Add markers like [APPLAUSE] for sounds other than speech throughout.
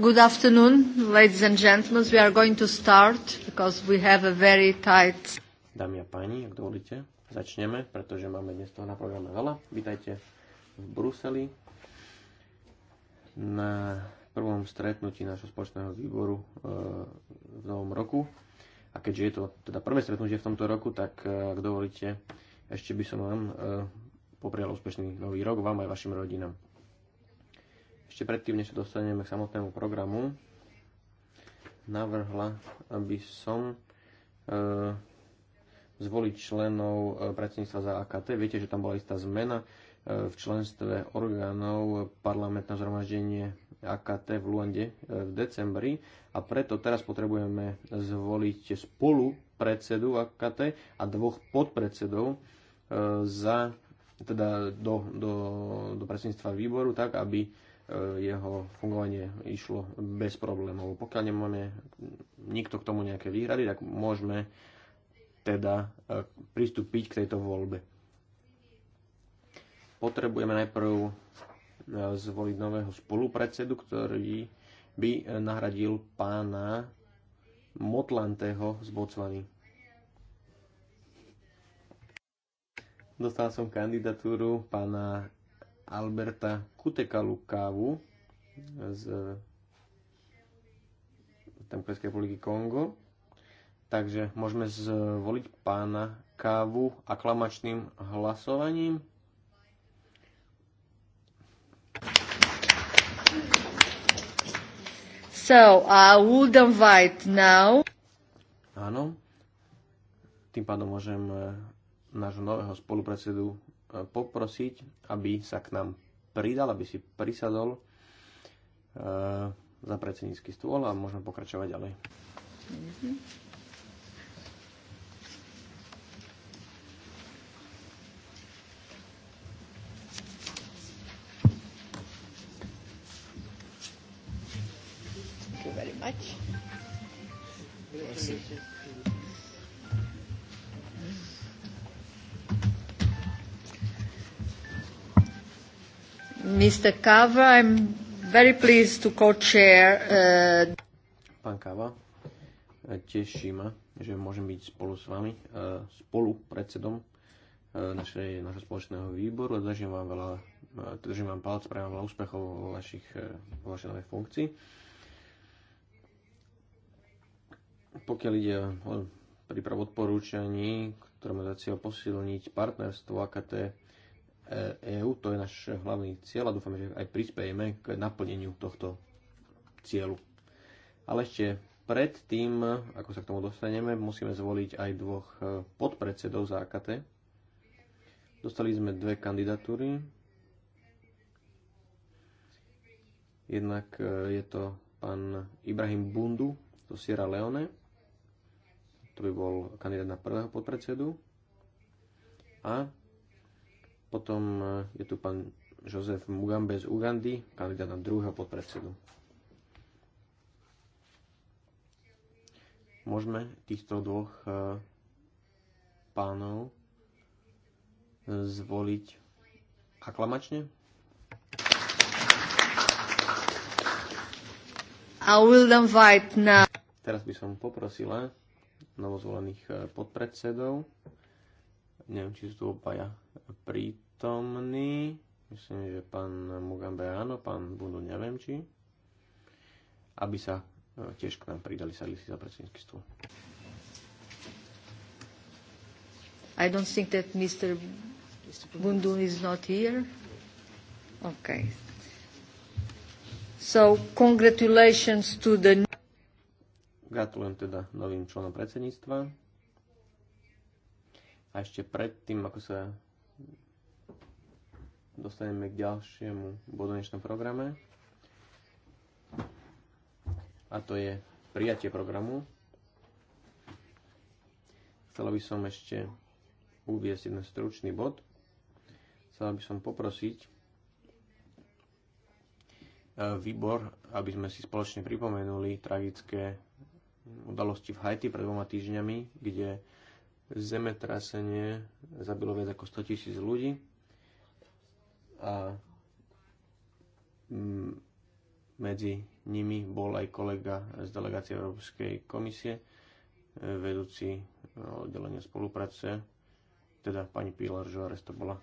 Good afternoon, ladies and gentlemen. We are going to start because we have a very tight... Dámy a páni, ak dovolíte, začneme, pretože máme dnes toho na programe veľa. Vítajte v Bruseli na prvom stretnutí nášho spoločného výboru eh, v novom roku. A keďže je to teda prvé stretnutie v tomto roku, tak eh, ak dovolíte, ešte by som vám eh, poprial úspešný nový rok vám aj vašim rodinám. Ešte predtým, než sa dostaneme k samotnému programu, navrhla, aby som e, zvoliť členov e, predsedníctva za AKT. Viete, že tam bola istá zmena e, v členstve orgánov parlamentné zhromaždenie AKT v Luande e, v decembri a preto teraz potrebujeme zvoliť spolu predsedu AKT a dvoch podpredsedov za, teda do, do, do predsedníctva výboru, tak aby E, jeho fungovanie išlo bez problémov. Pokiaľ nemáme nikto k tomu nejaké výhrady, tak môžeme teda e, pristúpiť k tejto voľbe. Potrebujeme najprv e, zvoliť nového spolupredsedu, ktorý by nahradil pána Motlanteho z Botswany. Dostal som kandidatúru pána Alberta Kutekalukavu z Demokratickej republiky Kongo. Takže môžeme zvoliť pána Kávu aklamačným hlasovaním. So, I would invite now. Áno. Tým pádom môžem eh, nášho nového spolupredsedu poprosiť, aby sa k nám pridal, aby si prisadol eh, za predsednícky stôl a môžeme pokračovať ďalej. Mm-hmm. Mr. Kava. I'm very pleased to co-chair. Uh... Pán Kava, teší ma, že môžem byť spolu s vami, uh, spolu predsedom uh, našej, našho spoločného výboru. Držím vám veľa, uh, držím vám palec, prajem veľa úspechov vo, vašich, uh, vo vašej novej funkcii. Pokiaľ ide o prípravu odporúčaní, ktoré má za cieľ posilniť partnerstvo AKT EÚ, e to je náš hlavný cieľ a dúfam, že aj prispejeme k naplneniu tohto cieľu. Ale ešte predtým, ako sa k tomu dostaneme, musíme zvoliť aj dvoch e, podpredsedov za AKT. Dostali sme dve kandidatúry. Jednak e, je to pán Ibrahim Bundu zo Sierra Leone. To by bol kandidát na prvého podpredsedu. A Potom e, je tu pán Jozef Mugambe z Ugandy, kandidát na druhého podpredsedu. Môžeme týchto dvoch e, pánov zvoliť aklamačne? I will invite now. Teraz by som poprosila novozvolených e, podpredsedov Neviem, či sú tu obaja prítomní. Myslím, že pán Mugambe áno, pán Bundu neviem, či. Aby sa e, tiež k nám pridali, sadli si za predsednícky stôl. I don't think that Mr. Bundu is not here. Okay. So, congratulations to the... Gratulujem teda novým členom predsedníctva. A ešte predtým, ako sa dostaneme k ďalšiemu bodu dnešnom programe, a to je prijatie programu, chcel by som ešte uviesť jeden stručný bod. Chcel by som poprosiť e, výbor, aby sme si spoločne pripomenuli tragické udalosti v Haiti pred dvoma týždňami, kde zemetrasenie zabilo viac ako 100 tisíc ľudí a mm, medzi nimi bol aj kolega z delegácie Európskej komisie, e, vedúci e, oddelenia spolupráce, teda pani Pilar Žuárez to bola.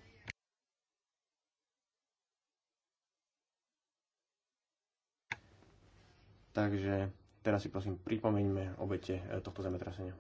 Takže teraz si prosím pripomeňme obete e, tohto zemetrasenia.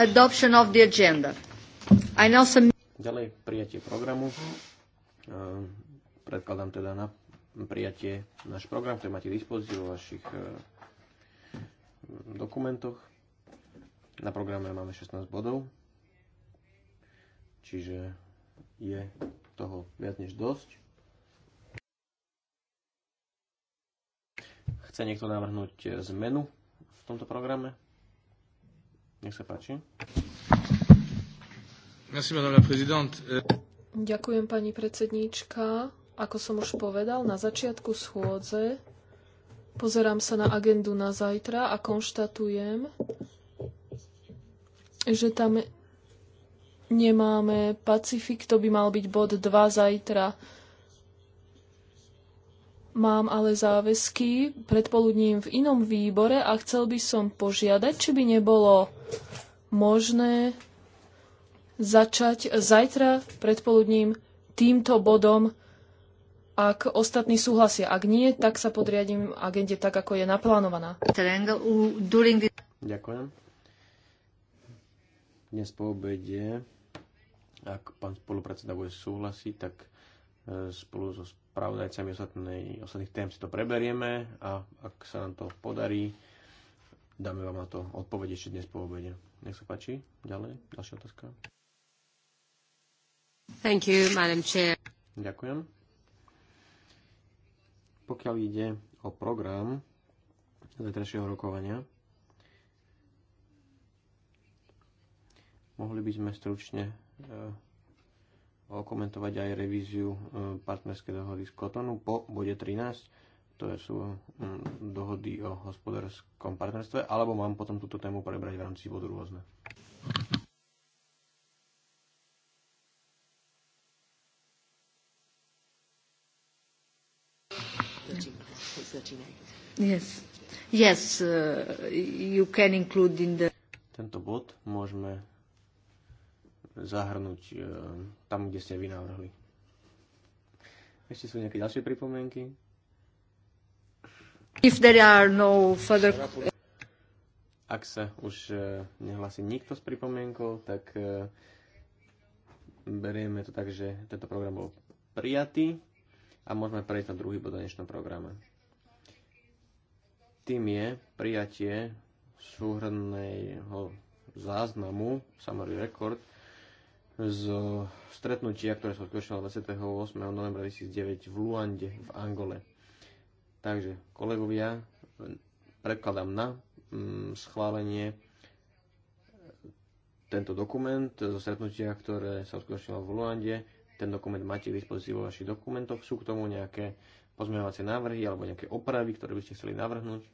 adoption of the agenda. I now submit... Ďalej prijatie programu. E, predkladám teda na prijatie náš program, ktorý máte dispozíciu vo vašich e, dokumentoch. Na programe máme 16 bodov, čiže je toho viac než dosť. Chce niekto navrhnúť e, zmenu v tomto programe? Nech sa páči. Ďakujem, pani predsedníčka. Ako som už povedal, na začiatku schôdze pozerám sa na agendu na zajtra a konštatujem, že tam nemáme Pacifik, to by mal byť bod 2 zajtra. Mám ale záväzky predpoludním v inom výbore a chcel by som požiadať, či by nebolo možné začať zajtra predpoludním týmto bodom, ak ostatní súhlasia. Ak nie, tak sa podriadím agende tak, ako je naplánovaná. Ďakujem. Dnes po obede, ak pán spolupredseda bude súhlasiť, tak e, spolu so spravodajcami ostatnej, ostatných tém si to preberieme a ak sa nám to podarí, dáme vám na to odpovede ešte dnes po obede. Nech sa páči, ďalej, ďalšia otázka. Thank you, Madam Chair. Ďakujem. Pokiaľ ide o program zajtrajšieho rokovania, mohli by sme stručne eh, okomentovať aj revíziu e, partnerskej dohody z Kotonu po bode 13, to sú e, dohody o hospodárskom partnerstve, alebo mám potom túto tému prebrať v rámci bodu rôzne. Yes. Yes, uh, you can include in the... Tento bod môžeme zahrnúť e, tam, kde ste vy navrhli. Ešte sú nejaké ďalšie pripomienky? If there are no further... Ak sa už e, nehlasí nikto s pripomienkou, tak e, berieme to tak, že tento program bol prijatý a môžeme prejsť na druhý bod dnešného programu. Tým je prijatie súhrnného záznamu, summary record, z stretnutia, ktoré sa uskutočnilo 28. novembra 2009 v Luande v Angole. Takže, kolegovia, prekladám na mm, schválenie tento dokument zo stretnutia, ktoré sa uskutočnilo v Luande. Ten dokument máte k dispozícii vo vašich dokumentoch. Sú k tomu nejaké pozmeňovacie návrhy alebo nejaké opravy, ktoré by ste chceli navrhnúť?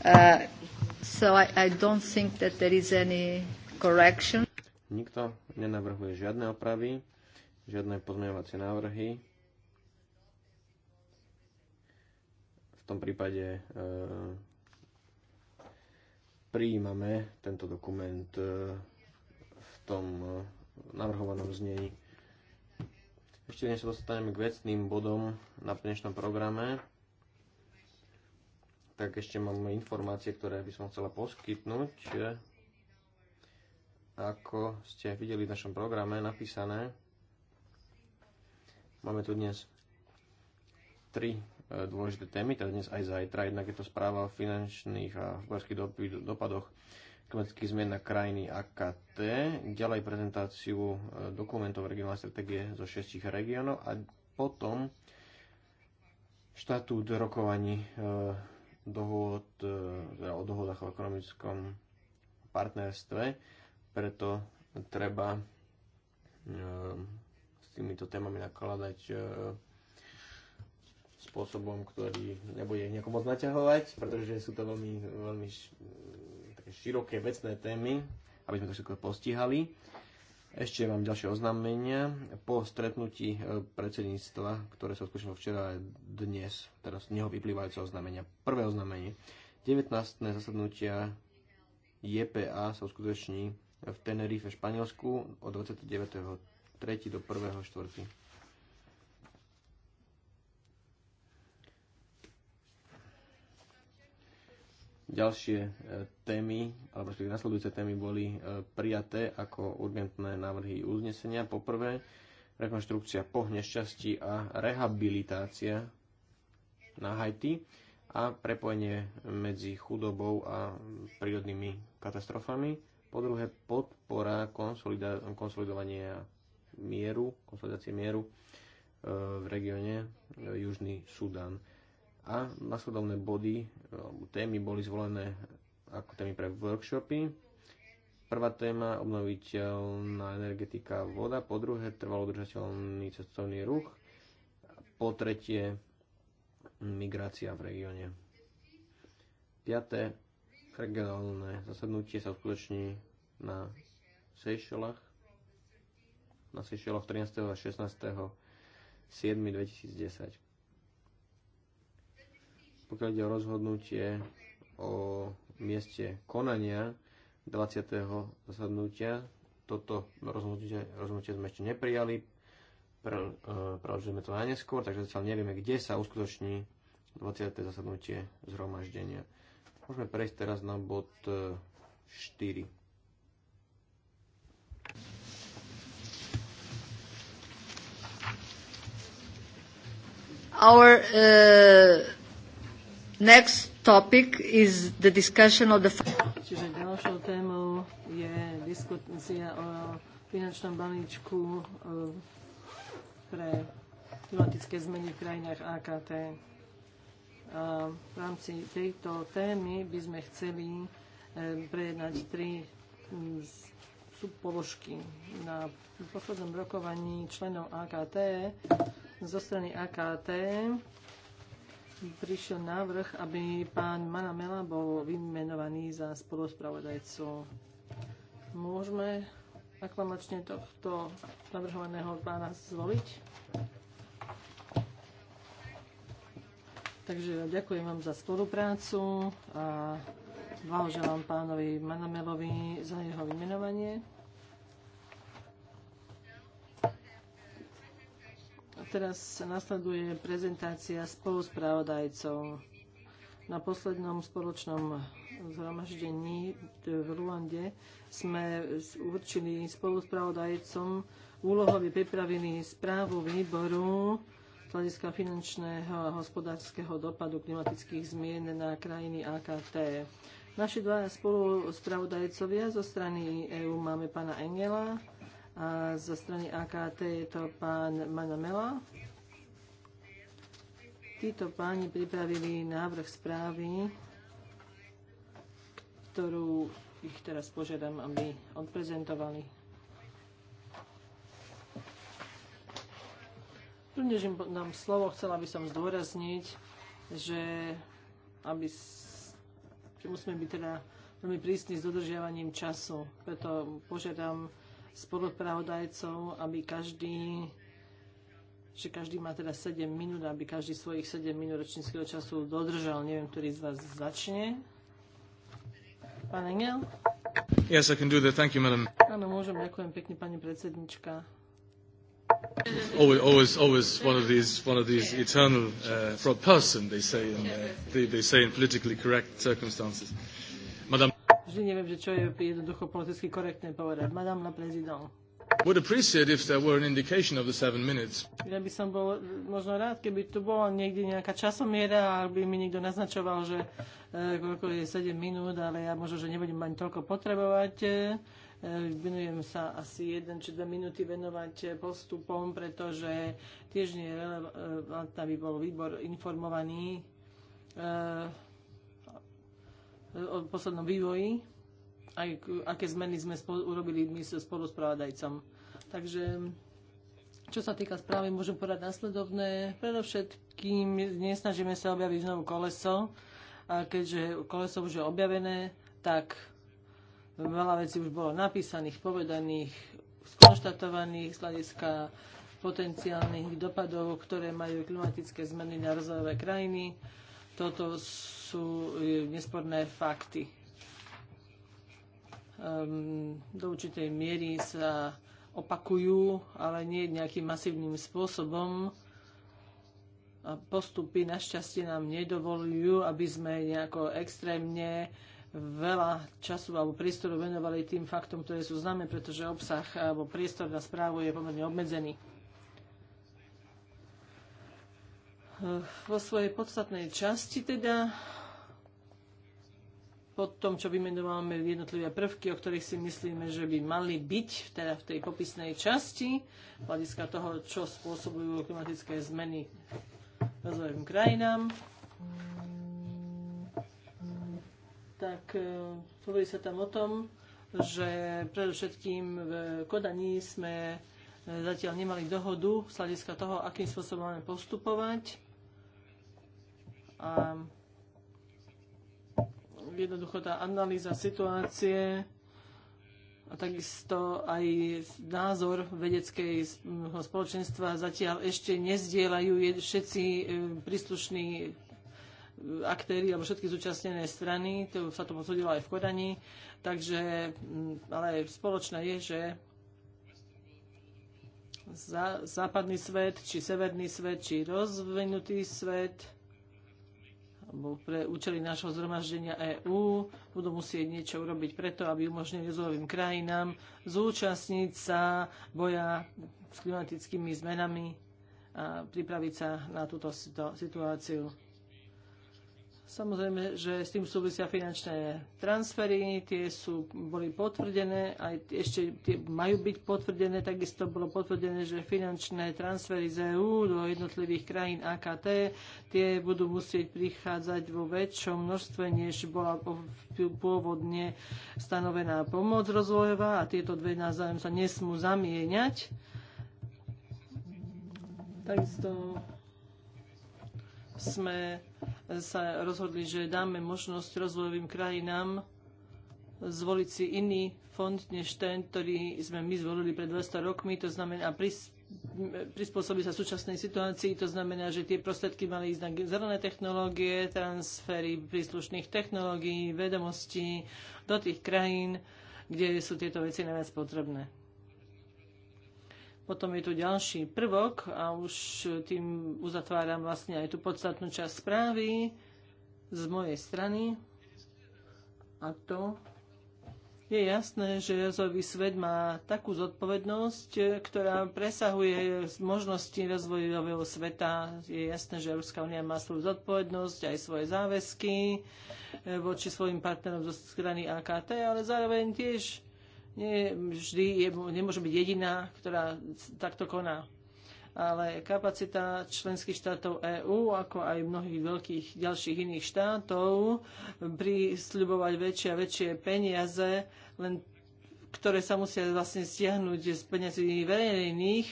Uh, so I, I don't think that there is any correction. Nikto nenavrhuje žiadne opravy, žiadne pozmeňovacie návrhy. V tom prípade e, prijímame tento dokument e, v tom e, navrhovanom znení. Ešte dnes sa dostaneme k vecným bodom na dnešnom programe, tak ešte mám informácie, ktoré by som chcela poskytnúť. Ako ste videli v našom programe napísané, máme tu dnes tri e, dôležité témy, teda dnes aj zajtra. Jednak je to správa o finančných a hospodárských dopadoch klimatických zmien na krajiny AKT, ďalej prezentáciu e, dokumentov regionálnej stratégie zo šestich regiónov a potom štatút rokovaní e, dohod, e, teda o dohodách o ekonomickom partnerstve, preto treba e, s týmito témami nakladať e, spôsobom, ktorý nebude ich nejako moc naťahovať, pretože sú to veľmi, veľmi široké vecné témy, aby sme to všetko postihali. Ešte mám ďalšie oznámenia. Po stretnutí e, predsedníctva, ktoré sa uskutočnilo včera a dnes, teraz z neho vyplývajúce oznámenia. Prvé oznámenie. 19. zasadnutia JPA sa uskutoční v Tenerife, Španielsku od 29.3. do 1.4. Ďalšie e, témy, alebo respektíve nasledujúce témy boli e, prijaté ako urgentné návrhy uznesenia. Poprvé, rekonštrukcia po nešťastí a rehabilitácia na Haiti a prepojenie medzi chudobou a prírodnými katastrofami. Po druhé, podpora konsolidovania mieru, konsolidácie mieru e, v regióne Južný Sudan a nasledovné body e, alebo témy boli zvolené ako témy pre workshopy. Prvá téma obnoviteľná energetika voda, po druhé trvalo udržateľný cestovný ruch, po tretie migrácia v regióne. Piaté regionálne zasadnutie sa uskutoční na Seychelách na Seychelloch 13. a 16. 7. 2010 pokiaľ ide o rozhodnutie o mieste konania 20. zasadnutia, toto rozhodnutie, rozhodnutie sme ešte neprijali, e, pre, to na neskôr, takže zatiaľ nevieme, kde sa uskutoční 20. zasadnutie zhromaždenia. Môžeme prejsť teraz na bod 4. E, Our uh Next topic is the discussion of the... Čiže ďalšou témou je diskusia o finančnom balíčku eh, pre klimatické zmeny v krajinách AKT. v rámci tejto témy by sme chceli eh, prejednať tri mm, subpoložky. Na poslednom rokovaní členov AKT zo strany AKT prišiel návrh, aby pán Manamela bol vymenovaný za spoluspravodajcu. Môžeme aklamačne tohto navrhovaného pána zvoliť? Takže ďakujem vám za spoluprácu a blahoželám pánovi Manamelovi za jeho vymenovanie. teraz nasleduje prezentácia pravodajcov. Na poslednom spoločnom zhromaždení v Ruande sme určili s pravodajcom úlohovi pripravili správu výboru z hľadiska finančného a hospodárskeho dopadu klimatických zmien na krajiny AKT. Naši dva spoluspravodajcovia zo strany EÚ máme pána Engela, A zo strany AKT je to pán Manamela. Títo páni pripravili návrh správy, ktorú ich teraz požiadam, aby odprezentovali. Prvne, že dám slovo, chcela by som zdôrazniť, že, aby, že musíme byť teda veľmi prísni s dodržiavaním času. Preto požiadam spolupravodajcov, aby každý že každý má teda 7 minút, aby každý svojich 7 minút ročníckého času dodržal. Neviem, ktorý z vás začne. Pán Engel? Yes, I can do that. Thank you, madam. Áno, môžem. Ďakujem pekne, pani predsednička. Always, always, always one of these, one of these eternal uh, fraud person, they say in, uh, they, they say in politically correct circumstances. Uh, že neviem, že čo je jednoducho politicky korektné povedať. Madame la Présidente. Would appreciate if there were an indication of the seven minutes. Ja by som bol možno rád, keby tu bola niekde nejaká časomiera, aby mi niekto naznačoval, že e, koľko je 7 minút, ale ja možno, že nebudem ani toľko potrebovať. E, venujem sa asi 1 či 2 minúty venovať postupom, pretože tiež nie je relevantné, aby bol výbor informovaný. Uh, o poslednom vývoji, aj aké zmeny sme spolu, urobili my spolu s pravodajcom. Takže čo sa týka správy, môžem povedať nasledovné. Predovšetkým nesnažíme sa objaviť znovu koleso. A keďže koleso už je objavené, tak veľa vecí už bolo napísaných, povedaných, skonštatovaných z hľadiska potenciálnych dopadov, ktoré majú klimatické zmeny na rozvojové krajiny. Toto sú e, nesporné fakty. Ehm, do určitej miery sa opakujú, ale nie nejakým masívnym spôsobom. A postupy našťastie nám nedovolujú, aby sme nejako extrémne veľa času alebo priestoru venovali tým faktom, ktoré sú známe, pretože obsah alebo priestor na správu je pomerne obmedzený. Vo svojej podstatnej časti teda potom, čo vymenováme jednotlivé prvky, o ktorých si myslíme, že by mali byť teda v tej popisnej časti, hľadiska toho, čo spôsobujú klimatické zmeny rozvojovým krajinám. Tak e, hovorí sa tam o tom, že predovšetkým v Kodaní sme e, zatiaľ nemali dohodu z hľadiska toho, akým spôsobom máme postupovať. A jednoducho tá analýza situácie a takisto aj názor vedeckej spoločenstva zatiaľ ešte nezdieľajú všetci e, príslušní e, aktéry alebo všetky zúčastnené strany. To sa to posudilo aj v Kodani. Takže, ale spoločné je, že západný svet, či severný svet, či rozvinutý svet, alebo pre účely nášho zhromaždenia EÚ budú musieť niečo urobiť preto, aby umožnili rozvojovým krajinám zúčastniť sa boja s klimatickými zmenami a pripraviť sa na túto situáciu. Samozrejme, že s tým súvisia finančné transfery, tie sú, boli potvrdené, aj ešte tie majú byť potvrdené, takisto bolo potvrdené, že finančné transfery z EÚ do jednotlivých krajín AKT, tie budú musieť prichádzať vo väčšom množstve, než bola pôvodne stanovená pomoc rozvojová a tieto dve navzájom sa nesmú zamieňať. Takisto sme sa rozhodli, že dáme možnosť rozvojovým krajinám zvoliť si iný fond než ten, ktorý sme my zvolili pred 200 rokmi, to znamená pris, prispôsobiť sa súčasnej situácii, to znamená, že tie prostriedky mali ísť na zelené technológie, transfery príslušných technológií, vedomostí do tých krajín, kde sú tieto veci najviac potrebné. Potom je tu ďalší prvok a už tým uzatváram vlastne aj tú podstatnú časť správy z mojej strany. A to je jasné, že jazový svet má takú zodpovednosť, ktorá presahuje možnosti rozvojového sveta. Je jasné, že Európska únia má svoju zodpovednosť, aj svoje záväzky eh, voči svojim partnerom zo strany AKT, ale zároveň tiež nie vždy je, nemôže byť jediná, ktorá takto koná. Ale kapacita členských štátov EÚ, ako aj mnohých veľkých ďalších iných štátov, prísľubovať väčšie a väčšie peniaze, len ktoré sa musia vlastne stiahnuť z peniazí verejných,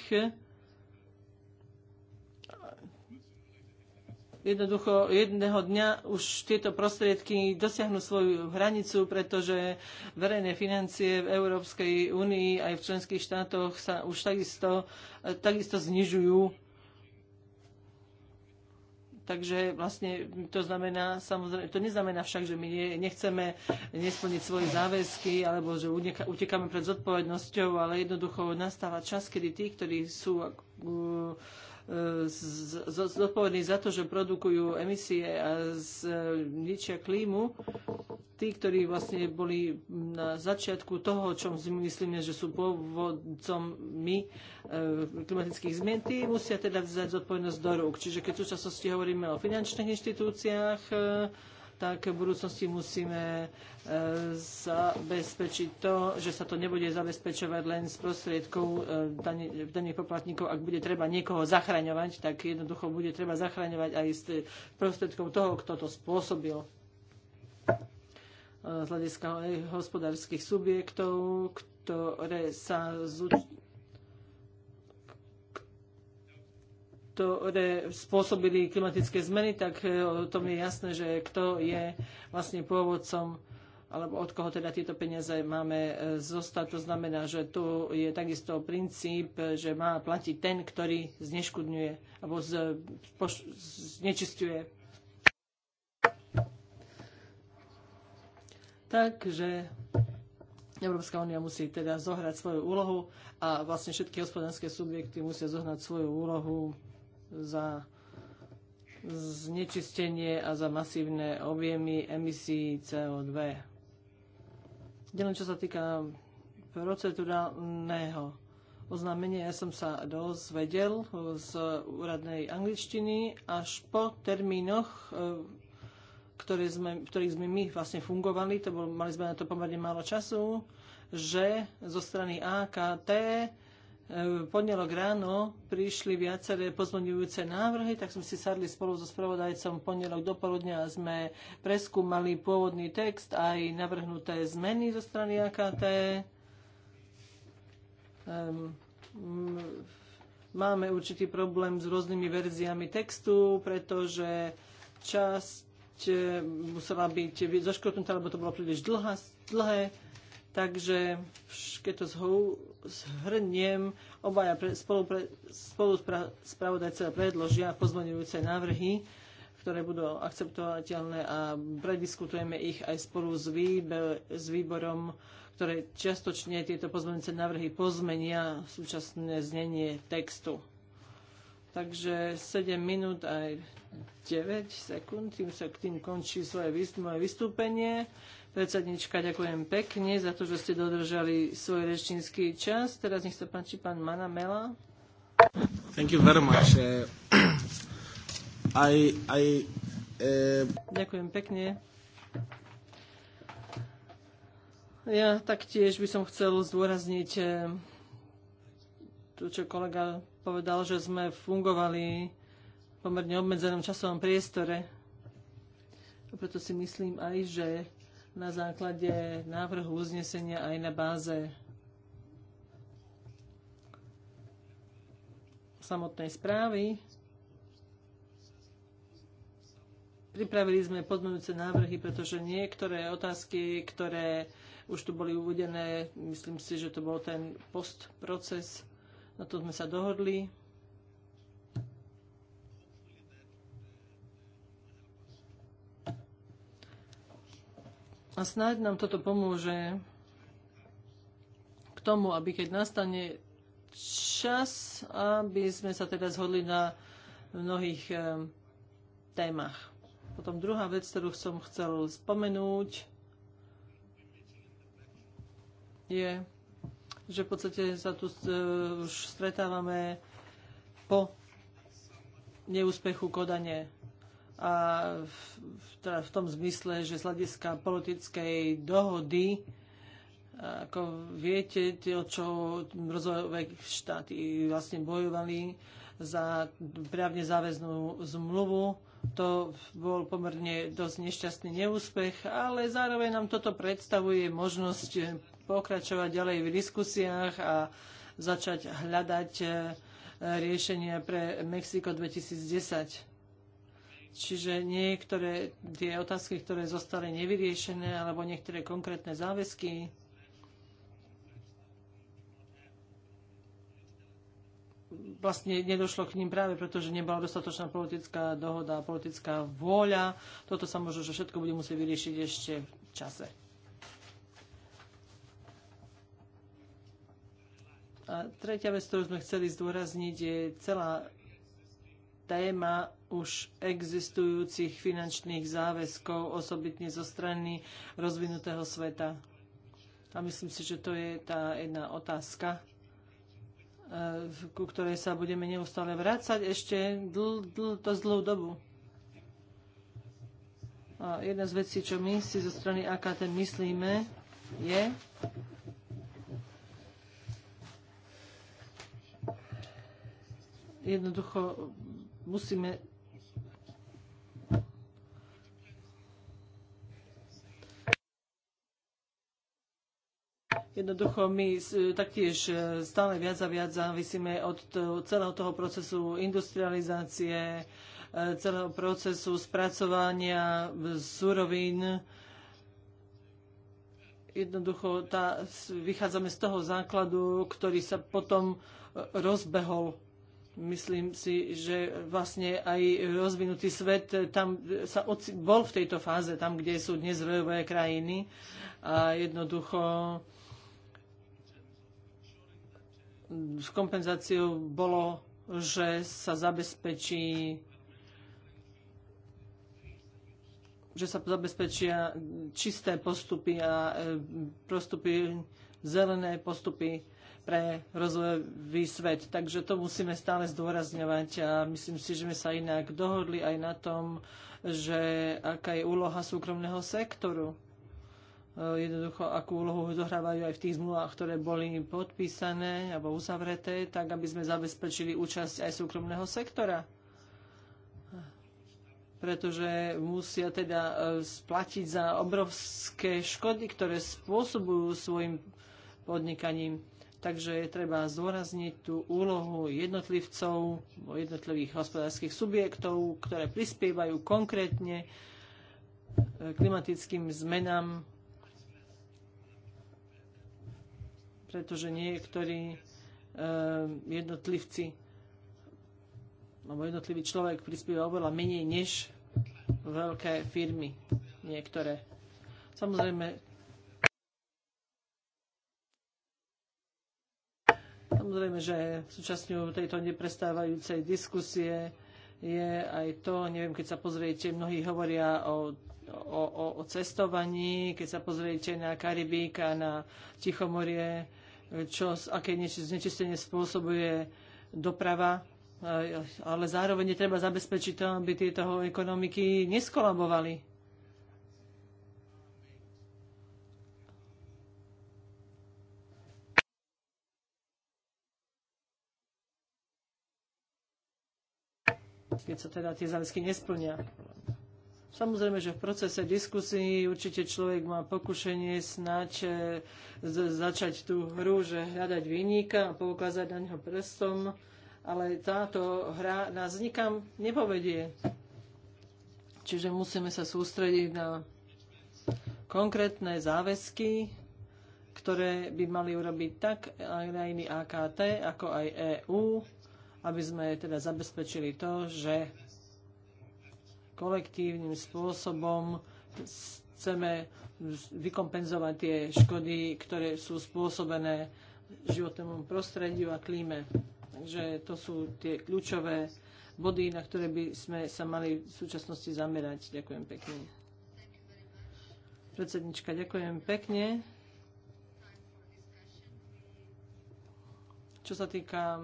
jednoducho jedného dňa už tieto prostriedky dosiahnu svoju hranicu, pretože verejné financie v Európskej únii aj v členských štátoch sa už takisto, takisto znižujú Takže vlastne to znamená, samozrejme, to neznamená však, že my nechceme nesplniť svoje záväzky alebo že utekáme pred zodpovednosťou, ale jednoducho nastáva čas, kedy tí, ktorí sú uh, zodpovedný za to, že produkujú emisie a zničia e, klímu, tí, ktorí vlastne boli na začiatku toho, čo my myslíme, že sú pôvodcom my e, klimatických zmien, tí musia teda vzať zodpovednosť do rúk. Čiže keď v súčasnosti hovoríme o finančných inštitúciách, e, tak v budúcnosti musíme e, zabezpečiť to, že sa to nebude zabezpečovať len z prostriedkov e, daných poplatníkov. Ak bude treba niekoho zachraňovať, tak jednoducho bude treba zachraňovať aj z prostriedkov toho, kto to spôsobil e, z hľadiska hospodárskych subjektov, ktoré sa zúčastňujú ktoré spôsobili klimatické zmeny, tak o e, tom je jasné, že kto je vlastne pôvodcom alebo od koho teda tieto peniaze máme e, zostať. To znamená, že tu je takisto princíp, že má platiť ten, ktorý zneškodňuje alebo z, poš, znečistuje. Takže Európska únia musí teda zohrať svoju úlohu a vlastne všetky hospodárske subjekty musia zohrať svoju úlohu za znečistenie a za masívne objemy emisí CO2. Ďalej, čo sa týka procedurálneho oznámenia, ja som sa dozvedel z úradnej angličtiny až po termínoch, e, ktoré sme, ktorých sme my vlastne fungovali, to bol, mali sme na to pomerne málo času, že zo strany AKT pondelok ráno prišli viaceré pozvonujúce návrhy, tak sme si sadli spolu so spravodajcom pondelok do poludnia a sme preskúmali pôvodný text aj navrhnuté zmeny zo strany AKT. Ehm, máme určitý problém s rôznymi verziami textu, pretože časť e, musela byť zoškrtnutá, lebo to bolo príliš dlhá, dlhé. Takže keď to zhou, zhrniem, obaja pre, spolu, pre, spolu spra, spravodajca predložia pozmeňujúce návrhy, ktoré budú akceptovateľné a prediskutujeme ich aj spolu s, výbe, s výborom, ktoré čiastočne tieto pozmeňujúce návrhy pozmenia súčasné znenie textu. Takže 7 minút aj 9 sekúnd, tým sa k tým končí svoje vystúpenie. Predsednička, ďakujem pekne za to, že ste dodržali svoj rečnícky čas. Teraz nech sa páči pán Mana Mela. Thank you very much. Uh, [CLEARS THROAT] I, I, uh... Ďakujem pekne. Ja taktiež by som chcel zdôrazniť eh, to, čo kolega povedal, že sme fungovali v pomerne obmedzenom časovom priestore. A preto si myslím aj, že na základe návrhu uznesenia aj na báze samotnej správy. Pripravili sme podmenujúce návrhy, pretože niektoré otázky, ktoré už tu boli uvedené, myslím si, že to bol ten postproces, na to sme sa dohodli. A snáď nám toto pomôže k tomu, aby keď nastane čas, aby sme sa teda zhodli na mnohých eh, témach. Potom druhá vec, ktorú som chcel spomenúť, je, že v podstate sa tu eh, už stretávame po neúspechu kodanie a v, teda v tom zmysle, že z hľadiska politickej dohody, ako viete, tie, o čo rozvojové štáty vlastne bojovali za právne záväznú zmluvu, to bol pomerne dosť nešťastný neúspech, ale zároveň nám toto predstavuje možnosť pokračovať ďalej v diskusiách a začať hľadať e, riešenia pre Mexiko 2010. Čiže niektoré tie otázky, ktoré zostali nevyriešené, alebo niektoré konkrétne záväzky, vlastne nedošlo k ním práve pretože nebola dostatočná politická dohoda a politická vôľa. Toto sa možno, že všetko bude musieť vyriešiť ešte v čase. A tretia vec, ktorú sme chceli zdôrazniť, je celá téma už existujúcich finančných záväzkov, osobitne zo strany rozvinutého sveta. A myslím si, že to je tá jedna otázka, e, ku ktorej sa budeme neustále vrácať ešte dl, dl, to zlú dobu. A jedna z vecí, čo my si zo strany AKT myslíme, je, jednoducho musíme Jednoducho my e, taktiež e, stále viac a viac závisíme od celého toho procesu industrializácie, e, celého procesu spracovania surovín. Jednoducho tá, vychádzame z toho základu, ktorý sa potom rozbehol myslím si, že vlastne aj rozvinutý svet tam sa bol v tejto fáze, tam, kde sú dnes vojové krajiny. A jednoducho s kompenzáciou bolo, že sa zabezpečí že sa zabezpečia čisté postupy a e, postupy, zelené postupy pre rozvojový svet. Takže to musíme stále zdôrazňovať a myslím si, že sme sa inak dohodli aj na tom, že aká je úloha súkromného sektoru E, jednoducho akú úlohu zohrávajú aj v tých zmluvách, ktoré boli podpísané alebo uzavreté, tak aby sme zabezpečili účasť aj súkromného sektora pretože musia teda e, splatiť za obrovské škody, ktoré spôsobujú svojim podnikaním. Takže je treba zdôrazniť tú úlohu jednotlivcov, jednotlivých hospodárskych subjektov, ktoré prispievajú konkrétne e, klimatickým zmenám pretože niektorí uh, jednotlivci alebo jednotlivý človek prispieva oveľa menej než veľké firmy niektoré. Samozrejme, samozrejme, že súčasťou tejto neprestávajúcej diskusie je aj to, neviem, keď sa pozriete, mnohí hovoria o o, o, o cestovaní, keď sa pozriete na Karibík a na Tichomorie, čo, aké znečistenie spôsobuje doprava, eh, ale zároveň je treba zabezpečiť to, aby tieto ekonomiky neskolabovali. keď sa teda tie záväzky nesplnia. Samozrejme, že v procese diskusí určite človek má pokušenie snáď e, začať tú hru, že hľadať vyníka a poukázať na neho prstom, ale táto hra nás nikam nepovedie. Čiže musíme sa sústrediť na konkrétne záväzky, ktoré by mali urobiť tak aj iný AKT, ako aj EÚ, aby sme teda zabezpečili to, že kolektívnym spôsobom chceme vykompenzovať tie škody, ktoré sú spôsobené životnému prostrediu a klíme. Takže to sú tie kľúčové body, na ktoré by sme sa mali v súčasnosti zamerať. Ďakujem pekne. Predsednička, ďakujem pekne. Čo sa týka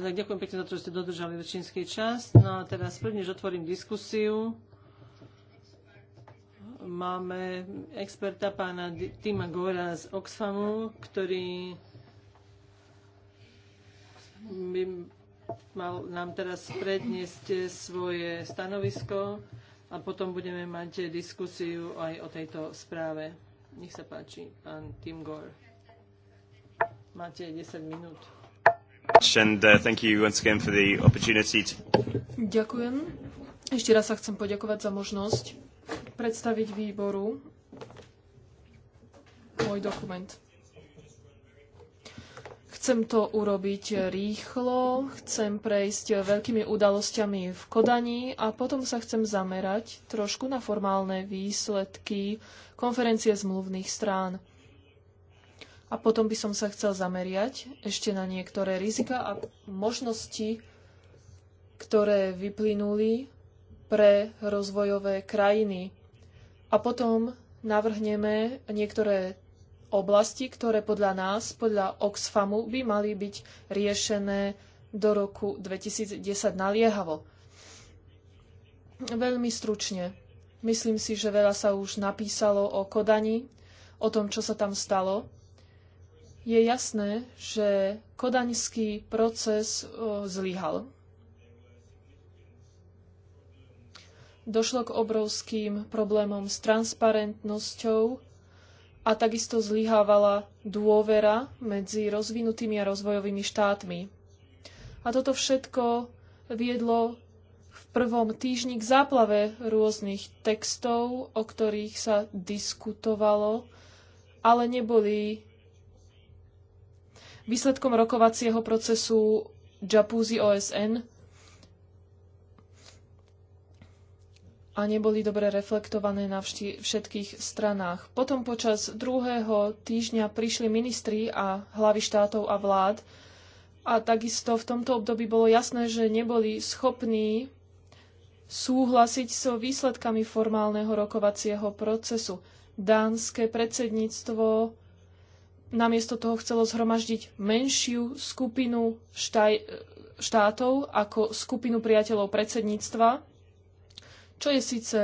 Tak ďakujem pekne za to, že ste dodržali väčšinský čas. No a teraz prvne, že otvorím diskusiu. Máme experta pána Tima Gora z Oxfamu, ktorý by mal nám teraz predniesť svoje stanovisko a potom budeme mať diskusiu aj o tejto správe. Nech sa páči, pán Tim Gore. Máte 10 minút. And, uh, thank you once again for the opportunity to... Ďakujem. Ešte raz sa chcem poďakovať za možnosť predstaviť výboru môj dokument. Chcem to urobiť rýchlo, chcem prejsť veľkými udalosťami v Kodani a potom sa chcem zamerať trošku na formálne výsledky konferencie zmluvných strán. A potom by som sa chcel zameriať ešte na niektoré rizika a možnosti, ktoré vyplynuli pre rozvojové krajiny. A potom navrhneme niektoré oblasti, ktoré podľa nás, podľa Oxfamu, by mali byť riešené do roku 2010 naliehavo. Veľmi stručne. Myslím si, že veľa sa už napísalo o Kodani, o tom, čo sa tam stalo je jasné, že kodaňský proces zlyhal. Došlo k obrovským problémom s transparentnosťou a takisto zlyhávala dôvera medzi rozvinutými a rozvojovými štátmi. A toto všetko viedlo v prvom týždni k záplave rôznych textov, o ktorých sa diskutovalo, ale neboli Výsledkom rokovacieho procesu Džapúzy OSN a neboli dobre reflektované na všetkých stranách. Potom počas druhého týždňa prišli ministri a hlavy štátov a vlád a takisto v tomto období bolo jasné, že neboli schopní súhlasiť so výsledkami formálneho rokovacieho procesu. Dánske predsedníctvo namiesto toho chcelo zhromaždiť menšiu skupinu štaj, štátov ako skupinu priateľov predsedníctva, čo je síce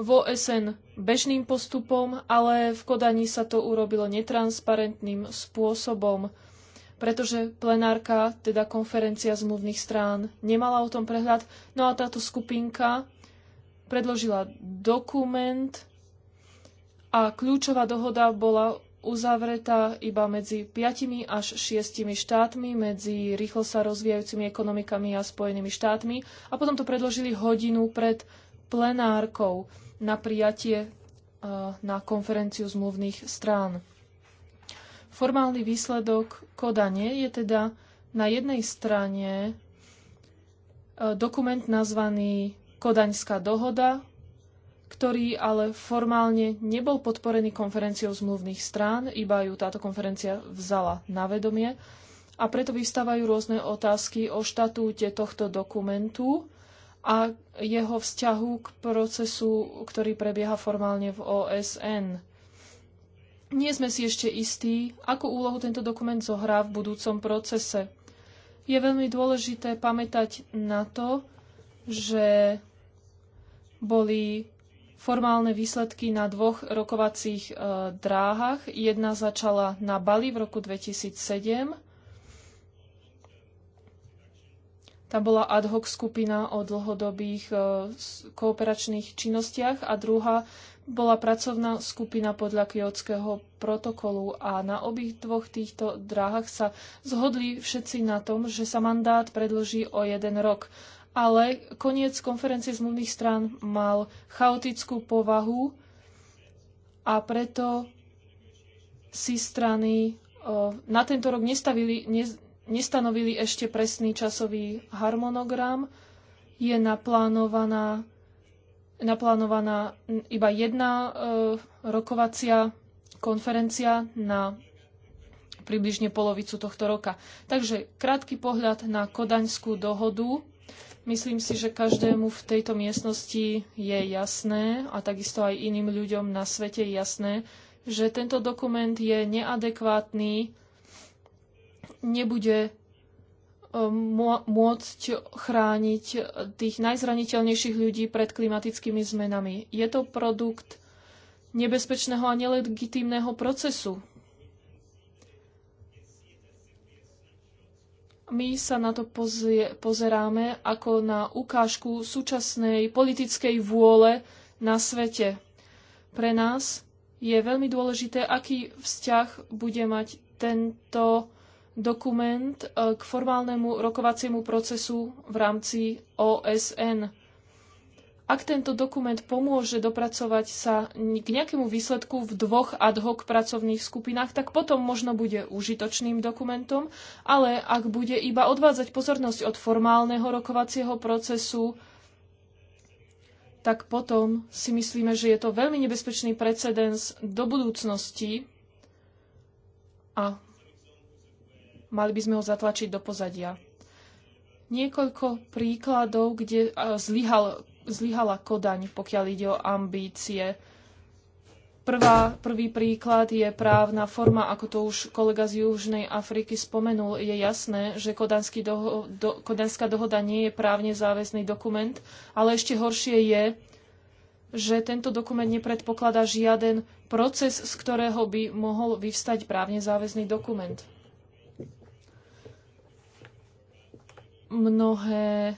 v OSN bežným postupom, ale v Kodani sa to urobilo netransparentným spôsobom, pretože plenárka, teda konferencia zmluvných strán, nemala o tom prehľad. No a táto skupinka predložila dokument a kľúčová dohoda bola uzavretá iba medzi 5 až 6 štátmi, medzi rýchlo sa rozvíjajúcimi ekonomikami a Spojenými štátmi a potom to predložili hodinu pred plenárkou na prijatie e, na konferenciu zmluvných strán. Formálny výsledok Kodane je teda na jednej strane e, dokument nazvaný Kodaňská dohoda, ktorý ale formálne nebol podporený konferenciou zmluvných strán, iba ju táto konferencia vzala na vedomie. A preto vyvstávajú rôzne otázky o štatúte tohto dokumentu a jeho vzťahu k procesu, ktorý prebieha formálne v OSN. Nie sme si ešte istí, akú úlohu tento dokument zohrá v budúcom procese. Je veľmi dôležité pamätať na to, že boli formálne výsledky na dvoch rokovacích e, dráhach. Jedna začala na Bali v roku 2007. Tam bola ad hoc skupina o dlhodobých e, kooperačných činnostiach a druhá bola pracovná skupina podľa kiotského protokolu a na obých dvoch týchto dráhach sa zhodli všetci na tom, že sa mandát predlží o jeden rok ale koniec konferencie zmluvných strán mal chaotickú povahu a preto si strany na tento rok nestavili, ne, nestanovili ešte presný časový harmonogram. Je naplánovaná, naplánovaná iba jedna e, rokovacia konferencia na približne polovicu tohto roka. Takže krátky pohľad na Kodaňskú dohodu Myslím si, že každému v tejto miestnosti je jasné a takisto aj iným ľuďom na svete je jasné, že tento dokument je neadekvátny, nebude eh, môcť chrániť tých najzraniteľnejších ľudí pred klimatickými zmenami. Je to produkt nebezpečného a nelegitímneho procesu, my sa na to pozeráme ako na ukážku súčasnej politickej vôle na svete. Pre nás je veľmi dôležité, aký vzťah bude mať tento dokument e, k formálnemu rokovaciemu procesu v rámci OSN ak tento dokument pomôže dopracovať sa k nejakému výsledku v dvoch ad hoc pracovných skupinách, tak potom možno bude užitočným dokumentom, ale ak bude iba odvádzať pozornosť od formálneho rokovacieho procesu, tak potom si myslíme, že je to veľmi nebezpečný precedens do budúcnosti a mali by sme ho zatlačiť do pozadia niekoľko príkladov, kde zlyhal zlyhala Kodaň, pokiaľ ide o ambície. Prvá, prvý príklad je právna forma, ako to už kolega z Južnej Afriky spomenul. Je jasné, že Kodanský doho- do- Kodanská dohoda nie je právne záväzný dokument, ale ešte horšie je, že tento dokument nepredpokladá žiaden proces, z ktorého by mohol vyvstať právne záväzný dokument. Mnohé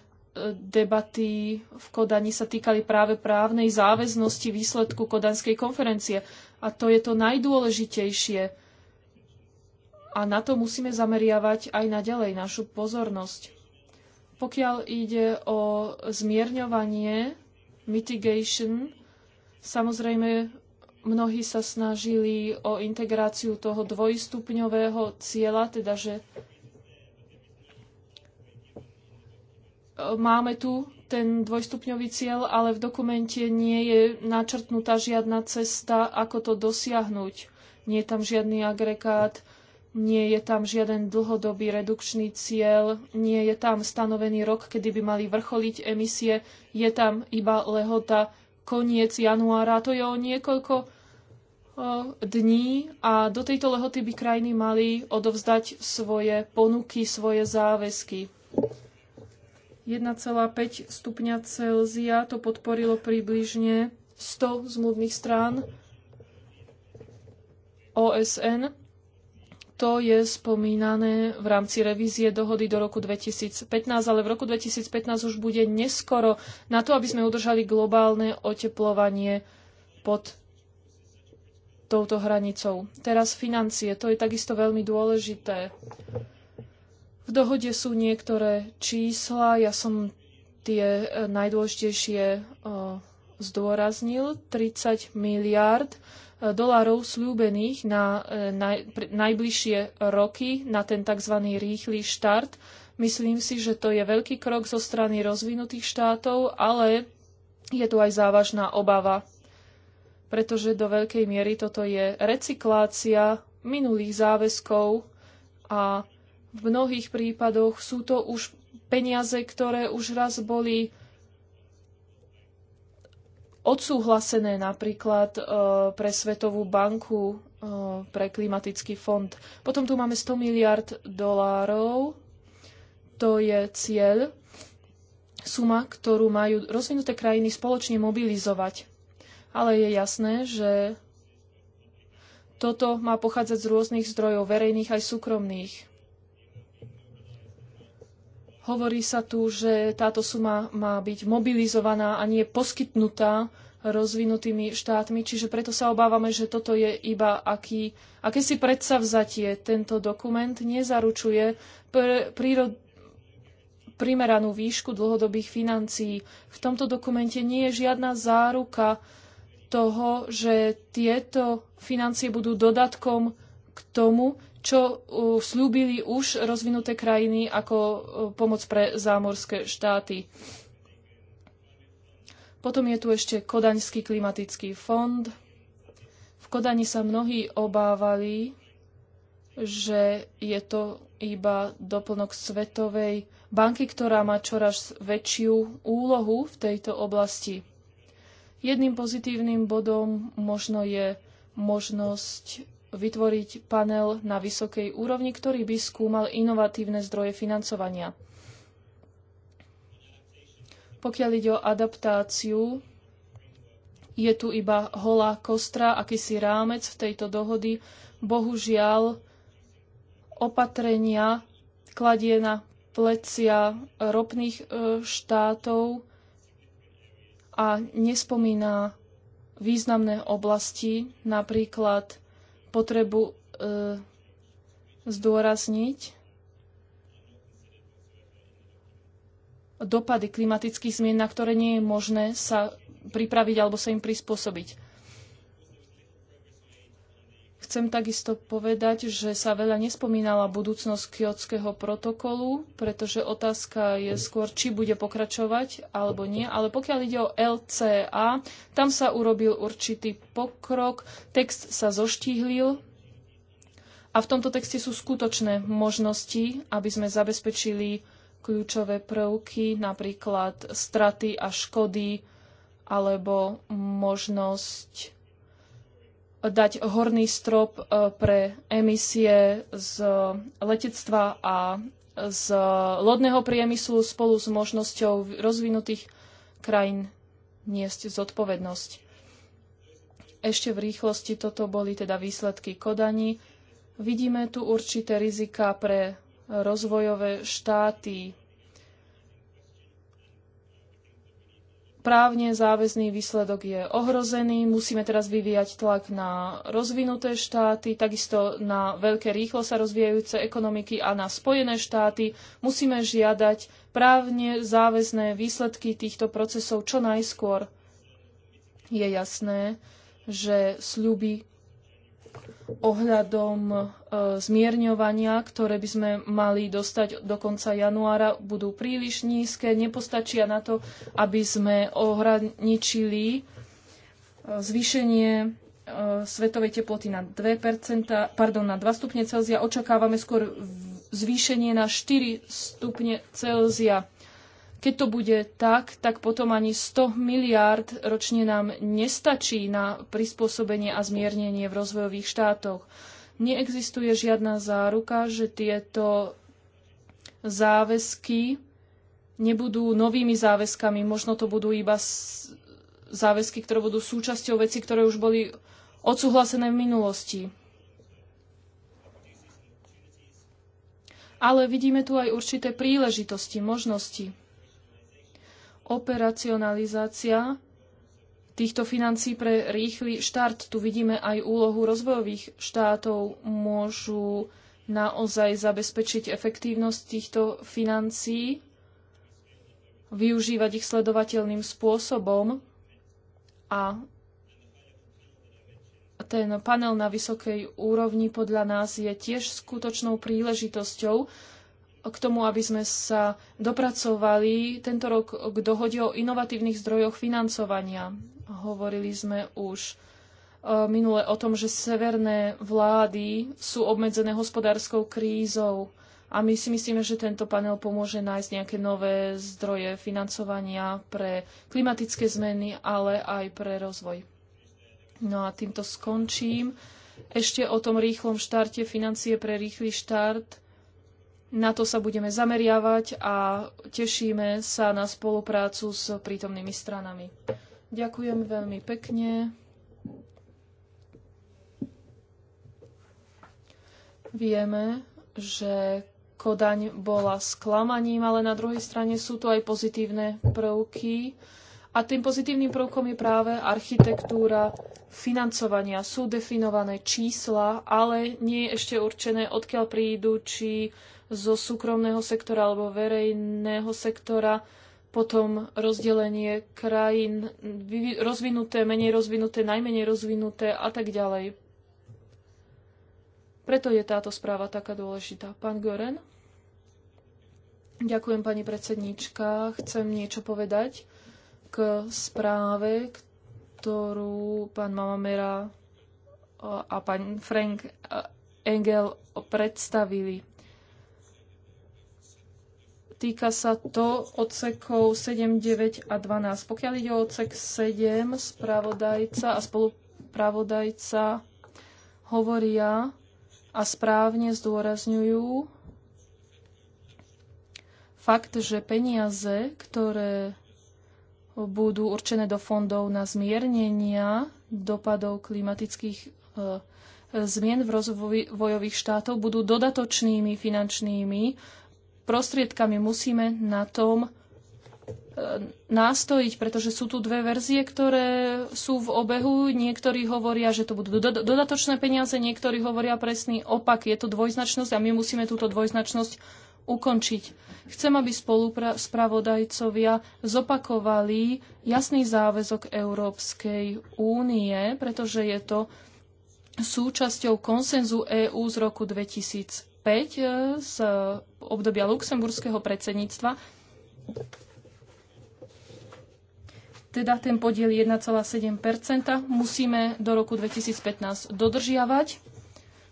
debaty v Kodani sa týkali práve právnej záväznosti výsledku Kodanskej konferencie. A to je to najdôležitejšie. A na to musíme zameriavať aj naďalej našu pozornosť. Pokiaľ ide o zmierňovanie, mitigation, samozrejme mnohí sa snažili o integráciu toho dvojstupňového cieľa, teda že máme tu ten dvojstupňový cieľ, ale v dokumente nie je načrtnutá žiadna cesta, ako to dosiahnuť. Nie je tam žiadny agregát, nie je tam žiaden dlhodobý redukčný cieľ, nie je tam stanovený rok, kedy by mali vrcholiť emisie, je tam iba lehota koniec januára, to je o niekoľko dní a do tejto lehoty by krajiny mali odovzdať svoje ponuky, svoje záväzky. 1,5 stupňa Celzia to podporilo približne 100 zmluvných strán OSN. To je spomínané v rámci revízie dohody do roku 2015, ale v roku 2015 už bude neskoro na to, aby sme udržali globálne oteplovanie pod touto hranicou. Teraz financie, to je takisto veľmi dôležité. V dohode sú niektoré čísla, ja som tie e, najdôležitejšie e, zdôraznil, 30 miliárd e, dolárov slúbených na najbližšie roky na ten tzv. rýchly štart. Myslím si, že to je veľký krok zo strany rozvinutých štátov, ale je tu aj závažná obava, pretože do veľkej miery toto je recyklácia minulých záväzkov a v mnohých prípadoch sú to už peniaze, ktoré už raz boli odsúhlasené napríklad e, pre Svetovú banku, e, pre klimatický fond. Potom tu máme 100 miliard dolárov, to je cieľ, suma, ktorú majú rozvinuté krajiny spoločne mobilizovať. Ale je jasné, že toto má pochádzať z rôznych zdrojov, verejných aj súkromných. Hovorí sa tu, že táto suma má byť mobilizovaná a nie poskytnutá rozvinutými štátmi, čiže preto sa obávame, že toto je iba aký, akési predsavzatie. Tento dokument nezaručuje pr- prírod- primeranú výšku dlhodobých financií. V tomto dokumente nie je žiadna záruka toho, že tieto financie budú dodatkom k tomu, čo slúbili už rozvinuté krajiny ako e, pomoc pre zámorské štáty. Potom je tu ešte Kodaňský klimatický fond. V Kodani sa mnohí obávali, že je to iba doplnok Svetovej banky, ktorá má čoraz väčšiu úlohu v tejto oblasti. Jedným pozitívnym bodom možno je možnosť vytvoriť panel na vysokej úrovni, ktorý by skúmal inovatívne zdroje financovania. Pokiaľ ide o adaptáciu, je tu iba holá kostra, akýsi rámec v tejto dohody. Bohužiaľ, opatrenia kladie na plecia ropných e, štátov a nespomína významné oblasti, napríklad potrebu e, zdôrazniť dopady klimatických zmien, na ktoré nie je možné sa pripraviť alebo sa im prispôsobiť. Chcem takisto povedať, že sa veľa nespomínala budúcnosť kiotského protokolu, pretože otázka je skôr, či bude pokračovať alebo nie. Ale pokiaľ ide o LCA, tam sa urobil určitý pokrok, text sa zoštihlil a v tomto texte sú skutočné možnosti, aby sme zabezpečili kľúčové prvky, napríklad straty a škody alebo možnosť dať horný strop e, pre emisie z letectva a z lodného priemyslu spolu s možnosťou rozvinutých krajín niesť zodpovednosť. Ešte v rýchlosti toto boli teda výsledky kodaní. Vidíme tu určité rizika pre rozvojové štáty, právne záväzný výsledok je ohrozený. Musíme teraz vyvíjať tlak na rozvinuté štáty, takisto na veľké rýchlo sa rozvíjajúce ekonomiky a na Spojené štáty. Musíme žiadať právne záväzné výsledky týchto procesov čo najskôr. Je jasné, že sľuby ohľadom e, zmierňovania, ktoré by sme mali dostať do konca januára, budú príliš nízke, nepostačia na to, aby sme ohraničili e, zvýšenie e, svetovej teploty na 2%, pardon, na 2 stupne Celzia. Očakávame skôr zvýšenie na 4 stupne Celzia. Keď to bude tak, tak potom ani 100 miliárd ročne nám nestačí na prispôsobenie a zmiernenie v rozvojových štátoch. Neexistuje žiadna záruka, že tieto záväzky nebudú novými záväzkami. Možno to budú iba záväzky, ktoré budú súčasťou veci, ktoré už boli odsúhlasené v minulosti. Ale vidíme tu aj určité príležitosti, možnosti operacionalizácia týchto financí pre rýchly štart. Tu vidíme aj úlohu rozvojových štátov. Môžu naozaj zabezpečiť efektívnosť týchto financií, využívať ich sledovateľným spôsobom a ten panel na vysokej úrovni podľa nás je tiež skutočnou príležitosťou k tomu, aby sme sa dopracovali tento rok k dohode o inovatívnych zdrojoch financovania. Hovorili sme už e, minule o tom, že severné vlády sú obmedzené hospodárskou krízou a my si myslíme, že tento panel pomôže nájsť nejaké nové zdroje financovania pre klimatické zmeny, ale aj pre rozvoj. No a týmto skončím. Ešte o tom rýchlom štarte financie pre rýchly štart Na to sa budeme zameriavať a tešíme sa na spoluprácu s prítomnými stranami. Ďakujem veľmi pekne. Vieme, že Kodaň bola sklamaním, ale na druhej strane sú tu aj pozitívne prvky. A tým pozitívnym prvkom je práve architektúra financovania. Sú definované čísla, ale nie je ešte určené, odkiaľ prídu, či zo súkromného sektora alebo verejného sektora, potom rozdelenie krajín, rozvinuté, menej rozvinuté, najmenej rozvinuté a tak ďalej. Preto je táto správa taká dôležitá. Pán Goren? Ďakujem, pani predsedníčka. Chcem niečo povedať k správe, ktorú pán Mamamera a pán Frank Engel predstavili. Týka sa to odsekov 7, 9 a 12. Pokiaľ ide o odsek 7, spravodajca a spolupravodajca hovoria a správne zdôrazňujú fakt, že peniaze, ktoré budú určené do fondov na zmiernenia dopadov klimatických e, zmien v rozvojových štátoch, budú dodatočnými finančnými prostriedkami musíme na tom e, nástojiť, pretože sú tu dve verzie, ktoré sú v obehu. Niektorí hovoria, že to budú dodatočné peniaze, niektorí hovoria presný opak. Je to dvojznačnosť a my musíme túto dvojznačnosť ukončiť. Chcem, aby spolupravodajcovia zopakovali jasný záväzok Európskej únie, pretože je to súčasťou konsenzu EÚ z roku 2000. 5 eh, z obdobia luxemburského predsedníctva. Teda ten podiel 1,7 musíme do roku 2015 dodržiavať.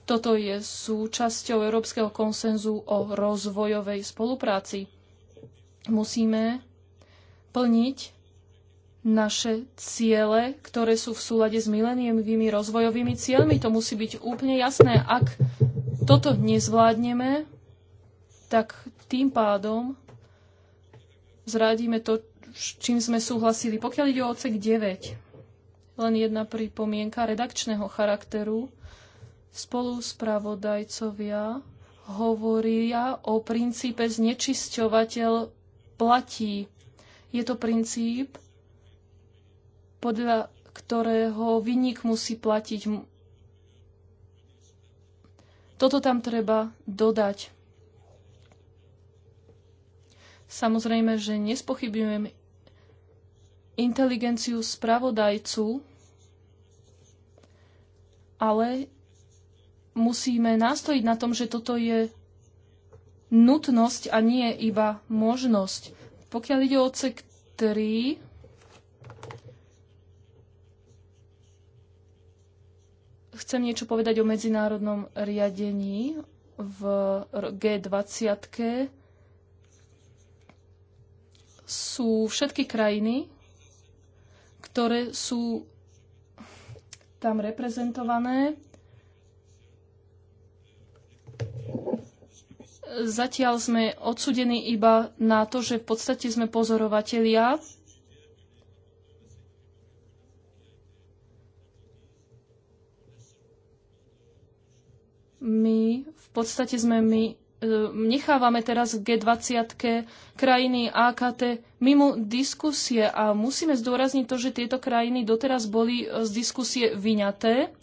Toto je súčasťou Európskeho konsenzu o rozvojovej spolupráci. Musíme plniť naše ciele, ktoré sú v súlade s milenievými rozvojovými cieľmi. To musí byť úplne jasné. Ak toto nezvládneme, tak tým pádom zradíme to, čím sme súhlasili. Pokiaľ ide o odsek 9, len jedna pripomienka redakčného charakteru. Spolu spravodajcovia hovoria o princípe znečisťovateľ platí. Je to princíp, podľa ktorého vynik musí platiť Toto tam treba dodať. Samozrejme, že nespochybňujem inteligenciu spravodajcu, ale musíme nastojiť na tom, že toto je nutnosť a nie iba možnosť. Pokiaľ ide o odsek 3, chcem niečo povedať o medzinárodnom riadení v G20. Sú všetky krajiny, ktoré sú tam reprezentované. Zatiaľ sme odsudení iba na to, že v podstate sme pozorovatelia my v podstate sme my e, nechávame teraz v G20 krajiny AKT mimo diskusie a musíme zdôrazniť to, že tieto krajiny doteraz boli e, z diskusie vyňaté.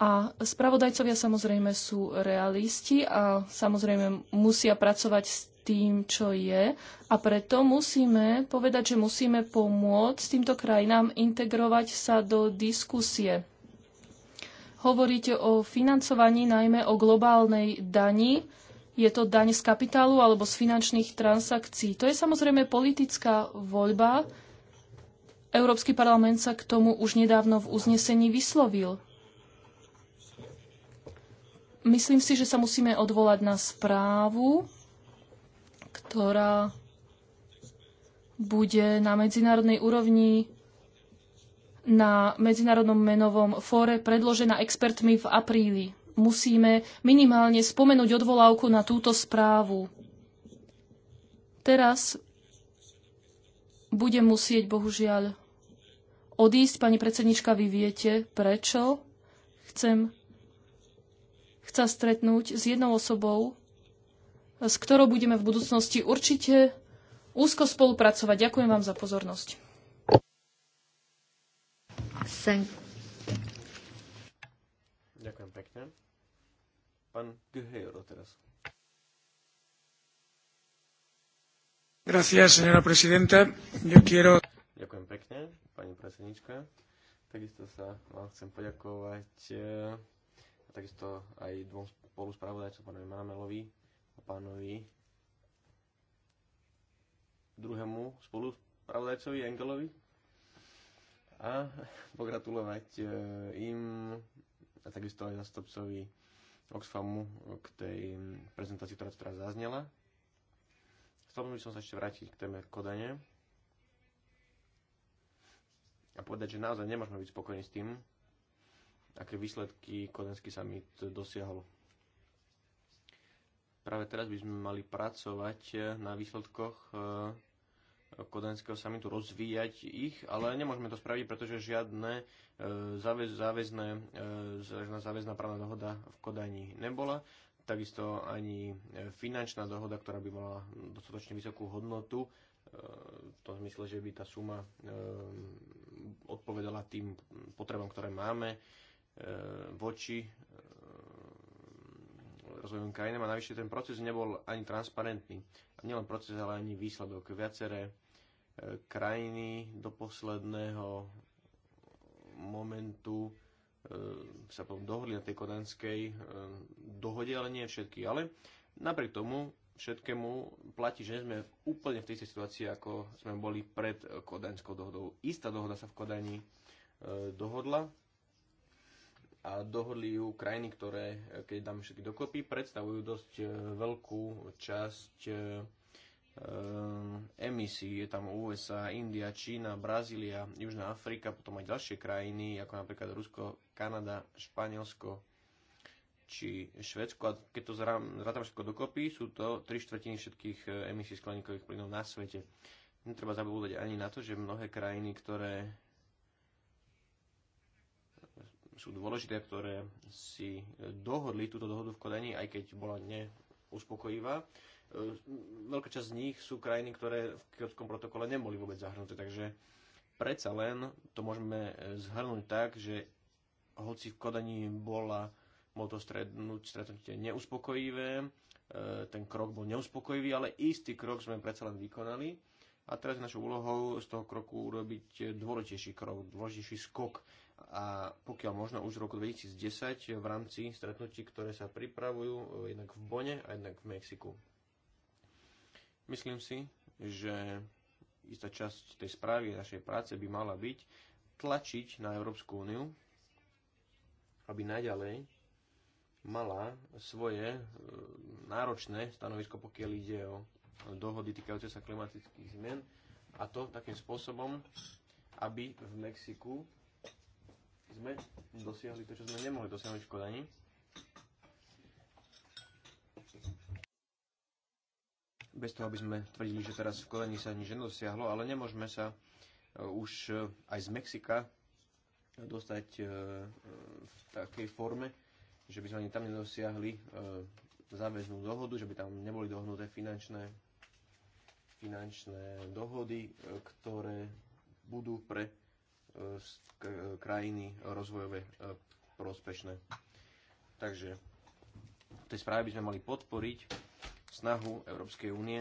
A spravodajcovia samozrejme sú realisti a samozrejme musia pracovať s tým, čo je. A preto musíme povedať, že musíme pomôcť týmto krajinám integrovať sa do diskusie. Hovoríte o financovaní najmä o globálnej dani. Je to daň z kapitálu alebo z finančných transakcií. To je samozrejme politická voľba. Európsky parlament sa k tomu už nedávno v uznesení vyslovil. Myslím si, že sa musíme odvolať na správu, ktorá bude na medzinárodnej úrovni na Medzinárodnom menovom fóre predložená expertmi v apríli. Musíme minimálne spomenúť odvolávku na túto správu. Teraz bude musieť, bohužiaľ, odísť. Pani predsednička, vy viete, prečo chcem chca stretnúť s jednou osobou, s ktorou budeme v budúcnosti určite úzko spolupracovať. Ďakujem vám za pozornosť. Ďakujem pekne. Pán Guerrero teraz. Gracias, señora presidenta. Yo quiero... Ďakujem pekne, pani predsednička. Takisto sa vám chcem poďakovať eh, a takisto aj dvom spoluspravodajcom, pánovi Maramelovi a pánovi druhému spoluspravodajcovi Engelovi a pogratulovať e, im a takisto aj zastupcovi Oxfamu k tej prezentácii, ktorá teraz zaznela. Chcel by som sa ešte vrátiť k téme kodanie a povedať, že naozaj nemôžeme byť spokojní s tým, aké výsledky kodenský summit dosiahol. Práve teraz by sme mali pracovať na výsledkoch e, kodanského samitu rozvíjať ich, ale nemôžeme to spraviť, pretože žiadne e, záväz, záväzné, e, záväzná, záväzná právna dohoda v Kodani nebola. Takisto ani e, finančná dohoda, ktorá by mala dostatočne vysokú hodnotu, v tom zmysle, že by tá suma odpovedala tým potrebám, ktoré máme voči rozvojovým krajinám a navyše ten proces nebol ani transparentný. A nielen proces, ale ani výsledok. Viaceré e, krajiny do posledného momentu e, sa potom dohodli na tej kodanskej e, dohode, ale nie všetky. Ale napriek tomu všetkému platí, že sme úplne v tej situácii, ako sme boli pred kodanskou dohodou. Istá dohoda sa v Kodani dohodla, a dohodli ju krajiny, ktoré, eh, keď dáme všetky dokopy, predstavujú dosť eh, veľkú časť eh, emisí. Je tam USA, India, Čína, Brazília, Južná Afrika, potom aj ďalšie krajiny, ako napríklad Rusko, Kanada, Španielsko či Švedsko. A keď to zrátam všetko dokopy, sú to 3 štvrtiny všetkých emisí skleníkových plynov na svete. Netreba zabúdať ani na to, že mnohé krajiny, ktoré sú dôležité, ktoré si e, dohodli túto dohodu v Kodani, aj keď bola neuspokojivá. E, veľká časť z nich sú krajiny, ktoré v Kyotskom protokole neboli vôbec zahrnuté, takže predsa len to môžeme e, zhrnúť tak, že hoci v Kodani bola, bol to strednúť, stretnutie neuspokojivé, ten krok bol neuspokojivý, ale istý krok sme predsa len vykonali. A teraz je našou úlohou z toho kroku urobiť dôležitejší krok, dôležitejší skok a pokiaľ možno už v roku 2010 v rámci stretnutí, ktoré sa pripravujú e, jednak v Bone a jednak v Mexiku. Myslím si, že istá časť tej správy našej práce by mala byť tlačiť na Európsku úniu, aby naďalej mala svoje e, náročné stanovisko, pokiaľ ide o dohody týkajúce sa klimatických zmien a to takým spôsobom, aby v Mexiku sme dosiahli to, čo sme nemohli dosiahnuť v Kodani. Bez toho, aby sme tvrdili, že teraz v Kodani sa nič nedosiahlo, ale nemôžeme sa e, už e, aj z Mexika dostať e, v takej forme, že by sme ani tam nedosiahli záväznú dohodu, že by tam neboli dohnuté finančné, finančné dohody, ktoré budú pre krajiny rozvojové e, prospešné. Takže v tej správe by sme mali podporiť snahu Európskej únie,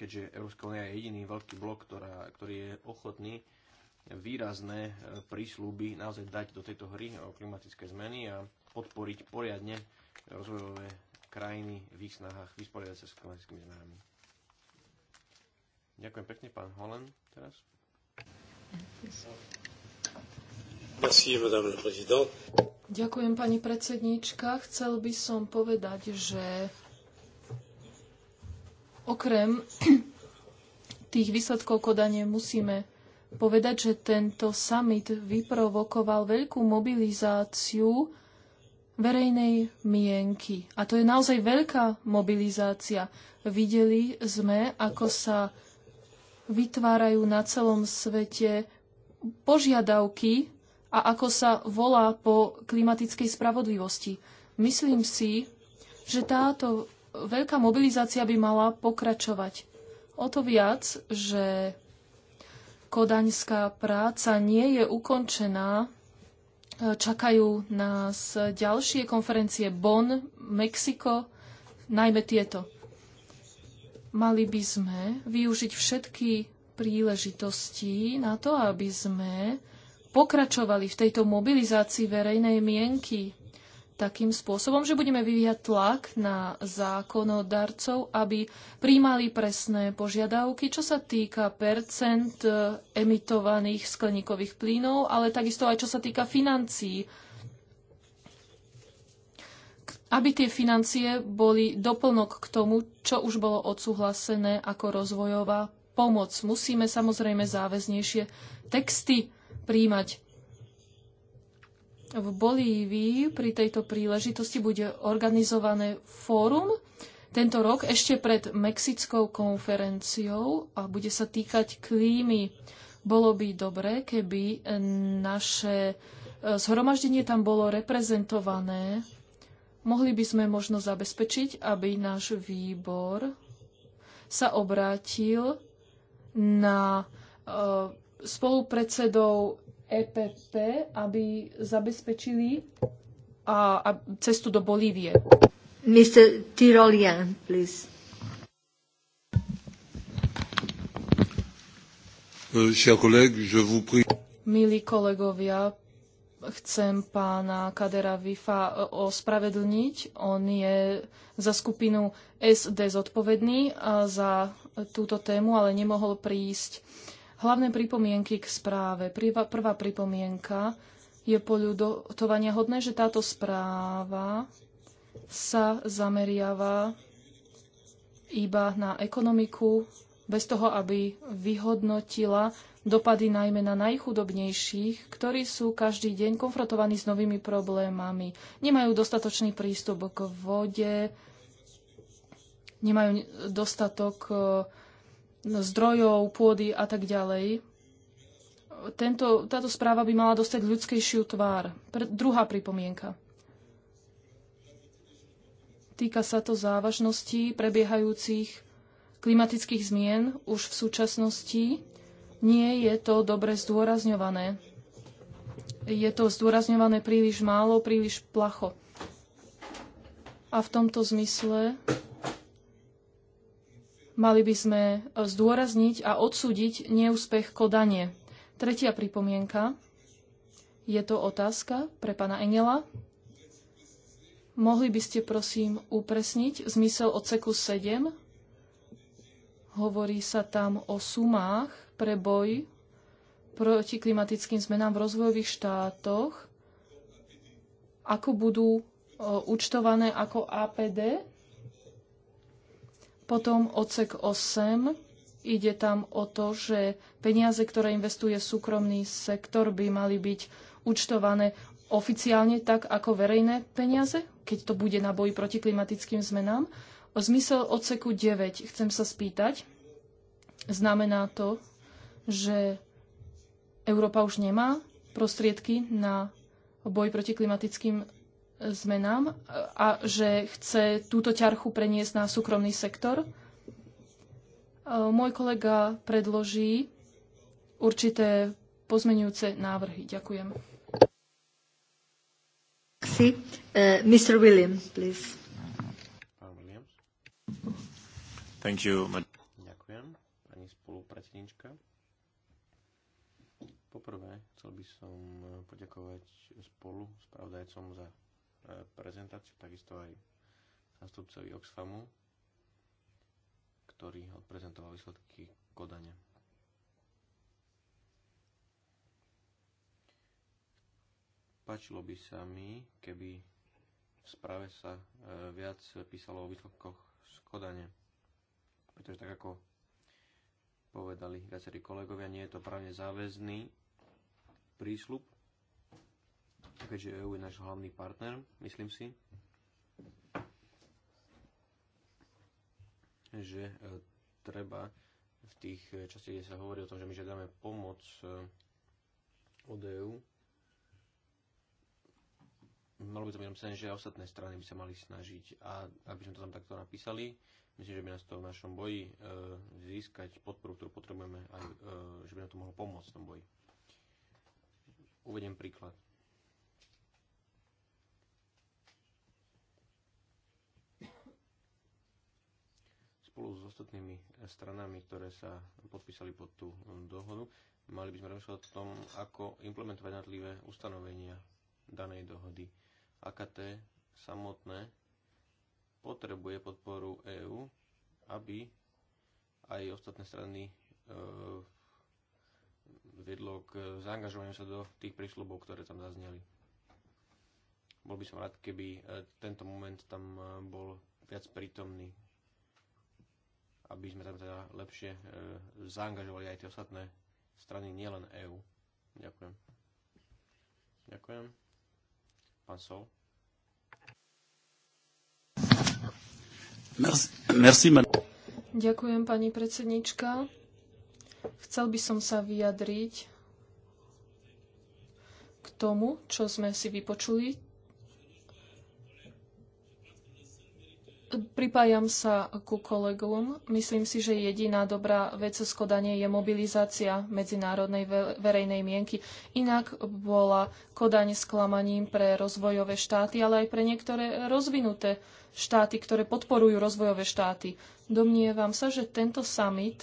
keďže Európska únia je jediný veľký blok, ktorá, ktorý je ochotný výrazné e, prísľuby naozaj dať do tejto hry o klimatické zmeny a podporiť poriadne rozvojové krajiny v ich snahách vysporiadať sa s klimatickými zmenami. Ďakujem pekne, pán Holen teraz. Ďakujem, pani predsedníčka. Chcel by som povedať, že okrem [CLEARS THROAT] tých výsledkov kodanie musíme povedať, že tento summit vyprovokoval veľkú mobilizáciu verejnej mienky. A to je naozaj veľká mobilizácia. Videli sme, ako sa vytvárajú na celom svete požiadavky a ako sa volá po klimatickej spravodlivosti. Myslím si, že táto veľká mobilizácia by mala pokračovať. O to viac, že kodaňská práca nie je ukončená. Čakajú nás ďalšie konferencie Bonn, Mexiko, najmä tieto. Mali by sme využiť všetky príležitosti na to, aby sme pokračovali v tejto mobilizácii verejnej mienky takým spôsobom, že budeme vyvíjať tlak na zákonodarcov, aby príjmali presné požiadavky, čo sa týka percent emitovaných skleníkových plynov, ale takisto aj čo sa týka financií aby tie financie boli doplnok k tomu, čo už bolo odsúhlasené ako rozvojová pomoc. Musíme samozrejme záväznejšie texty príjmať. V Bolívii pri tejto príležitosti bude organizované fórum tento rok ešte pred Mexickou konferenciou a bude sa týkať klímy. Bolo by dobre, keby naše eh, zhromaždenie tam bolo reprezentované mohli by sme možno zabezpečiť, aby náš výbor sa obrátil na uh, spolupredsedov EPP, aby zabezpečili a, a cestu do Bolívie. Mr. Tyrolian, please. Uh, chers je vous prie... Milí kolegovia, chcem pána Kadera Vifa ospravedlniť. On je za skupinu SD zodpovedný za túto tému, ale nemohol prísť. Hlavné pripomienky k správe. Prvá pripomienka je poľutovania hodné, že táto správa sa zameriava iba na ekonomiku, bez toho, aby vyhodnotila dopady najmä na najchudobnejších, ktorí sú každý deň konfrontovaní s novými problémami. Nemajú dostatočný prístup k vode, nemajú dostatok e, zdrojov, pôdy a tak ďalej. Tento, táto správa by mala dostať ľudskejšiu tvár. Pr- druhá pripomienka. Týka sa to závažnosti prebiehajúcich klimatických zmien už v súčasnosti Nie je to dobre zdôrazňované. Je to zdôrazňované príliš málo, príliš placho. A v tomto zmysle mali by sme zdôrazniť a odsúdiť neúspech kodanie. Tretia pripomienka. Je to otázka pre pána Engela. Mohli by ste prosím upresniť zmysel odseku 7? Hovorí sa tam o sumách pre boj proti klimatickým zmenám v rozvojových štátoch, ako budú účtované ako APD. Potom odsek 8. Ide tam o to, že peniaze, ktoré investuje súkromný sektor, by mali byť účtované oficiálne tak ako verejné peniaze, keď to bude na boji proti klimatickým zmenám. O zmysel odseku 9 chcem sa spýtať. Znamená to, že Európa už nemá prostriedky na boj proti klimatickým zmenám a že chce túto ťarchu preniesť na súkromný sektor. E, môj kolega predloží určité pozmenujúce návrhy. Ďakujem. E, Mr. William, please. Thank you. Ďakujem. Pani spolupredsednička. Poprvé chcel by som eh, poďakovať spolu pravdajcom za eh, prezentáciu, takisto aj zastupcovi Oxfamu, ktorý odprezentoval výsledky kodania. Páčilo by sa mi, keby v správe sa eh, viac písalo o výsledkoch z kodania. Pretože tak ako povedali viacerí kolegovia, nie je to právne záväzný prísľub, keďže EU je náš hlavný partner, myslím si, že e, treba v tých častiach, kde sa hovorí o tom, že my žiadame pomoc e, od EU, malo by to byť napísané, že ostatné strany by sa mali snažiť a aby sme to tam takto napísali, myslím, že by nás to v našom boji e, získať podporu, ktorú potrebujeme, aj, e, že by nám to mohlo pomôcť v tom boji. Uvediem príklad. Spolu s ostatnými stranami, ktoré sa podpísali pod tú dohodu, mali by sme rozmýšľať o tom, ako implementovať jednotlivé ustanovenia danej dohody. AKT samotné potrebuje podporu EÚ, aby aj ostatné strany e, viedlo k zaangažovaniu sa do tých prísľubov, ktoré tam zazneli. Bol by som rád, keby e, tento moment tam e, bol viac prítomný, aby sme tam teda lepšie e, zaangažovali aj tie ostatné strany, nielen EÚ. Ďakujem. Ďakujem. Pán Sol. Merci, merci, ma- Ďakujem, pani predsednička. Chcel by som sa vyjadriť k tomu, čo sme si vypočuli. Pripájam sa ku kolegom. Myslím si, že jediná dobrá vec skodanie je mobilizácia medzinárodnej verejnej mienky. Inak bola Kodaň sklamaním pre rozvojové štáty, ale aj pre niektoré rozvinuté štáty, ktoré podporujú rozvojové štáty. Domnievam sa, že tento summit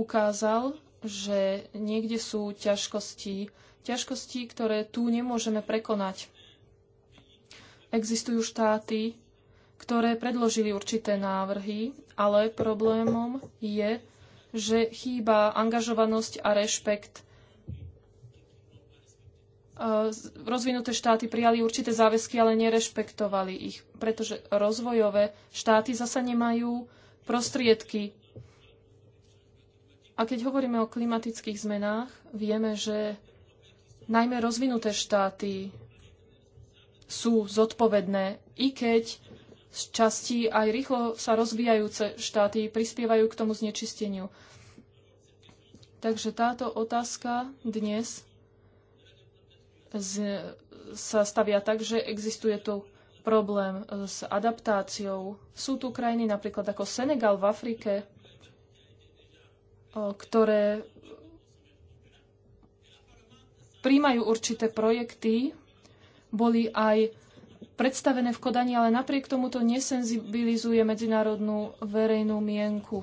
ukázal, že niekde sú ťažkosti, ťažkosti, ktoré tu nemôžeme prekonať. Existujú štáty, ktoré predložili určité návrhy, ale problémom je, že chýba angažovanosť a rešpekt. E, rozvinuté štáty prijali určité záväzky, ale nerešpektovali ich, pretože rozvojové štáty zasa nemajú prostriedky A keď hovoríme o klimatických zmenách, vieme, že najmä rozvinuté štáty sú zodpovedné, i keď z časti aj rýchlo sa rozvíjajúce štáty prispievajú k tomu znečisteniu. Takže táto otázka dnes z, sa stavia tak, že existuje tu problém s adaptáciou. Sú tu krajiny napríklad ako Senegal v Afrike, ktoré príjmajú určité projekty, boli aj predstavené v Kodani, ale napriek tomu to nesenzibilizuje medzinárodnú verejnú mienku.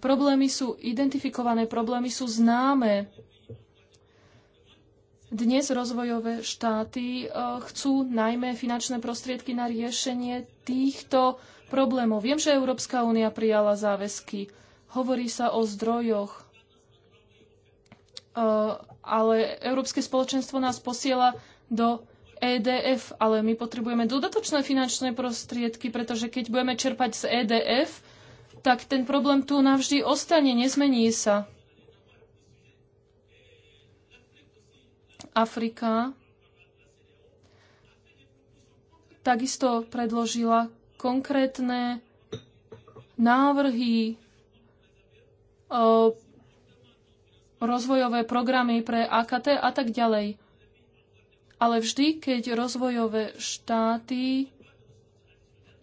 Problémy sú identifikované, problémy sú známe. Dnes rozvojové štáty e, chcú najmä finančné prostriedky na riešenie týchto problémov. Viem, že Európska únia prijala záväzky. Hovorí sa o zdrojoch, e, ale Európske spoločenstvo nás posiela do EDF, ale my potrebujeme dodatočné finančné prostriedky, pretože keď budeme čerpať z EDF, tak ten problém tu navždy ostane, nezmení sa. Afrika takisto predložila konkrétne návrhy, e, rozvojové programy pre AKT a tak ďalej. Ale vždy, keď rozvojové štáty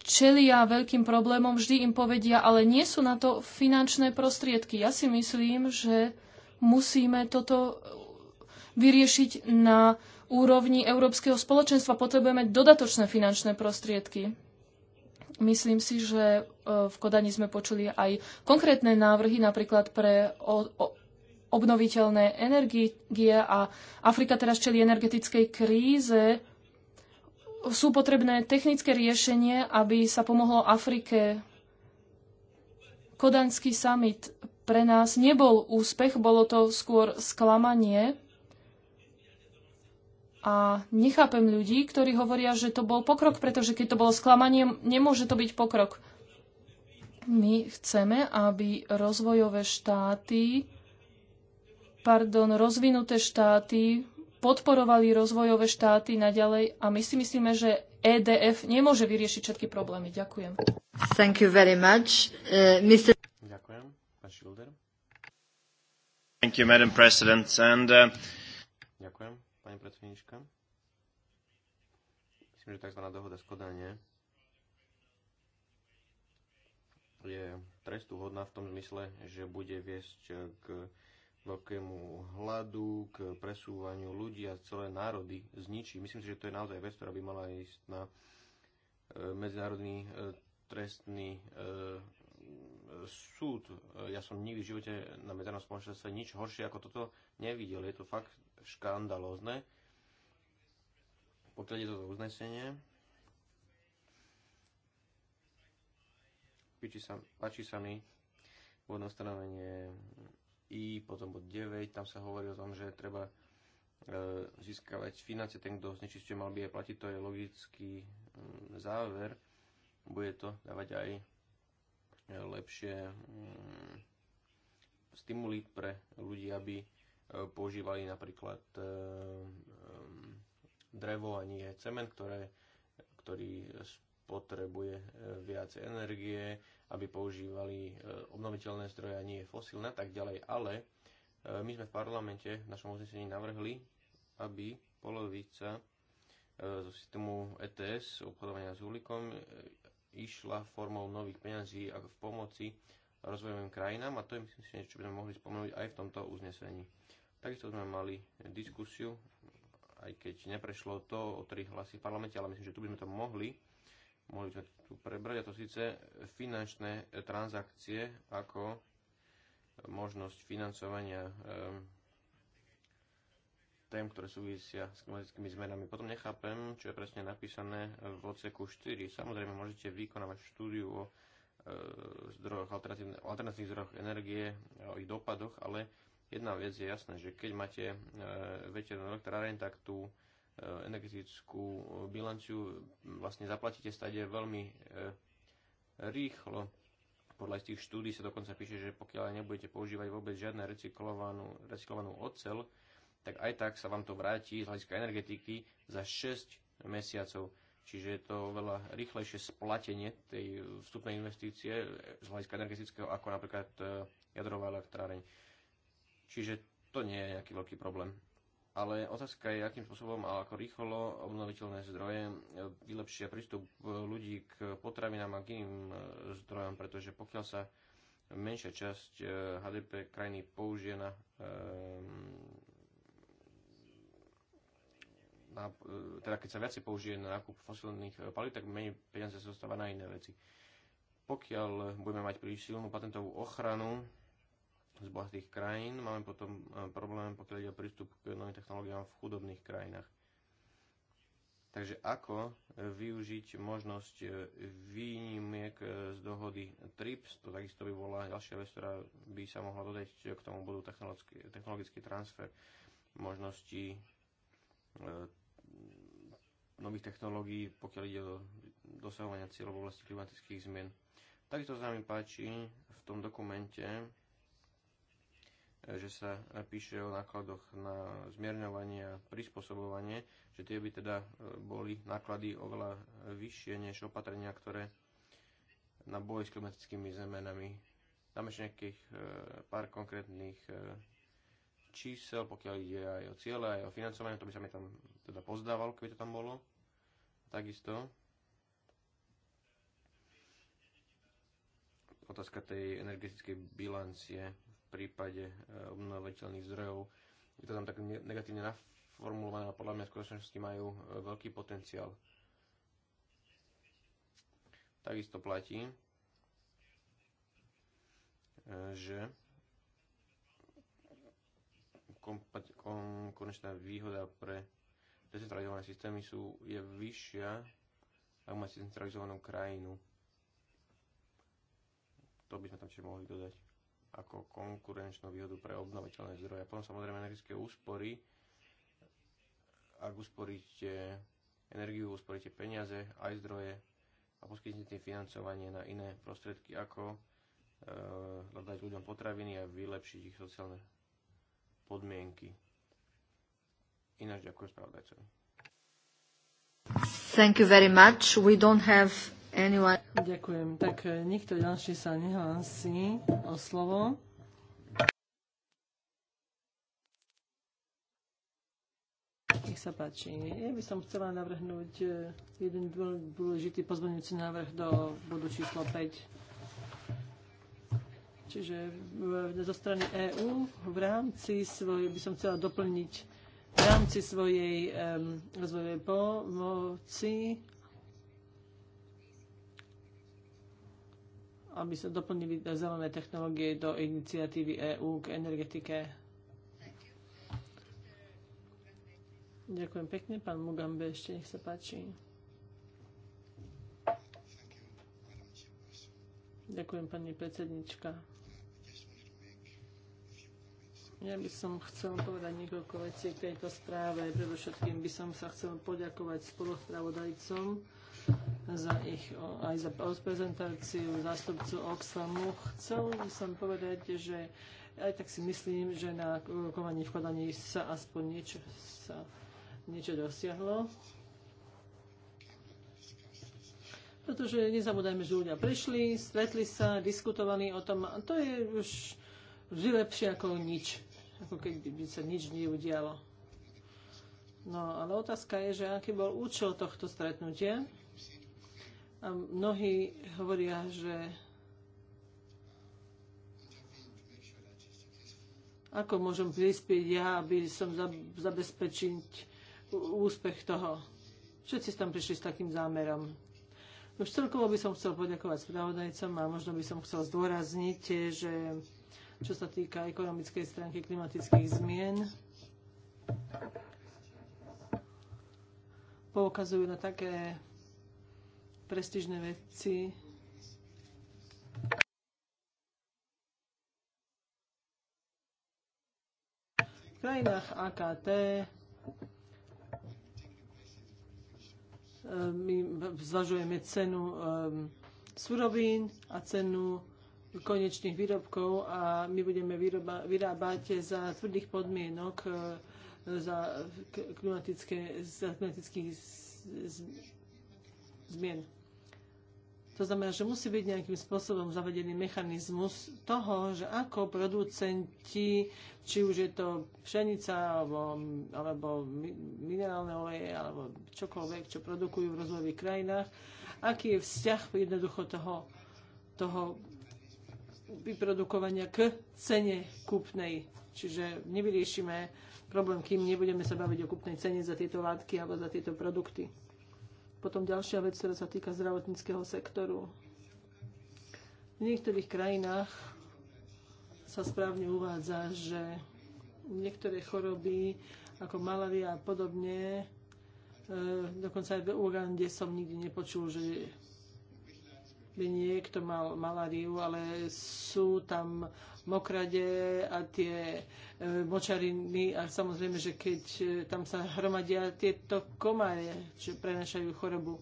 čelia veľkým problémom, vždy im povedia, ale nie sú na to finančné prostriedky. Ja si myslím, že musíme toto vyriešiť na úrovni Európskeho spoločenstva. Potrebujeme dodatočné finančné prostriedky. Myslím si, že e, v Kodani sme počuli aj konkrétne návrhy, napríklad pre o, o, obnoviteľné energie a Afrika teraz čeli energetickej kríze. Sú potrebné technické riešenie, aby sa pomohlo Afrike. Kodanský summit pre nás nebol úspech, bolo to skôr sklamanie. A nechápem ľudí, ktorí hovoria, že to bol pokrok, pretože keď to bolo sklamanie, nemôže to byť pokrok. My chceme, aby rozvojové štáty, pardon, rozvinuté štáty podporovali rozvojové štáty naďalej a my si myslíme, že EDF nemôže vyriešiť všetky problémy. Ďakujem. Thank you very much. Uh, Mr. Ďakujem. Pán Schilder. Thank you, Madam President. And, uh, knižka. Myslím, že tzv. dohoda z je trestu hodná v tom zmysle, že bude viesť k veľkému hladu, k presúvaniu ľudí a celé národy zničí. Myslím si, že to je naozaj vec, ktorá by mala ísť na e, medzinárodný e, trestný e, súd. Ja som nikdy v živote na medzinárodnom spoločenstve nič horšie ako toto nevidel. Je to fakt škandalózne Pokiaľ ide toto uznesenie, páči sa, páči sa mi úvodné stanovenie I, potom bod 9, tam sa hovorí o tom, že treba e, získavať financie, ten, kto znečistuje, mal by aj platiť, to je logický m, mm, záver, bude to dávať aj e, lepšie m, mm, stimuly pre ľudí, aby e, používali napríklad e, drevo a nie cement, ktoré, ktorý potrebuje e, viac energie, aby používali e, obnoviteľné zdroje a nie fosílne a tak ďalej. Ale e, my sme v parlamente v našom uznesení navrhli, aby polovica zo systému ETS, obchodovania s uhlíkom, išla formou nových peňazí a v pomoci rozvojovým krajinám a to je myslím si niečo, čo by sme mohli spomenúť aj v tomto uznesení. Takisto sme mali diskusiu aj keď neprešlo to o tri hlasy v parlamente, ale myslím, že tu by sme to mohli, mohli sme tu prebrať, a to síce finančné e, transakcie ako možnosť financovania e, tém, ktoré súvisia s klimatickými zmenami. Potom nechápem, čo je presne napísané v odseku 4. Samozrejme, môžete vykonávať štúdiu o e, zdrojoch, alternatívnych, alternatívnych zdrojoch energie, o ich dopadoch, ale Jedna vec je jasná, že keď máte e, veterinárnu elektráreň, tak tú e, energetickú e, bilanciu vlastne zaplatíte stade veľmi e, rýchlo. Podľa tých štúdí sa dokonca píše, že pokiaľ nebudete používať vôbec žiadne recyklovanú, recyklovanú ocel, tak aj tak sa vám to vráti z hľadiska energetiky za 6 mesiacov. Čiže je to veľa rýchlejšie splatenie tej vstupnej investície z hľadiska energetického ako napríklad e, jadrová elektráreň. Čiže to nie je nejaký veľký problém. Ale otázka je, akým spôsobom a ako rýchlo obnoviteľné zdroje e, vylepšia prístup e, ľudí k potravinám a k iným e, zdrojom, pretože pokiaľ sa menšia časť HDP krajiny použije na, na teda keď sa viacej použije na nákup fosilných palív, tak menej peniaze sa zostáva na iné veci. Pokiaľ budeme mať príliš silnú patentovú ochranu, z bohatých krajín, máme potom e, problém, pokiaľ ide o prístup k novým technológiám v chudobných krajinách. Takže ako využiť možnosť e, výnimiek e, z dohody TRIPS, to takisto by bola ďalšia vec, ktorá by sa mohla dodať, k tomu budú technologický, technologický transfer možností nových technológií, pokiaľ ide o dosahovania cieľov v oblasti klimatických zmien. Takisto sa mi páči v tom dokumente že sa píše o nákladoch na zmierňovanie a prispôsobovanie, že tie by teda e, boli náklady oveľa vyššie než opatrenia, ktoré na boj s klimatickými zemenami. Tam ešte nejakých e, pár konkrétnych e, čísel, pokiaľ ide aj o cieľe, aj o financovanie, to by sa mi tam teda pozdával, keby to tam bolo. Takisto. Otázka tej energetickej bilancie prípade e, obnoviteľných zdrojov. Je to tam tak negatívne naformulované ale podľa mňa skutočnosti majú e, veľký potenciál. Takisto platí, e, že konečná výhoda pre decentralizované systémy sú, je vyššia, ak máte centralizovanú krajinu. To by sme tam ešte mohli dodať ako konkurenčnú výhodu pre obnoviteľné zdroje. A potom samozrejme energetické úspory. Ak usporíte energiu, usporíte peniaze, aj zdroje a poskytnete financovanie na iné prostriedky, ako e, dať ľuďom potraviny a vylepšiť ich sociálne podmienky. Ináč ďakujem spravodajcovi. Thank you very much. We don't have Anyone? Ďakujem. Tak e, nikto ďalší sa nehlási o slovo. Nech sa páči. Ja by som chcela navrhnúť e, jeden dôležitý pozmeňujúci návrh do bodu číslo 5. Čiže e, zo strany EÚ v rámci svojej by som chcela doplniť v rámci svojej um, rozvojovej pomoci aby sa doplnili do zelené technológie do iniciatívy EÚ k energetike. Ďakujem pekne. Pán Mugambe, ešte nech sa páči. Ďakujem, pani predsednička. Ja by som chcel povedať niekoľko vecí k tejto správe. Predovšetkým by som sa chcel poďakovať spoluspravodajcom za ich, aj za prezentáciu zástupcu Oxfamu. Chcel by som povedať, že aj tak si myslím, že na rokovaní v Kodani sa aspoň niečo, sa niečo dosiahlo. Pretože nezabúdajme, že ľudia prišli, stretli sa, diskutovali o tom a to je už vždy lepšie ako nič. Ako keď by sa nič neudialo. No, ale otázka je, že aký bol účel tohto stretnutia. A mnohí hovoria, že ako môžem prispieť ja, aby som zabezpečiť úspech toho. Všetci tam prišli s takým zámerom. Už celkovo by som chcel poďakovať spravodajcom a možno by som chcel zdôrazniť, eh, že čo sa týka ekonomickej stránky klimatických zmien, poukazujú na také prestižné veci. V krajinách AKT eh, my zvažujeme cenu eh, surovín a cenu konečných výrobkov a my budeme vyroba, vyrábať za tvrdých podmienok eh, za klimatické, za klimatických zmien. To znamená, že musí byť nejakým spôsobom zavedený mechanizmus toho, že ako producenti, či už je to pšenica alebo, alebo minerálne oleje alebo čokoľvek, čo produkujú v rozvojových krajinách, aký je vzťah jednoducho toho, toho vyprodukovania k cene kúpnej. Čiže nevyriešime problém, kým nebudeme sa baviť o kúpnej cene za tieto látky alebo za tieto produkty. Potom ďalšia vec, ktorá sa týka zdravotníckého sektoru. V niektorých krajinách sa správne uvádza, že niektoré choroby ako malaria a podobne, e, dokonca aj v Ugande som nikdy nepočul, že by niekto mal malariu, ale sú tam mokrade a tie e, močariny a samozrejme, že keď e, tam sa hromadia tieto komáre, čo prenašajú chorobu.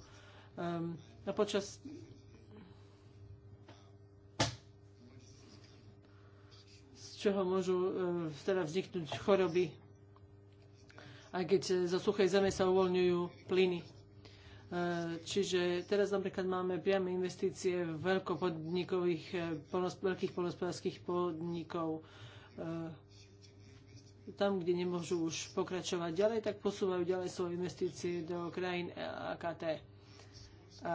Um, a počas z čoho môžu uh, teda vzniknúť choroby, aj keď za suchej zeme sa uvoľňujú plyny. E, čiže teraz napríklad máme priame investície veľkopodnikových, e, veľkých polnospodárských podnikov. E, tam, kde nemôžu už pokračovať ďalej, tak posúvajú ďalej svoje investície do krajín AKT. A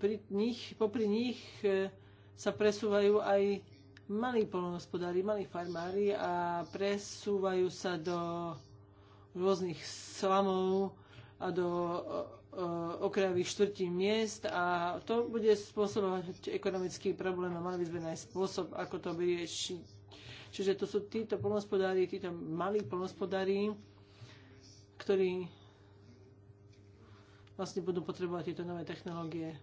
pri nich, popri nich sa presúvajú aj malí polnospodári, malí farmári a presúvajú sa do rôznych slamov a do Eh, okrajových štvrtí miest a to bude spôsobovať ekonomický problém a mali by sme nájsť spôsob, ako to vyriešiť. Čiže to sú títo polnospodári, títo malí polnospodári, ktorí vlastne budú potrebovať tieto nové technológie.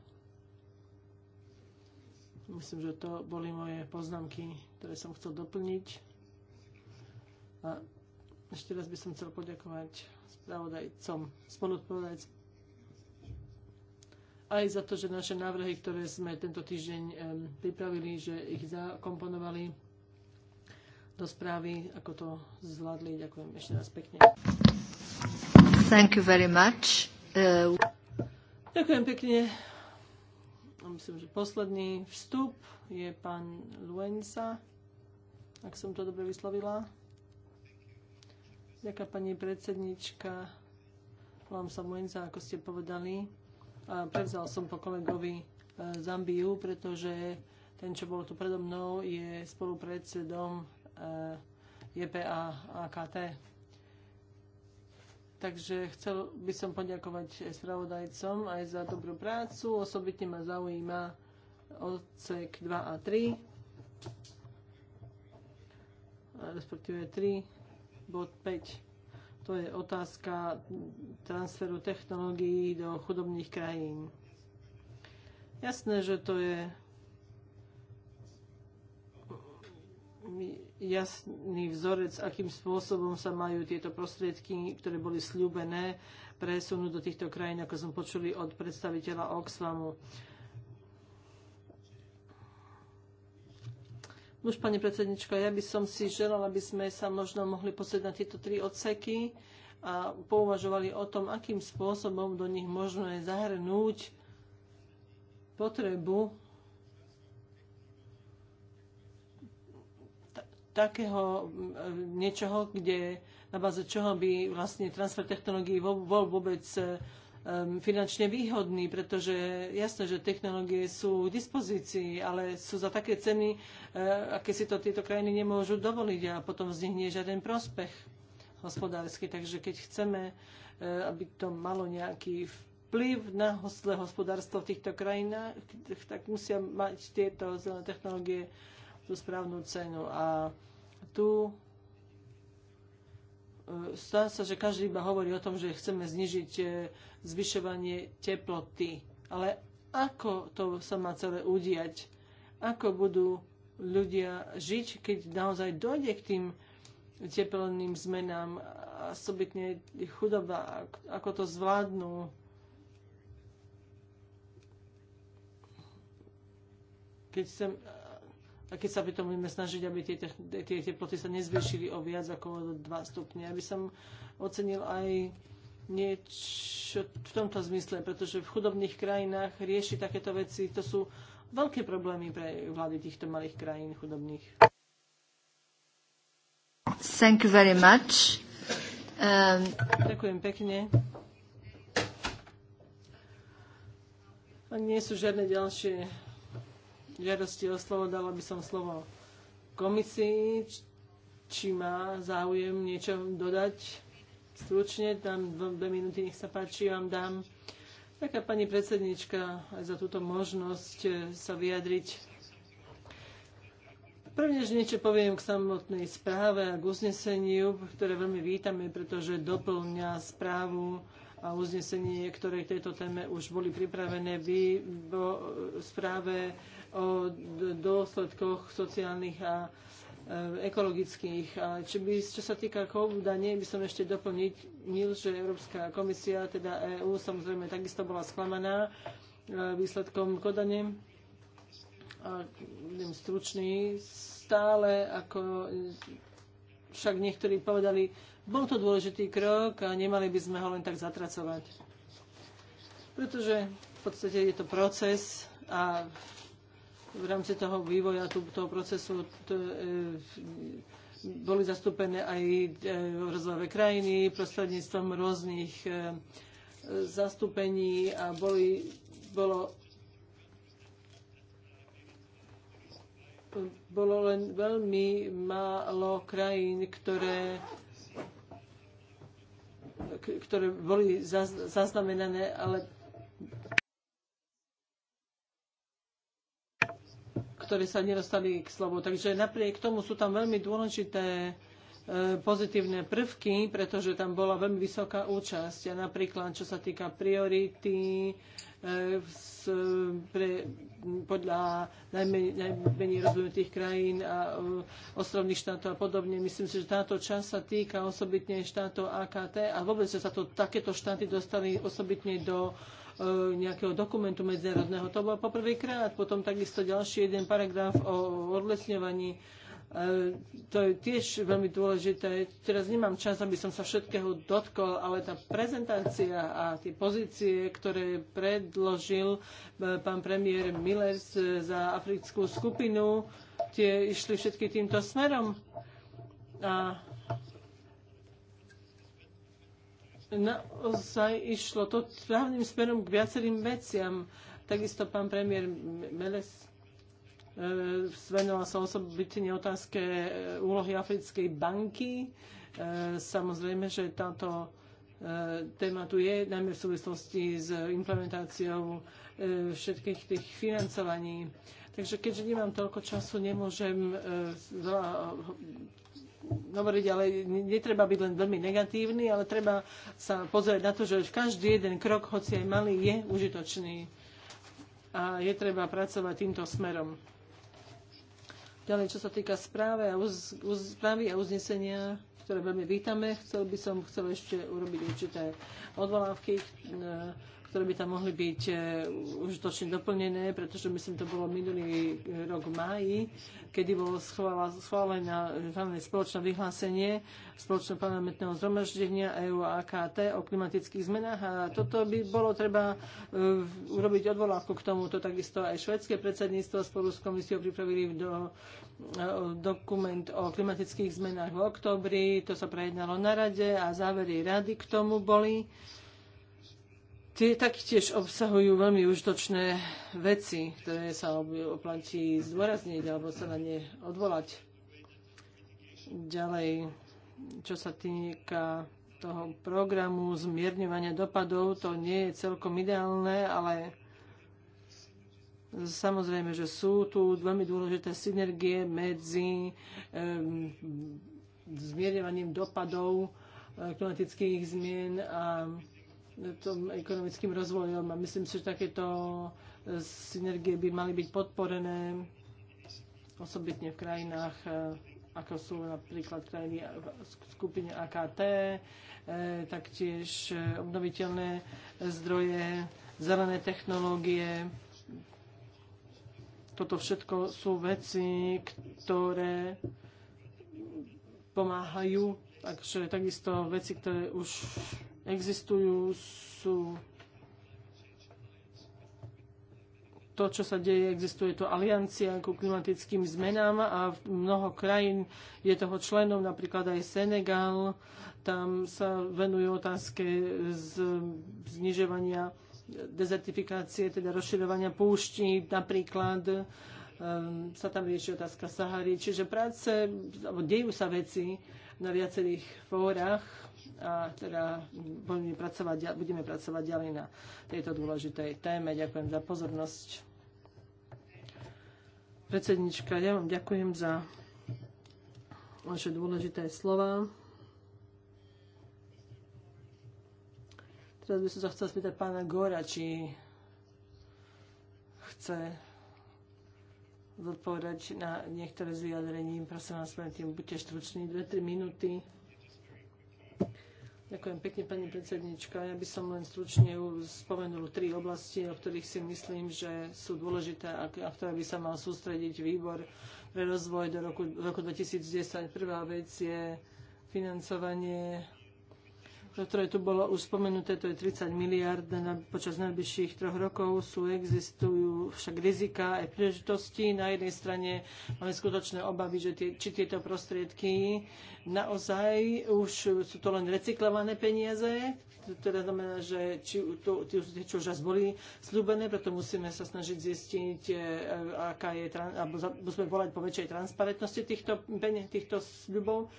Myslím, že to boli moje poznámky, ktoré som chcel doplniť. A ešte raz by som chcel poďakovať spravodajcom, spolupravodajcom aj za to, že naše návrhy, ktoré sme tento týždeň pripravili, že ich zakomponovali do správy, ako to zvládli. Ďakujem ešte raz pekne. Thank you very much. Uh... Ďakujem pekne. Myslím, že posledný vstup je pán Luensa, ak som to dobre vyslovila. Ďakujem pani predsednička. Volám sa Luensa, ako ste povedali prevzal som po kolegovi e, Zambiu, pretože ten, čo bol tu predo mnou, je spolupredsedom e, JPA AKT. Takže chcel by som poďakovať spravodajcom aj za dobrú prácu. Osobitne ma zaujíma odsek 2 a 3, respektíve 3, bod 5 to je otázka transferu technológií do chudobných krajín. Jasné, že to je jasný vzorec, akým spôsobom sa majú tieto prostriedky, ktoré boli slúbené, presunúť do týchto krajín, ako sme počuli od predstaviteľa Oxfamu. Už pani predsednička, ja by som si želala, aby sme sa možno mohli pozrieť na tieto tri odseky a pouvažovali o tom, akým spôsobom do nich možno je zahrnúť potrebu takého mm, niečoho, kde na báze čoho by vlastne transfer technológií bol vôbec eh, finančne výhodný, pretože jasné, že technológie sú k dispozícii, ale sú za také ceny, e, aké si to tieto krajiny nemôžu dovoliť a potom z nich nie je žiaden prospech hospodársky. Takže keď chceme, e, aby to malo nejaký vplyv na hostlé hospodárstvo v týchto krajinách, tak musia mať tieto zelené technológie tú správnu cenu. A tu stá e, sa, že každý iba hovorí o tom, že chceme znižiť e, zvyšovanie teploty. Ale ako to sa má celé udiať? Ako budú ľudia žiť, keď naozaj dojde k tým teplným zmenám a sobitne chudoba, ako to zvládnu? Keď chcem, a keď sa pritom budeme snažiť, aby tie, tie teploty sa nezvýšili o viac ako 2 stupne. Aby som ocenil aj niečo v tomto zmysle, pretože v chudobných krajinách rieši takéto veci, to sú veľké problémy pre vlády týchto malých krajín chudobných. Thank you very much. Um... Ďakujem pekne. Nie sú žiadne ďalšie žiadosti o slovo, dala by som slovo komisii, či má záujem niečo dodať. Stručne, tam dve minúty, nech sa páči, vám dám. Taká pani predsednička, aj za túto možnosť e, sa vyjadriť. Prvne, že niečo poviem k samotnej správe a k uzneseniu, ktoré veľmi vítame, pretože doplňa správu a uznesenie, ktoré k tejto téme už boli pripravené v správe o dôsledkoch sociálnych a e, ekologických. A či by, čo sa týka chovu danie, by som ešte doplniť, Nil, že Európska komisia, teda EÚ, samozrejme takisto bola sklamaná e, výsledkom kodane. A budem stručný, stále ako však niektorí povedali, bol to dôležitý krok a nemali by sme ho len tak zatracovať. Pretože v podstate je to proces a v rámci toho vývoja toho procesu e, boli zastúpené aj e, rozvojové krajiny prostredníctvom rôznych e, zastúpení a boli, bolo, bolo len veľmi málo krajín, ktoré ktoré boli zaznamenané, ale ktorí sa nedostali k slovu. Takže napriek tomu sú tam veľmi dôležité e, pozitívne prvky, pretože tam bola veľmi vysoká účasť. A napríklad, čo sa týka priority, e, e, pre, podľa najmenej, najmenej rozvinutých krajín a ostrovných štátov a podobne. Myslím si, že táto časť sa týka osobitne štátov AKT a vôbec, že sa to, takéto štáty dostali osobitne do uh, E, nejakého dokumentu medzinárodného. To bolo poprvýkrát. Potom takisto ďalší jeden paragraf o odlesňovaní. E, to je tiež veľmi dôležité. Teraz nemám čas, aby som sa všetkého dotkol, ale tá prezentácia a tie pozície, ktoré predložil e, pán premiér Millers za africkú skupinu, tie išli všetky týmto smerom. A naozaj išlo to správnym smerom k viacerým veciam. Takisto pán premiér Meles e, venoval sa osobitne otázke e, úlohy Africkej banky. E, samozrejme, že táto téma tu je, najmä v súvislosti s implementáciou všetkých tých financovaní. Takže keďže nemám toľko času, nemôžem veľa hovoriť, ale netreba byť len veľmi negatívny, ale treba sa pozrieť na to, že každý jeden krok, hoci aj malý, je užitočný a je treba pracovať týmto smerom. Ďalej, čo sa týka správy a, uz, uz, správy a uznesenia, ktoré veľmi vítame, chcel by som chcel ešte urobiť určité odvolávky, e, ktoré by tam mohli byť eh, užitočne doplnené, pretože myslím, to bolo minulý eh, rok v máji, kedy bolo schválená eh, spoločné vyhlásenie spoločného parlamentného zhromaždenia EU a AKT o klimatických zmenách a toto by bolo treba urobiť odvolávku k tomuto. Takisto aj švedské predsedníctvo spolu s komisiou pripravili do dokument o klimatických zmenách v oktobri, to sa prejednalo na rade a závery rady k tomu boli tie taktiež obsahujú veľmi užitočné veci, ktoré sa oplatí zdôrazniť alebo sa na ne odvolať. Ďalej, čo sa týka toho programu zmierňovania dopadov, to nie je celkom ideálne, ale samozrejme, že sú tu veľmi dôležité synergie medzi um, zmierňovaním dopadov eh, klimatických zmien a tom ekonomickým rozvojom a myslím si, že takéto e, synergie by mali byť podporené osobitne v krajinách e, ako sú napríklad krajiny v skupine AKT, e, taktiež obnoviteľné zdroje, zelené technológie. Toto všetko sú veci, ktoré pomáhajú, takže takisto veci, ktoré už existujú, sú to, čo sa deje, existuje to aliancia ku klimatickým zmenám a v mnoho krajín je toho členom, napríklad aj Senegal, tam sa venujú otázke z, znižovania dezertifikácie, teda rozširovania púští, napríklad um, sa tam rieši otázka Sahary. Čiže práce, alebo dejú sa veci na viacerých fórach, a teda budeme pracovať, budeme pracovať ďalej na tejto dôležitej téme. Ďakujem za pozornosť. Predsednička, ja vám ďakujem za vaše dôležité slova. Teraz by som sa chcel spýtať pána Gora, či chce zodpovedať na niektoré z vyjadrení. Prosím vás, tým buďte štruční, 2-3 minúty. Ďakujem pekne, pani predsednička. Ja by som len stručne spomenul tri oblasti, o ktorých si myslím, že sú dôležité a ktoré by sa mal sústrediť výbor pre rozvoj do roku, roku 2010. Prvá vec je financovanie ktoré tu bolo už spomenuté, to je 30 miliard na, počas najbližších troch rokov. Sú, existujú však rizika aj príležitosti. Na jednej strane máme skutočné obavy, že tie, či tieto prostriedky naozaj už sú to len recyklované peniaze, teda znamená, že či to, tí, čo už raz boli slúbené, preto musíme sa snažiť zistiť, e, aká je, alebo musíme volať po väčšej transparentnosti týchto, týchto sľubov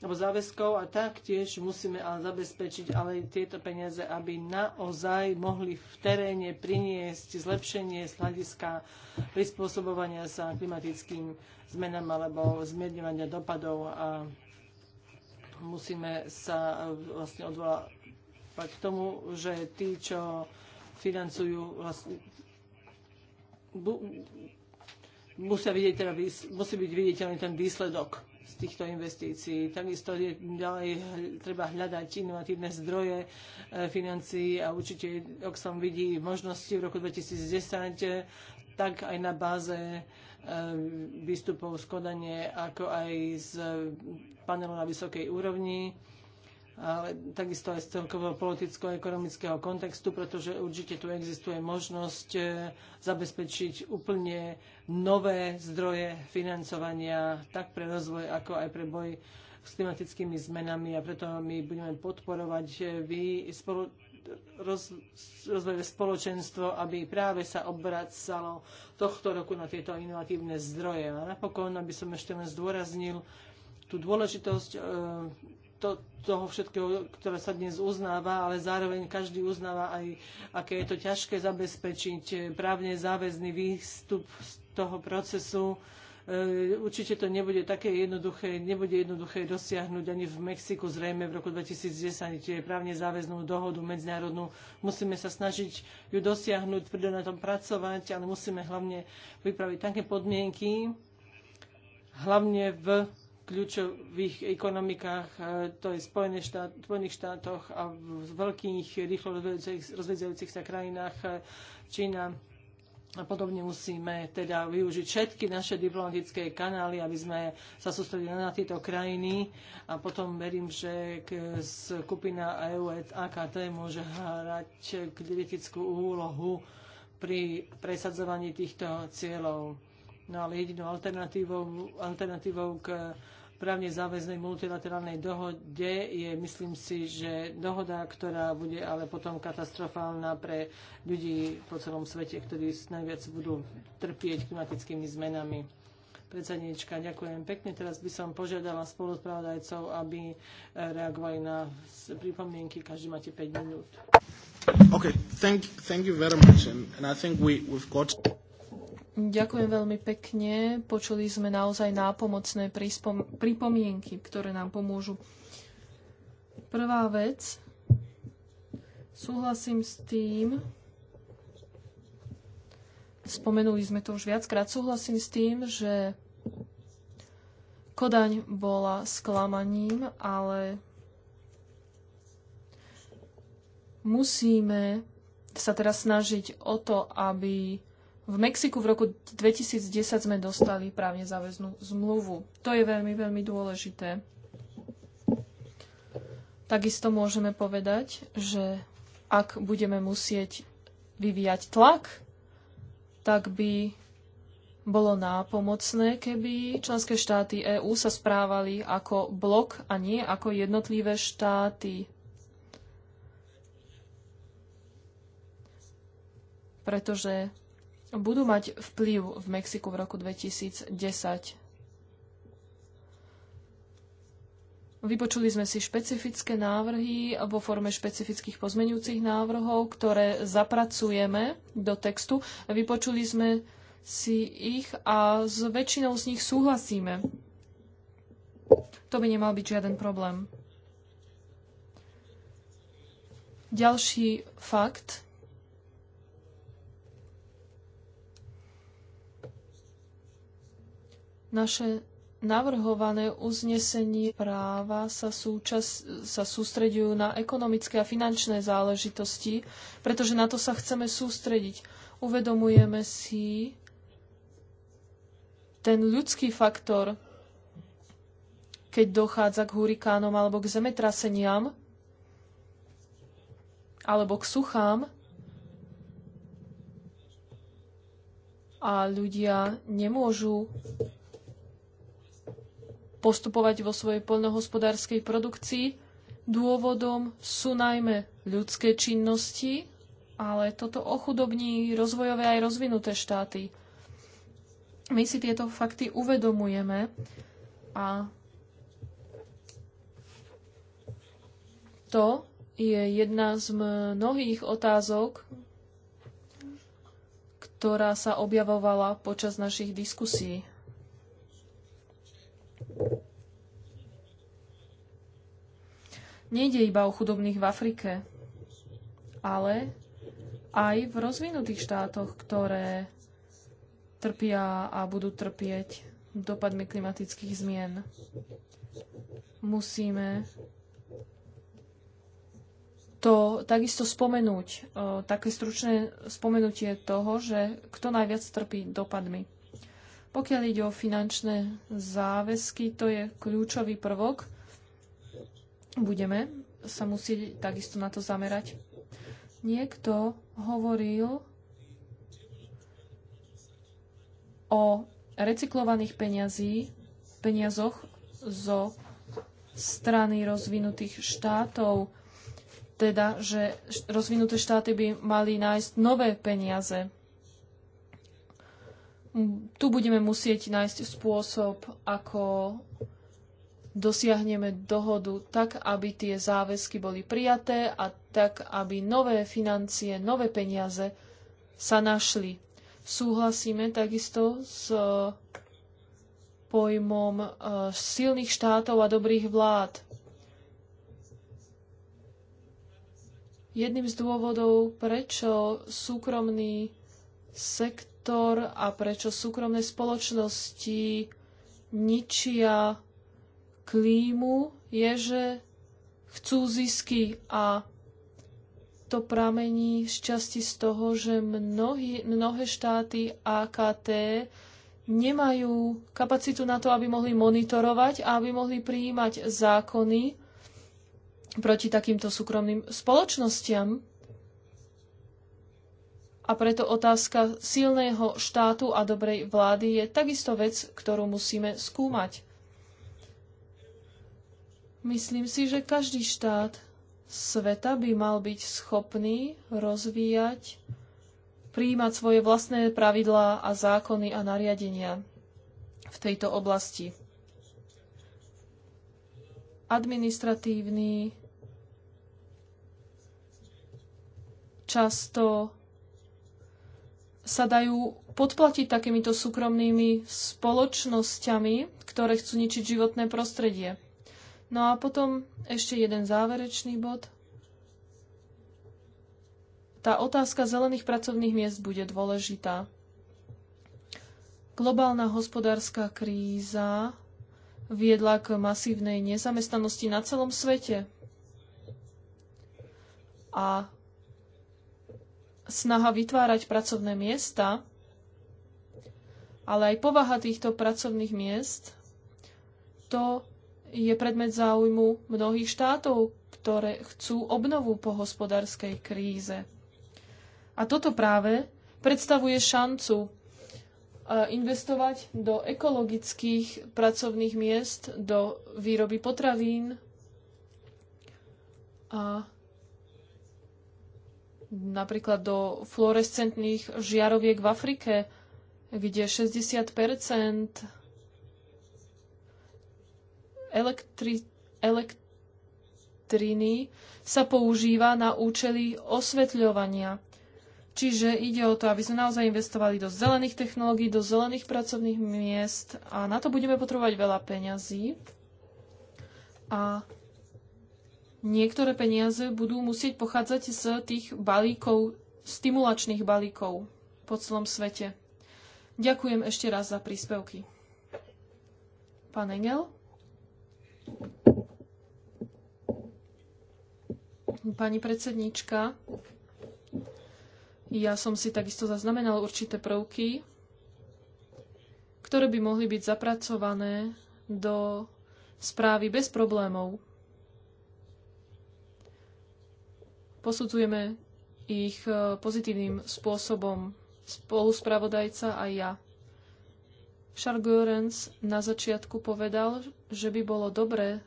alebo záväzkov a taktiež musíme ale zabezpečiť ale tieto peniaze, aby naozaj mohli v teréne priniesť zlepšenie z hľadiska prispôsobovania sa klimatickým zmenám alebo zmierňovania dopadov a musíme sa vlastne odvolávať k tomu, že tí, čo financujú vlastne bu, musia, vidieť teda, musí byť viditeľný ten výsledok z týchto investícií. Takisto je, ďalej treba hľadať inovatívne zdroje e, financií a určite ak som vidí možnosti v roku 2010 tak aj na báze e, výstupov z Kodane, ako aj z panelu na vysokej úrovni ale takisto aj z celkového politicko-ekonomického kontextu, pretože určite tu existuje možnosť e, zabezpečiť úplne nové zdroje financovania tak pre rozvoj, ako aj pre boj s klimatickými zmenami a preto my budeme podporovať e, vy spolu, roz, rozvojové spoločenstvo, aby práve sa obracalo tohto roku na tieto inovatívne zdroje. A napokon, aby som ešte len zdôraznil tú dôležitosť e, to, toho všetkého, ktoré sa dnes uznáva, ale zároveň každý uznáva aj, aké je to ťažké zabezpečiť právne záväzný výstup z toho procesu. E, určite to nebude také jednoduché, nebude jednoduché dosiahnuť ani v Mexiku zrejme v roku 2010 tie právne záväznú dohodu medzinárodnú. Musíme sa snažiť ju dosiahnuť, tvrdo na tom pracovať, ale musíme hlavne vypraviť také podmienky, hlavne v kľúčových ekonomikách, to je Spojené štát, Spojených štátoch a v veľkých rýchlo rozvedzajúcich sa krajinách Čína a podobne musíme teda využiť všetky naše diplomatické kanály, aby sme sa sústredili na tieto krajiny a potom verím, že skupina EU AKT môže hrať kritickú úlohu pri presadzovaní týchto cieľov. No ale jedinou alternatívou, alternatívou k právne záväznej multilaterálnej dohode je, myslím si, že dohoda, ktorá bude ale potom katastrofálna pre ľudí po celom svete, ktorí najviac budú trpieť klimatickými zmenami. Predsednička, ďakujem pekne. Teraz by som požiadala spoluspravodajcov, aby eh, reagovali na pripomienky. Každý máte 5 minút. Okay, thank, thank you very much. And, and I think we, we've got... Ďakujem veľmi pekne. Počuli sme naozaj nápomocné pripomienky, ktoré nám pomôžu. Prvá vec. Súhlasím s tým, spomenuli sme to už viackrát, súhlasím s tým, že Kodaň bola sklamaním, ale musíme sa teraz snažiť o to, aby V Mexiku v roku 2010 sme dostali právne záväznú zmluvu. To je veľmi, veľmi dôležité. Takisto môžeme povedať, že ak budeme musieť vyvíjať tlak, tak by bolo nápomocné, keby členské štáty EÚ sa správali ako blok a nie ako jednotlivé štáty. Pretože budú mať vplyv v Mexiku v roku 2010. Vypočuli sme si špecifické návrhy vo forme špecifických pozmenujúcich návrhov, ktoré zapracujeme do textu. Vypočuli sme si ich a s väčšinou z nich súhlasíme. To by nemal byť žiaden problém. Ďalší fakt Naše navrhované uznesenie práva sa, súčas, sa sústredujú na ekonomické a finančné záležitosti, pretože na to sa chceme sústrediť. Uvedomujeme si ten ľudský faktor, keď dochádza k hurikánom alebo k zemetraseniam, alebo k suchám a ľudia nemôžu postupovať vo svojej poľnohospodárskej produkcii. Dôvodom sú najmä ľudské činnosti, ale toto ochudobní rozvojové aj rozvinuté štáty. My si tieto fakty uvedomujeme a to je jedna z mnohých otázok, ktorá sa objavovala počas našich diskusí. Nejde iba o chudobných v Afrike, ale aj v rozvinutých štátoch, ktoré trpia a budú trpieť dopadmi klimatických zmien. Musíme to takisto spomenúť, e, také stručné spomenutie toho, že kto najviac trpí dopadmi. Pokiaľ ide o finančné záväzky, to je kľúčový prvok, budeme sa musieť takisto na to zamerať. Niekto hovoril o recyklovaných peniazí, peniazoch zo strany rozvinutých štátov, teda, že rozvinuté štáty by mali nájsť nové peniaze tu budeme musieť nájsť spôsob, ako dosiahneme dohodu tak, aby tie záväzky boli prijaté a tak, aby nové financie, nové peniaze sa našli. Súhlasíme takisto s e, pojmom e, silných štátov a dobrých vlád. Jedným z dôvodov, prečo súkromný sektor a prečo súkromné spoločnosti ničia klímu, je, že chcú zisky a to pramení z časti z toho, že mnohí, mnohé štáty AKT nemajú kapacitu na to, aby mohli monitorovať a aby mohli prijímať zákony proti takýmto súkromným spoločnostiam. A preto otázka silného štátu a dobrej vlády je takisto vec, ktorú musíme skúmať. Myslím si, že každý štát sveta by mal byť schopný rozvíjať, príjmať svoje vlastné pravidlá a zákony a nariadenia v tejto oblasti. Administratívny často sa dajú podplatiť takýmito súkromnými spoločnosťami, ktoré chcú ničiť životné prostredie. No a potom ešte jeden záverečný bod. Tá otázka zelených pracovných miest bude dôležitá. Globálna hospodárska kríza viedla k masívnej nezamestnanosti na celom svete. A snaha vytvárať pracovné miesta, ale aj povaha týchto pracovných miest, to je predmet záujmu mnohých štátov, ktoré chcú obnovu po hospodárskej kríze. A toto práve predstavuje šancu e, investovať do ekologických pracovných miest, do výroby potravín a napríklad do fluorescentných žiaroviek v Afrike, kde 60 elektri- elektriny sa používa na účely osvetľovania. Čiže ide o to, aby sme naozaj investovali do zelených technológií, do zelených pracovných miest a na to budeme potrebovať veľa peňazí. A niektoré peniaze budú musieť pochádzať z tých balíkov, stimulačných balíkov po celom svete. Ďakujem ešte raz za príspevky. Pán Engel? Pani predsedníčka, ja som si takisto zaznamenal určité prvky, ktoré by mohli byť zapracované do správy bez problémov. Posudzujeme ich eh, pozitívnym spôsobom spoluspravodajca a ja. Charles Görens na začiatku povedal, že by bolo dobré,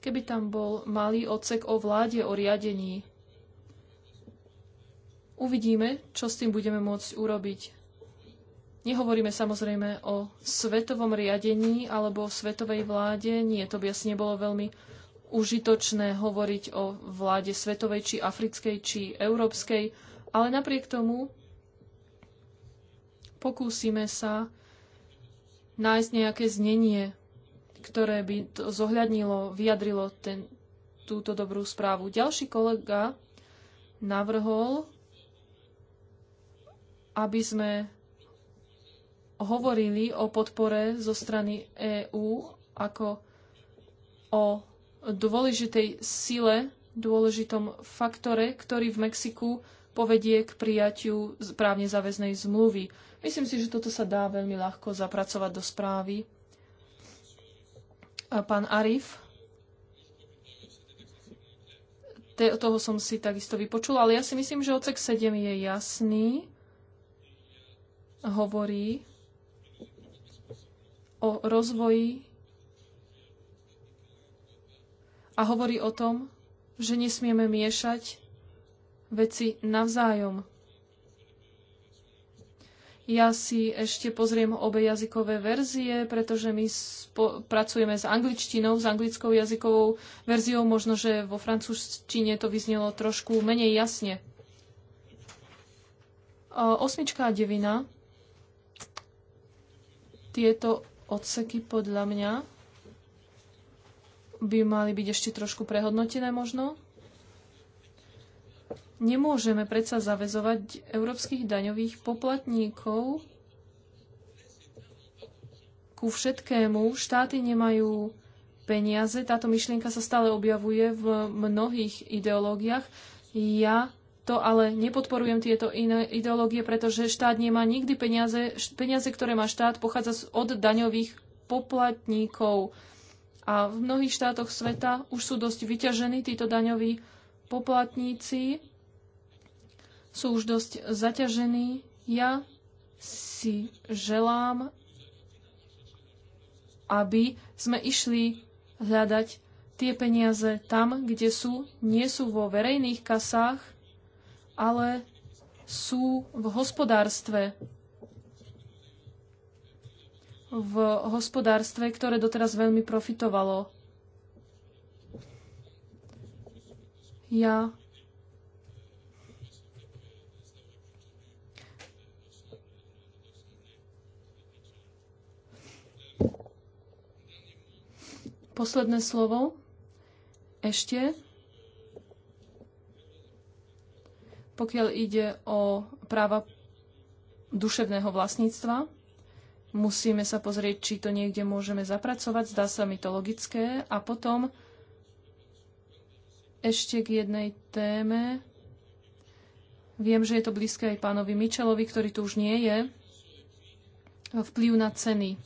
keby tam bol malý odsek o vláde, o riadení. Uvidíme, čo s tým budeme môcť urobiť. Nehovoríme samozrejme o svetovom riadení alebo o svetovej vláde. Nie, to by asi nebolo veľmi užitočné hovoriť o vláde svetovej, či africkej, či európskej. Ale napriek tomu pokúsime sa nájsť nejaké znenie, ktoré by to zohľadnilo, vyjadrilo ten, túto dobrú správu. Ďalší kolega navrhol, aby sme hovorili o podpore zo strany EÚ ako o dôležitej sile, dôležitom faktore, ktorý v Mexiku povedie k prijatiu právne záväznej zmluvy. Myslím si, že toto sa dá veľmi ľahko zapracovať do správy. Pán Arif, toho som si takisto vypočul, ale ja si myslím, že ocek 7 je jasný. Hovorí o rozvoji a hovorí o tom, že nesmieme miešať veci navzájom. Ja si ešte pozriem obe jazykové verzie, pretože my pracujeme s angličtinou, s anglickou jazykovou verziou. Možno, že vo francúzštine to vyznelo trošku menej jasne. Osmička a devina. Tieto odseky podľa mňa by mali byť ešte trošku prehodnotené možno. Nemôžeme predsa zavezovať európskych daňových poplatníkov ku všetkému. Štáty nemajú peniaze. Táto myšlienka sa stále objavuje v mnohých ideológiách. Ja to ale nepodporujem tieto iné ideológie, pretože štát nemá nikdy peniaze. Peniaze, ktoré má štát, pochádza od daňových poplatníkov. A v mnohých štátoch sveta už sú dosť vyťažení títo daňoví poplatníci sú už dosť zaťažení. Ja si želám, aby sme išli hľadať tie peniaze tam, kde sú, nie sú vo verejných kasách, ale sú v hospodárstve. V hospodárstve, ktoré doteraz veľmi profitovalo. Ja posledné slovo ešte, pokiaľ ide o práva duševného vlastníctva. Musíme sa pozrieť, či to niekde môžeme zapracovať. Zdá sa mi to logické. A potom ešte k jednej téme. Viem, že je to blízke aj pánovi Mičelovi, ktorý tu už nie je. Vplyv na ceny.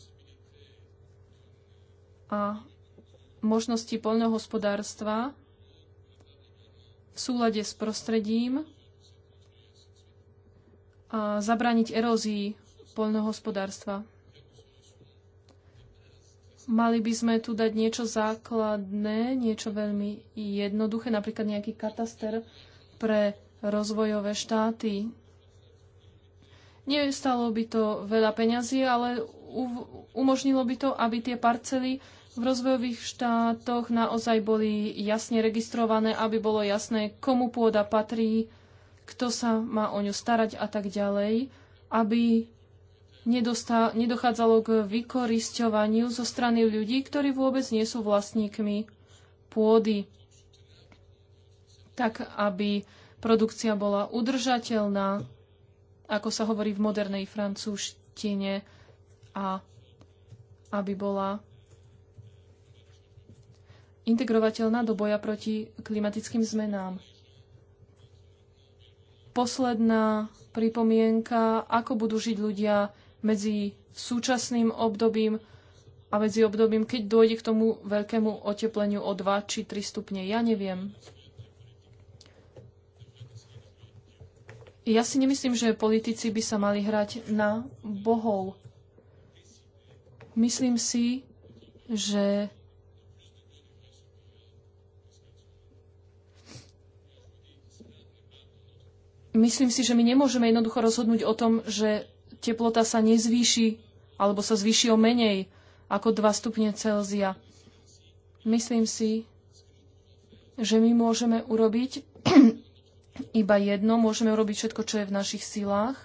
A možnosti poľnohospodárstva v súlade s prostredím a zabrániť erózii poľnohospodárstva. Mali by sme tu dať niečo základné, niečo veľmi jednoduché, napríklad nejaký kataster pre rozvojové štáty. Nestalo by to veľa peňazí, ale umožnilo by to, aby tie parcely v rozvojových štátoch naozaj boli jasne registrované, aby bolo jasné, komu pôda patrí, kto sa má o ňu starať a tak ďalej, aby nedostá, nedochádzalo k vykorisťovaniu zo strany ľudí, ktorí vôbec nie sú vlastníkmi pôdy. Tak, aby produkcia bola udržateľná, ako sa hovorí v modernej francúzštine, a aby bola integrovateľná do boja proti klimatickým zmenám. Posledná pripomienka, ako budú žiť ľudia medzi súčasným obdobím a medzi obdobím, keď dôjde k tomu veľkému otepleniu o 2 či 3 stupne. Ja neviem. Ja si nemyslím, že politici by sa mali hrať na bohov. Myslím si, že myslím si, že my nemôžeme jednoducho rozhodnúť o tom, že teplota sa nezvýši alebo sa zvýši o menej ako 2 stupne Celzia. Myslím si, že my môžeme urobiť [CLEARS THROAT] iba jedno, môžeme urobiť všetko, čo je v našich silách,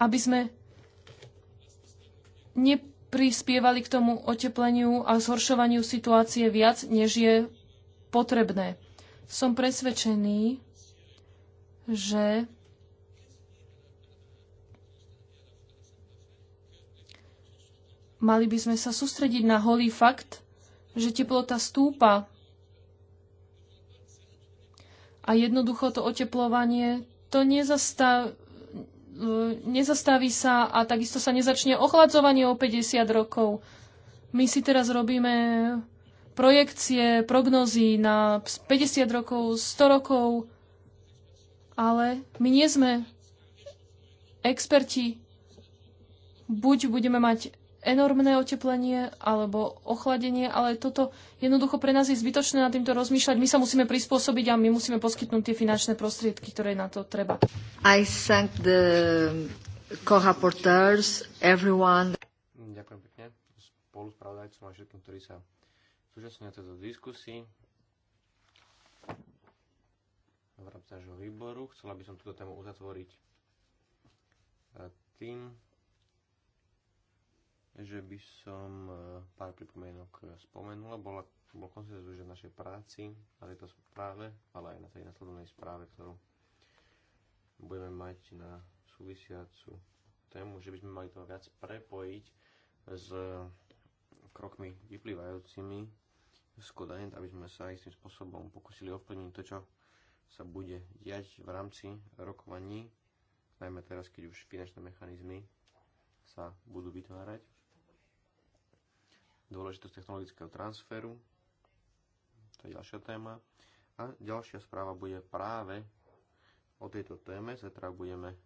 aby sme neprispievali k tomu otepleniu a zhoršovaniu situácie viac, než je potrebné. Som presvedčený, że mali by sme sa sústrediť na holý fakt, že teplota stúpa a jednoducho to oteplovanie to nezastaví, nezastaví sa a takisto sa nezačne ochladzovanie o 50 rokov. My si teraz robíme projekcie, prognozy na 50 rokov, 100 rokov, ale my nie sme experti. Buď budeme mať enormné oteplenie alebo ochladenie, ale toto jednoducho pre nás je zbytočné na týmto rozmýšľať. My sa musíme prispôsobiť a my musíme poskytnúť tie finančné prostriedky, ktoré na to treba. I thank the co-rapporteurs, everyone. Ďakujem pekne spolu spravodajcom a všetkým, ktorí sa zúčastnia tejto diskusii v rámci nášho výboru. Chcela by som túto tému uzatvoriť e, tým, že by som e, pár pripomienok spomenula. Bola, bol konsenzus v našej práci na tejto správe, ale aj na tej nasledovnej správe, ktorú budeme mať na súvisiacu tému, že by sme mali to viac prepojiť s krokmi vyplývajúcimi z kodanet, aby sme sa istým spôsobom pokusili ovplyvniť to, čo sa bude diať v rámci rokovaní, najmä teraz, keď už finančné mechanizmy sa budú vytvárať. Dôležitosť technologického transferu, to je ďalšia téma. A ďalšia správa bude práve o tejto téme. Zajtra budeme e,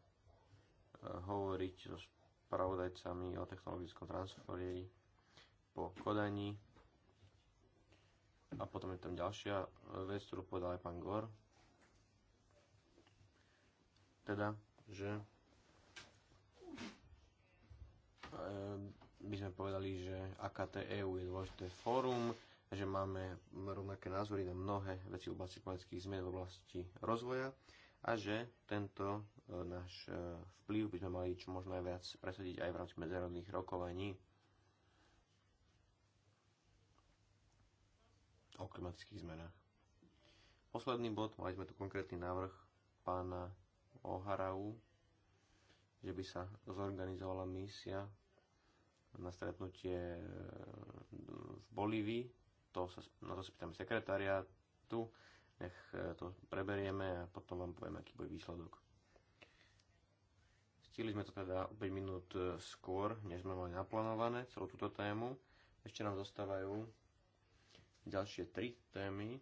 hovoriť so spravodajcami o technologickom transfere po kodaní. A potom je tam ďalšia vec, ktorú povedal aj pán Gor, teda, že eh, by sme povedali, že AKT EU je dôležité fórum, že máme rovnaké názory na mnohé veci v oblasti politických zmien v oblasti rozvoja a že tento eh, náš eh, vplyv by sme mali čo možno aj viac presadiť aj v rámci medzinárodných rokovaní o klimatických zmenách. Posledný bod, mali sme tu konkrétny návrh pána Harau, že by sa zorganizovala misia na stretnutie eh, v Bolívii. To sa, na to spýtam sekretariátu, nech eh, to preberieme a potom vám poviem, aký bude výsledok. Stihli sme to teda 5 minút eh, skôr, než sme mali naplánované celú túto tému. Ešte nám zostávajú ďalšie tri témy.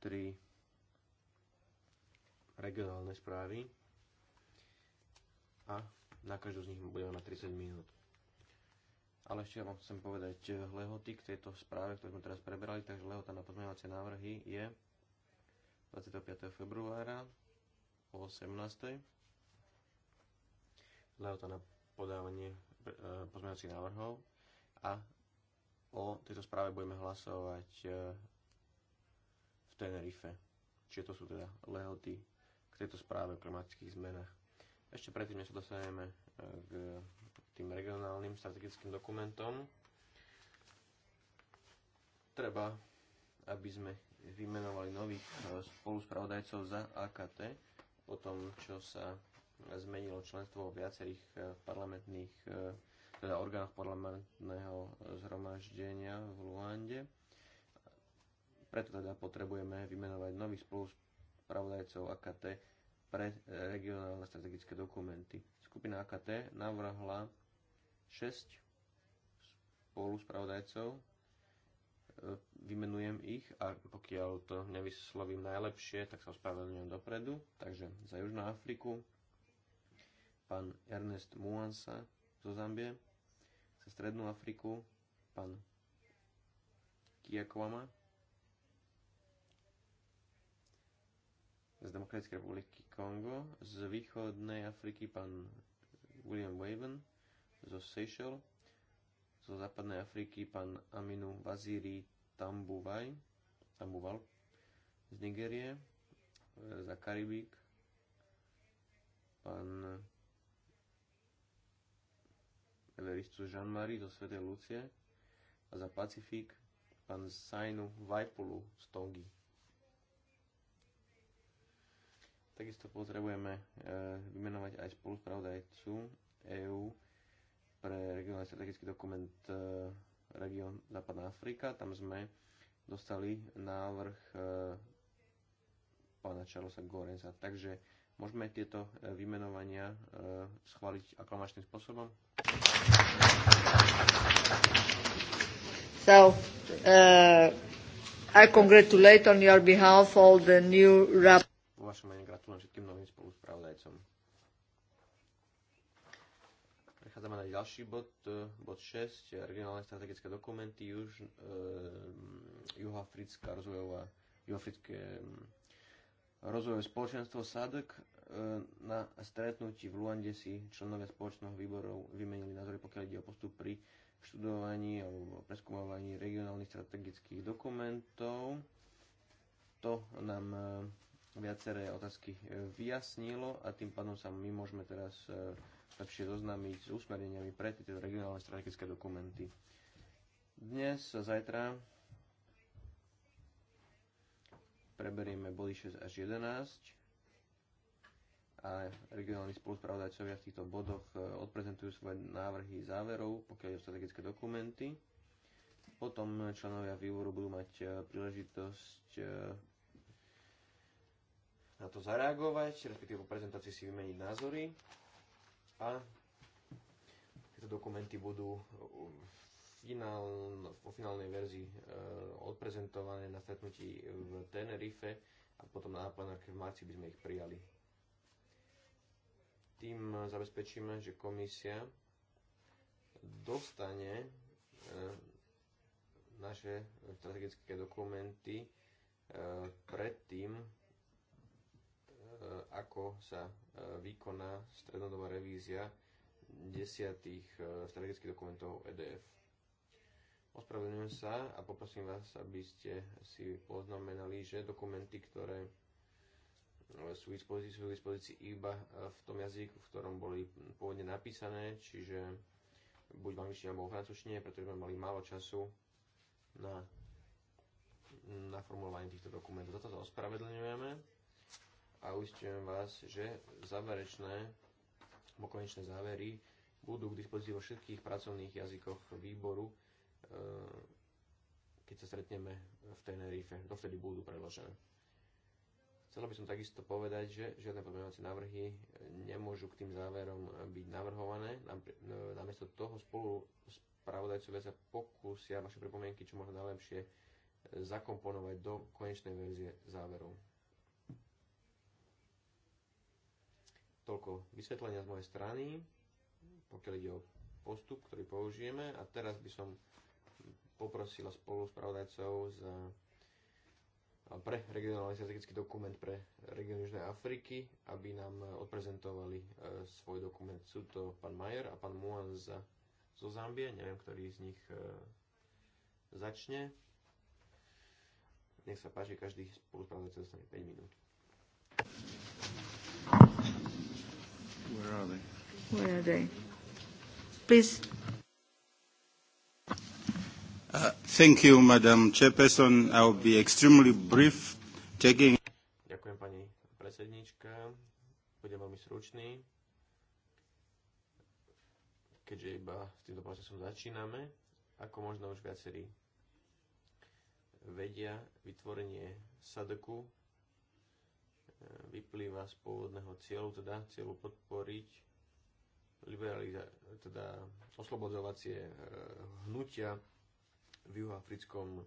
3 regionálne správy a na každú z nich budeme mať 30 minút. Ale ešte vám chcem povedať lehoty k tejto správe, ktorú sme teraz preberali, takže lehota na pozmeňovacie návrhy je 25. februára o 18. Lehota na podávanie e, pozmeňovacích návrhov a o tejto správe budeme hlasovať e, Tenerife. Čiže to sú teda lehoty k tejto správe o klimatických zmenách. Ešte predtým, než sa dostaneme e, k tým regionálnym strategickým dokumentom, treba, aby sme vymenovali nových e, spoluspravodajcov za AKT, po tom, čo sa zmenilo členstvo v viacerých e, parlamentných, teda orgánoch parlamentného zhromaždenia v Luande Preto teda potrebujeme vymenovať nových spoluspravodajcov AKT pre e, regionálne strategické dokumenty. Skupina AKT navrhla 6 spoluspravodajcov, e, vymenujem ich a pokiaľ to nevyslovím najlepšie, tak sa ospravedlňujem dopredu. Takže za Južnú Afriku pán Ernest Muansa zo Zambie, za Strednú Afriku pán Kiakwama z Demokratickej republiky Kongo, z východnej Afriky pán William Waven, zo Seychelles, zo západnej Afriky pán Aminu Vaziri Tambuvaj, Tambuval, z Nigérie, e, za Karibik, pán Everistu Jean-Marie zo Svetej Lucie a za Pacifik pán Sainu Vajpulu z Tongy. Takisto potrebujeme e, vymenovať aj spoluspravodajcu EÚ pre regionálny strategický dokument e, Region Západná Afrika. Tam sme dostali návrh e, pána Charlesa Gorenza. Takže môžeme tieto vymenovania schváliť aklamačným spôsobom? So, uh, I congratulate on your behalf all the new rap ku vašim menim gratulujem všetkým novým spolupravodajcom. Prechádzame na ďalší bod, e, bod 6, regionálne strategické dokumenty, juž, e, juhoafrická rozvojová, juhoafrické mm, rozvojové spoločenstvo SADC. E, na stretnutí v Luande si členovia spoločného výborov vymenili názory, pokiaľ ide o postup pri študovaní alebo preskúmovaní regionálnych strategických dokumentov. To nám e, viaceré otázky e, vyjasnilo a tým pádom sa my môžeme teraz e, lepšie zoznámiť s usmerneniami pre tieto regionálne strategické dokumenty. Dnes a zajtra preberieme body 6 až 11 a regionálni spoluspravodajcovia v týchto bodoch e, odprezentujú svoje návrhy záverov, pokiaľ je strategické dokumenty. Potom členovia výboru budú mať príležitosť na to zareagovať, respektíve po prezentácii si vymeniť názory a tieto dokumenty budú po finálnej verzii e, odprezentované na stretnutí v Tenerife a potom na plenárke v marci by sme ich prijali. Tým zabezpečíme, že komisia dostane e, naše strategické dokumenty e, predtým, E, ako sa e, vykoná strednodobá revízia desiatých e, strategických dokumentov EDF. Ospravedlňujem sa a poprosím vás, aby ste si poznamenali, že dokumenty, ktoré sú v dispozícii, iba v tom jazyku, v ktorom boli pôvodne napísané, čiže buď v angličtine alebo v francúzštine, pretože sme mali málo času na, na formulovanie týchto dokumentov. Za to ospravedlňujeme a uistujem vás, že záverečné, alebo konečné závery budú k dispozícii vo všetkých pracovných jazykoch výboru, e, keď sa stretneme v Tenerife. Dovtedy budú predložené. Chcel by som takisto povedať, že žiadne pozmeňovacie návrhy nemôžu k tým záverom byť navrhované. E, namiesto toho spolu spravodajcovia sa pokúsia vaše pripomienky čo možno najlepšie zakomponovať do konečnej verzie záverov. Toľko vysvetlenia z mojej strany, pokiaľ ide o postup, ktorý použijeme. A teraz by som poprosila spolu za pre regionálny strategický dokument pre region Južnej Afriky, aby nám odprezentovali e, svoj dokument. Sú to pán Majer a pán Muanza zo Zambie, neviem, ktorý z nich e, začne. Nech sa páči, každý spolupracujúci dostane 5 minút. Where are they? Where are they? Please. Uh, thank you, Madam Chairperson. will be extremely brief, taking... Ďakujem, pani predsednička. Budem veľmi stručný, keďže iba s týmto procesom začíname. Ako možno už viacerí vedia, vytvorenie SADOKu vyplýva z pôvodného cieľu, teda cieľu podporiť liberaliza- teda oslobodzovacie e, hnutia v juhoafrickom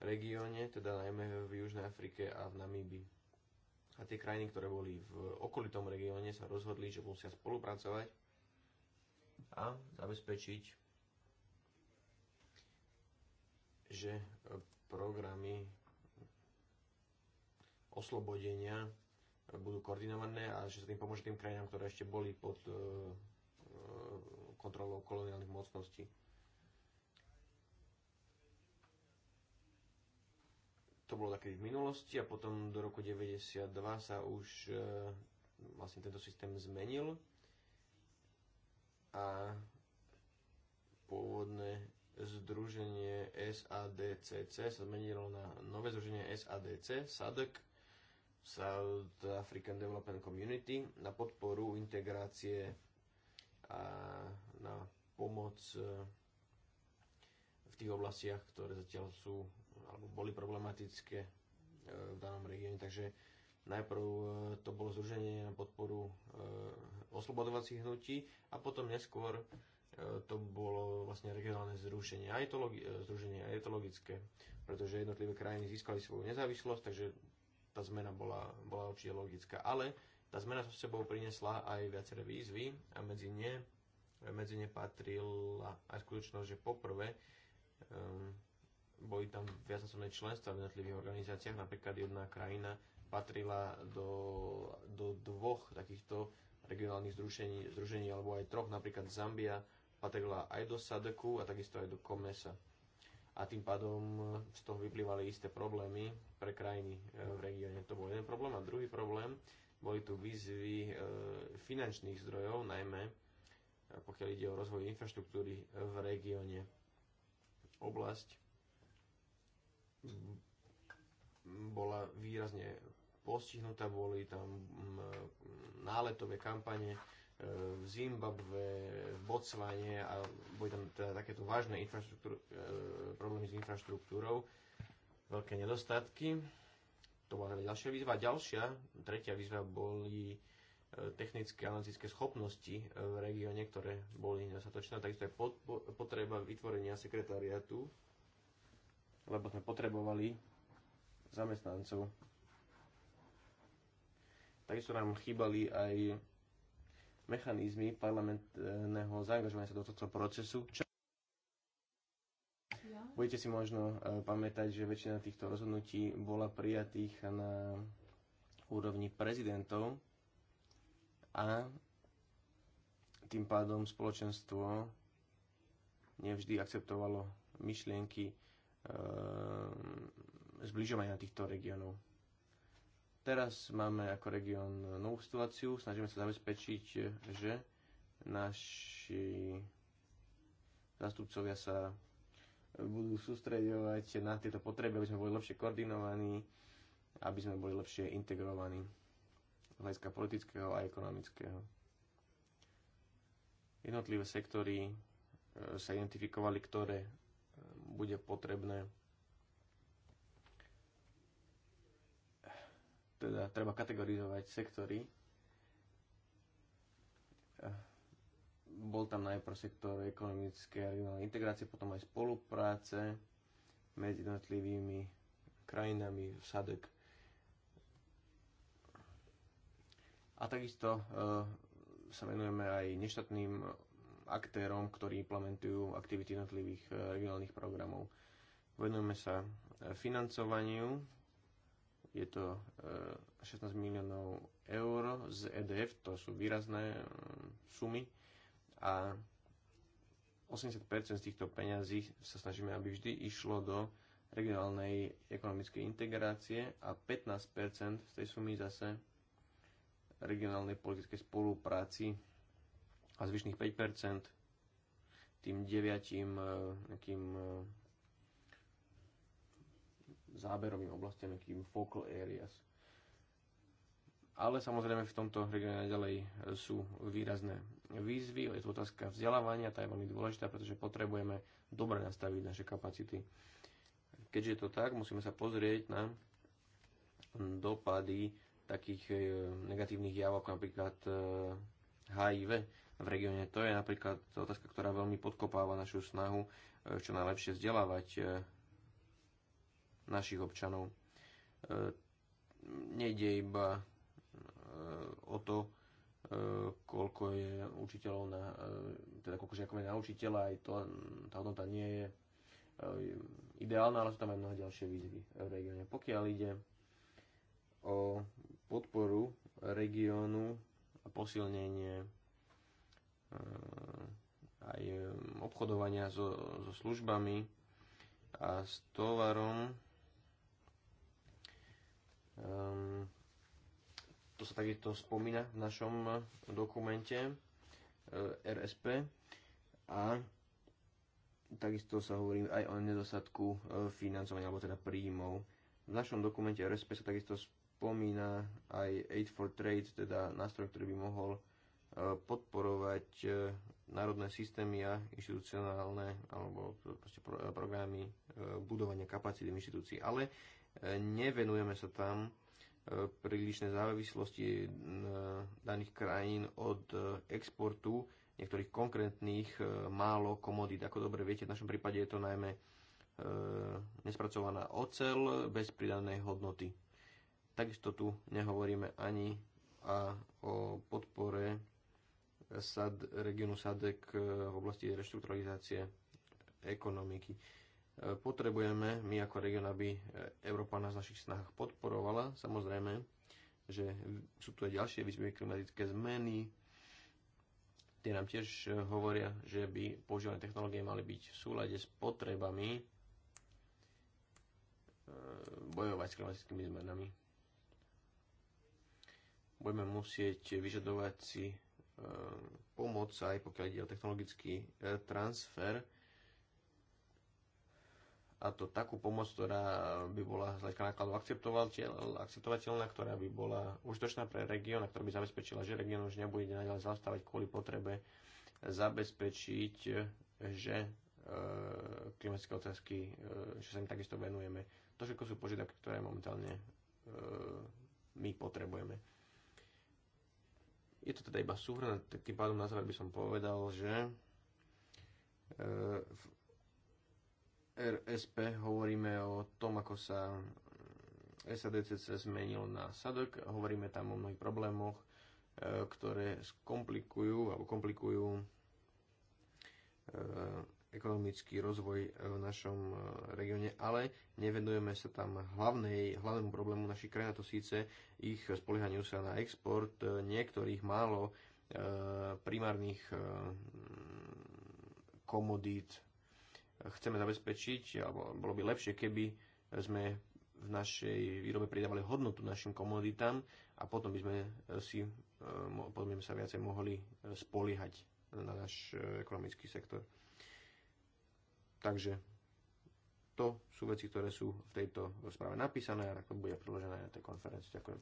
regióne, teda najmä v Južnej Afrike a v Namíbi. A tie krajiny, ktoré boli v okolitom regióne, sa rozhodli, že musia spolupracovať a zabezpečiť, že e, programy oslobodenia budú koordinované a že sa tým pomôže tým krajinám, ktoré ešte boli pod e, e, kontrolou koloniálnych mocností. To bolo také v minulosti a potom do roku 92 sa už e, vlastne tento systém zmenil a pôvodné združenie SADCC sa zmenilo na nové združenie SADC, SADC, South African Development Community na podporu integrácie a na pomoc e, v tých oblastiach, ktoré zatiaľ sú alebo boli problematické e, v danom regióne. Takže najprv e, to bolo zruženie na podporu oslobodovacích hnutí a potom neskôr to bolo vlastne regionálne zrušenie. A je to, logi- združenie, a je to logické, pretože jednotlivé krajiny získali svoju nezávislosť, takže tá zmena bola, bola určite logická. Ale tá zmena so sebou priniesla aj viaceré výzvy a medzi ne, medzi ne patrila aj skutočnosť, že poprvé um, boli tam viacnásobné členstva v jednotlivých organizáciách, napríklad jedna krajina patrila do, do dvoch takýchto regionálnych združení, združení alebo aj troch, napríklad Zambia patrila aj do SADEKu a takisto aj do COMESA a tým pádom eh, z toho vyplývali isté problémy pre krajiny eh, v regióne. To bol jeden problém. A druhý problém, boli tu výzvy eh, finančných zdrojov, najmä pokiaľ ide o rozvoj infraštruktúry v regióne. Oblasť bola výrazne postihnutá, boli tam mm, náletové kampane, v Zimbabve, v Botsvane a boli tam teda takéto vážne e, problémy s infraštruktúrou, veľké nedostatky. To bola teda ďalšia výzva. Ďalšia, tretia výzva boli e, technické analytické schopnosti e, v regióne, ktoré boli nedostatočné. Takisto je potreba vytvorenia sekretariatu, lebo sme potrebovali zamestnancov. Takisto nám chýbali aj mechanizmy parlamentného zaangažovania sa do tohto procesu. Čo Budete si možno e, pamätať, že väčšina týchto rozhodnutí bola prijatých na úrovni prezidentov a tým pádom spoločenstvo nevždy akceptovalo myšlienky e, zbližovania týchto regiónov. Teraz máme ako región novú situáciu, snažíme sa zabezpečiť, že naši zástupcovia sa budú sústredovať na tieto potreby, aby sme boli lepšie koordinovaní, aby sme boli lepšie integrovaní z hľadiska politického a ekonomického. Jednotlivé sektory e, sa identifikovali, ktoré e, bude potrebné teda treba kategorizovať sektory. Bol tam najprv sektor ekonomické a regionálnej integrácie, potom aj spolupráce medzi jednotlivými krajinami v SADEK. A takisto e, sa venujeme aj neštátnym aktérom, ktorí implementujú aktivity jednotlivých eh, regionálnych programov. Venujeme sa eh, financovaniu je to 16 e, miliónov eur z EDF, to sú výrazné e, sumy a 80% z týchto peňazí sa snažíme, aby vždy išlo do regionálnej ekonomickej integrácie a 15% z tej sumy zase regionálnej politickej spolupráci a zvyšných 5% tým deviatim e, nejakým záberovým oblastiam, akým focal areas. Ale samozrejme v tomto regióne ďalej e, sú výrazné výzvy. Je to otázka vzdelávania, tá je veľmi dôležitá, pretože potrebujeme dobre nastaviť naše kapacity. Keďže je to tak, musíme sa pozrieť na dopady takých e, negatívnych javov, ako napríklad e, HIV v regióne. To je napríklad otázka, ktorá veľmi podkopáva našu snahu čo najlepšie vzdelávať našich občanov. E, nejde iba e, o to, e, koľko je učiteľov na, teda koľko žiakov je na učiteľa, aj to, tá hodnota nie je ideálna, ale sú tam aj mnohé ďalšie výzvy v regióne. Pokiaľ ide o podporu regiónu a posilnenie aj obchodovania so, so službami a s tovarom, Um, to sa takisto spomína v našom eh, dokumente e, eh, RSP a takisto sa hovorí aj o nedostatku e, financovania alebo teda príjmov. V našom dokumente RSP sa takisto spomína aj Aid for Trade, teda nástroj, ktorý by mohol e, podporovať e, národné systémy a inštitucionálne alebo pro, pro, programy e, budovania kapacity inštitúcií. Ale nevenujeme sa tam e, prílišnej závislosti e, daných krajín od e, exportu niektorých konkrétnych málo komodít. Ako dobre viete, v našom prípade je to najmä nespracovaná ocel bez pridanej hodnoty. Takisto tu nehovoríme ani a o podpore SAD, regionu SADEK v oblasti reštrukturalizácie ekonomiky potrebujeme my ako region, aby e, Európa nás v našich snahách podporovala. Samozrejme, že sú tu aj ďalšie výzvy, klimatické zmeny, tie nám tiež e, hovoria, že by používané technológie mali byť v súlade s potrebami e, bojovať s klimatickými zmenami. Budeme musieť vyžadovať si pomoc aj pokiaľ ide o technologický transfer, a to takú pomoc, ktorá by bola z hľadiska nákladov akceptovateľná, ktorá by bola užitočná pre región a ktorá by zabezpečila, že región už nebude naďalej zastávať kvôli potrebe zabezpečiť, že e, klimatické otázky, e, že sa im takisto venujeme. To všetko sú požiadavky, ktoré momentálne e, my potrebujeme. Je to teda iba súhrn, tým pádom na záver by som povedal, že e, RSP hovoríme o tom, ako sa eh, SADCC zmenil na SADC. Hovoríme tam o mnohých problémoch, eh, ktoré skomplikujú alebo komplikujú eh, ekonomický rozvoj v našom regióne, ale nevenujeme sa tam hlavnej, hlavnému problému našich krajín, a to síce ich spoliehaniu sa na export niektorých málo primárnych komodít chceme zabezpečiť, alebo bolo by lepšie, keby sme v našej výrobe pridávali hodnotu našim komoditám a potom by sme si e, potom by sme sa viacej mohli spoliehať na náš e, ekonomický sektor. Takže to sú veci, ktoré sú v tejto správe napísané a to bude priložené na tej konferencii. Ďakujem.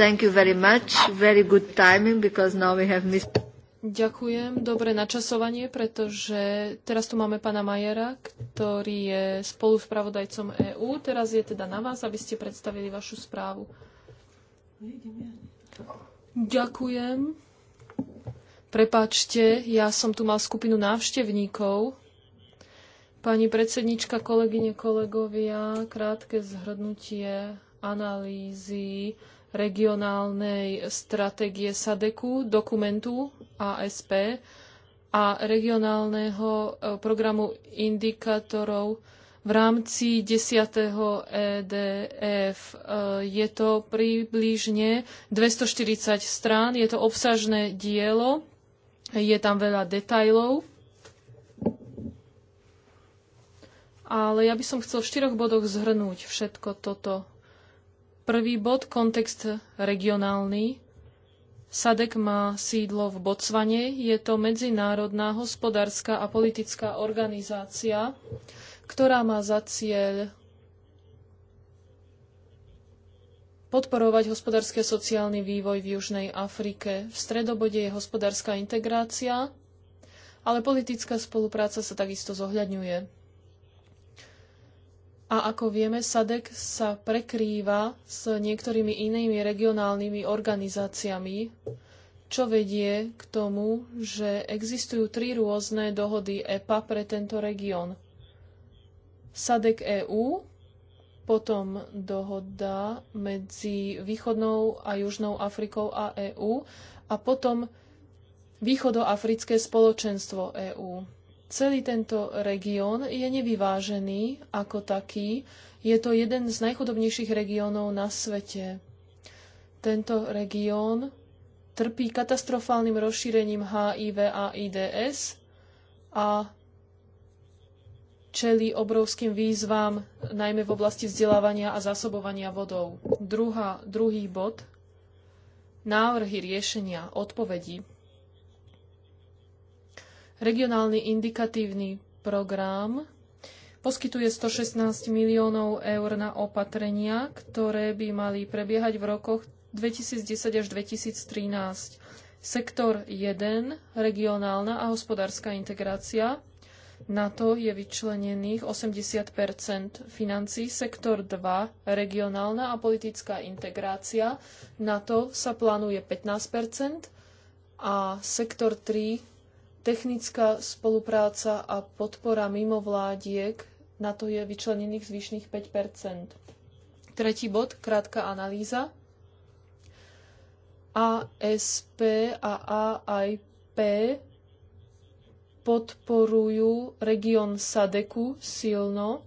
Thank you very much. Very good timing because now we have missed Ďakujem. Dobré načasovanie, pretože teraz tu máme pána Majera, ktorý je spoluspravodajcom EÚ. Teraz je teda na vás, aby ste predstavili vašu správu. Ďakujem. Prepáčte, ja som tu mal skupinu návštevníkov. Pani predsednička, kolegyne, kolegovia, krátke zhrnutie analýzy regionálnej stratégie SADEKu, dokumentu ASP a regionálneho e, programu indikátorov v rámci 10. EDF. E, je to približne 240 strán, je to obsažné dielo, je tam veľa detajlov. Ale ja by som chcel v štyroch bodoch zhrnúť všetko toto Prvý bod, kontext regionálny. SADEK má sídlo v Bocvane. Je to medzinárodná hospodárska a politická organizácia, ktorá má za cieľ podporovať hospodársky a sociálny vývoj v Južnej Afrike. V stredobode je hospodárska integrácia, ale politická spolupráca sa takisto zohľadňuje. A ako vieme, SADEK sa prekrýva s niektorými inými regionálnymi organizáciami, čo vedie k tomu, že existujú tri rôzne dohody EPA pre tento región. SADEK EU, potom dohoda medzi Východnou a Južnou Afrikou a EÚ a potom Východoafrické spoločenstvo EÚ. Celý tento región je nevyvážený ako taký. Je to jeden z najchudobnejších regiónov na svete. Tento región trpí katastrofálnym rozšírením HIV a IDS a čelí obrovským výzvam, najmä v oblasti vzdelávania a zásobovania vodou. Druhá, druhý bod. Návrhy riešenia odpovedí Regionálny indikatívny program poskytuje 116 miliónov eur na opatrenia, ktoré by mali prebiehať v rokoch 2010 až 2013. Sektor 1, regionálna a hospodárska integrácia, na to je vyčlenených 80 financí. Sektor 2, regionálna a politická integrácia, na to sa plánuje 15 a sektor 3, technická spolupráca a podpora mimovládiek, na to je vyčlenených zvyšných 5 Tretí bod, krátka analýza. ASP a AIP podporujú región Sadeku silno,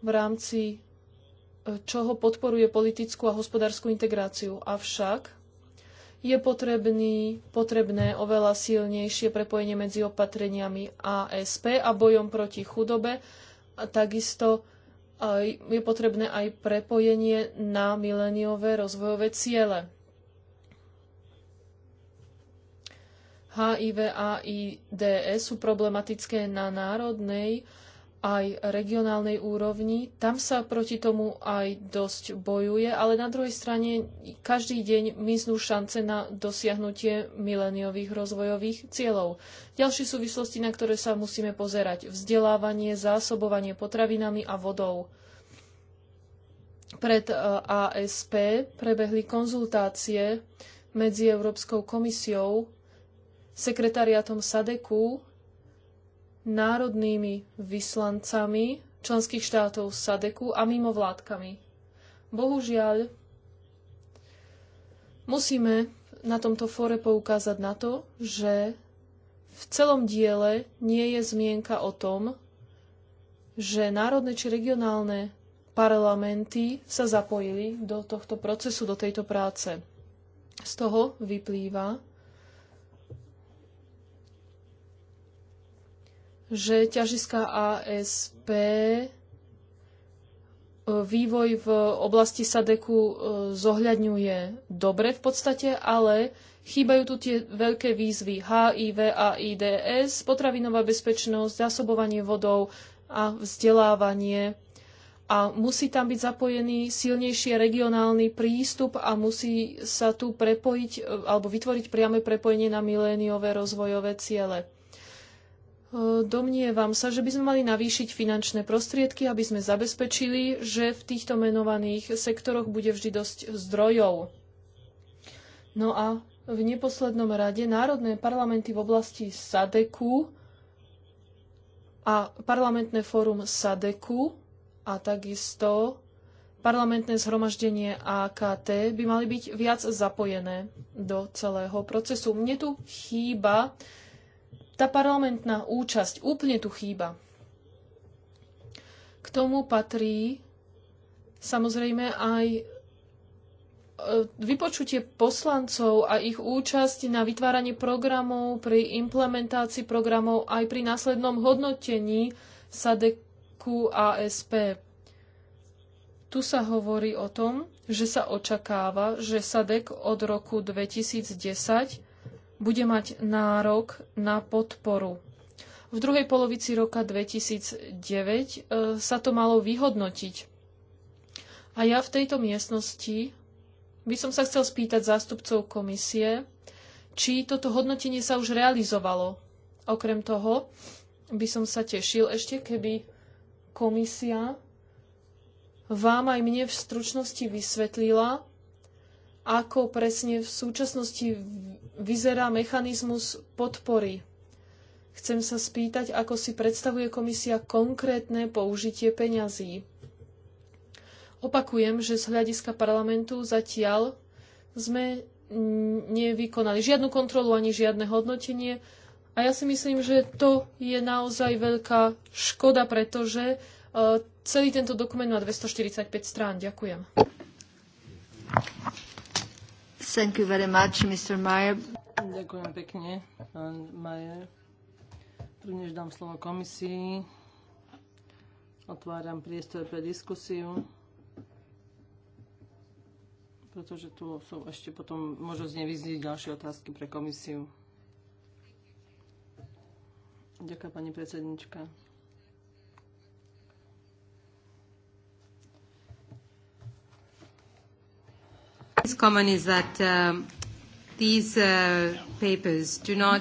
v rámci eh, čoho podporuje politickú a hospodárskú integráciu. Avšak je potrebný, potrebné oveľa silnejšie prepojenie medzi opatreniami ASP a bojom proti chudobe. A takisto eh, je potrebné aj prepojenie na mileniové rozvojové ciele. HIV a IDS e sú problematické na národnej aj regionálnej úrovni. Tam sa proti tomu aj dosť bojuje, ale na druhej strane každý deň miznú šance na dosiahnutie mileniových rozvojových cieľov. Ďalšie súvislosti, na ktoré sa musíme pozerať, vzdelávanie, zásobovanie potravinami a vodou. Pred e, ASP prebehli konzultácie medzi Európskou komisiou, sekretariatom SADEKu národnými vyslancami členských štátov SADEKu a mimovládkami. Bohužiaľ, musíme na tomto fóre poukázať na to, že v celom diele nie je zmienka o tom, že národné či regionálne parlamenty sa zapojili do tohto procesu, do tejto práce. Z toho vyplýva, že ťažiská ASP e, vývoj v oblasti Sadeku e, zohľadňuje dobre v podstate, ale chýbajú tu tie veľké výzvy HIV, a AIDS, potravinová bezpečnosť, zásobovanie vodou a vzdelávanie. A musí tam byť zapojený silnejší regionálny prístup a musí sa tu prepojiť e, alebo vytvoriť priame prepojenie na miléniové rozvojové ciele. E, domnievam sa, že by sme mali navýšiť finančné prostriedky, aby sme zabezpečili, že v týchto menovaných sektoroch bude vždy dosť zdrojov. No a v neposlednom rade národné parlamenty v oblasti SADEKu a parlamentné fórum SADEKu a takisto parlamentné zhromaždenie AKT by mali byť viac zapojené do celého procesu. Mne tu chýba uh, Tá parlamentná účasť úplne tu chýba. K tomu patrí samozrejme aj e, vypočutie poslancov a ich účasť na vytváraní programov, pri implementácii programov aj pri následnom hodnotení SADEKu ASP. Tu sa hovorí o tom, že sa očakáva, že SADEK od roku 2010 bude mať nárok na podporu. V druhej polovici roka 2009 e, sa to malo vyhodnotiť. A ja v tejto miestnosti by som sa chcel spýtať zástupcov komisie, či toto hodnotenie sa už realizovalo. Okrem toho by som sa tešil ešte, keby komisia vám aj mne v stručnosti vysvetlila, ako presne v súčasnosti vyzerá mechanizmus podpory. Chcem sa spýtať, ako si predstavuje komisia konkrétne použitie peňazí. Opakujem, že z hľadiska parlamentu zatiaľ sme nevykonali žiadnu kontrolu ani žiadne hodnotenie. A ja si myslím, že to je naozaj veľká škoda, pretože e, celý tento dokument má 245 strán. Ďakujem. Thank you very much, Mr. Mayer. Ďakujem pekne, pán Mayer. Prvnež dám slovo komisii. Otváram priestor pre diskusiu, pretože tu sú ešte potom, môžu z nej vyzniť ďalšie otázky pre komisiu. Ďakujem, pani predsednička. is common is that um, these uh, papers do not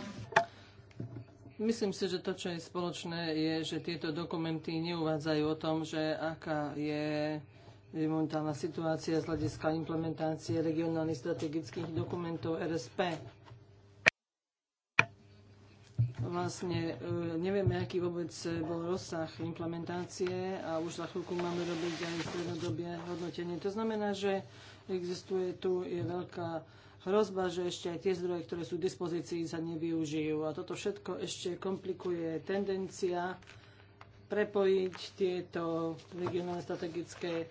Myslím si, že to, čo je spoločné, je, že tieto dokumenty neuvádzajú o tom, že aká je momentálna situácia z hľadiska implementácie regionálnych strategických dokumentov RSP. Vlastne e, nevieme, aký vôbec bol rozsah implementácie a už za chvíľku máme robiť aj strednodobie hodnotenie. To znamená, že existuje tu je veľká hrozba, že ešte aj tie zdroje, ktoré sú v dispozícii, sa nevyužijú. A toto všetko ešte komplikuje tendencia prepojiť tieto regionálne strategické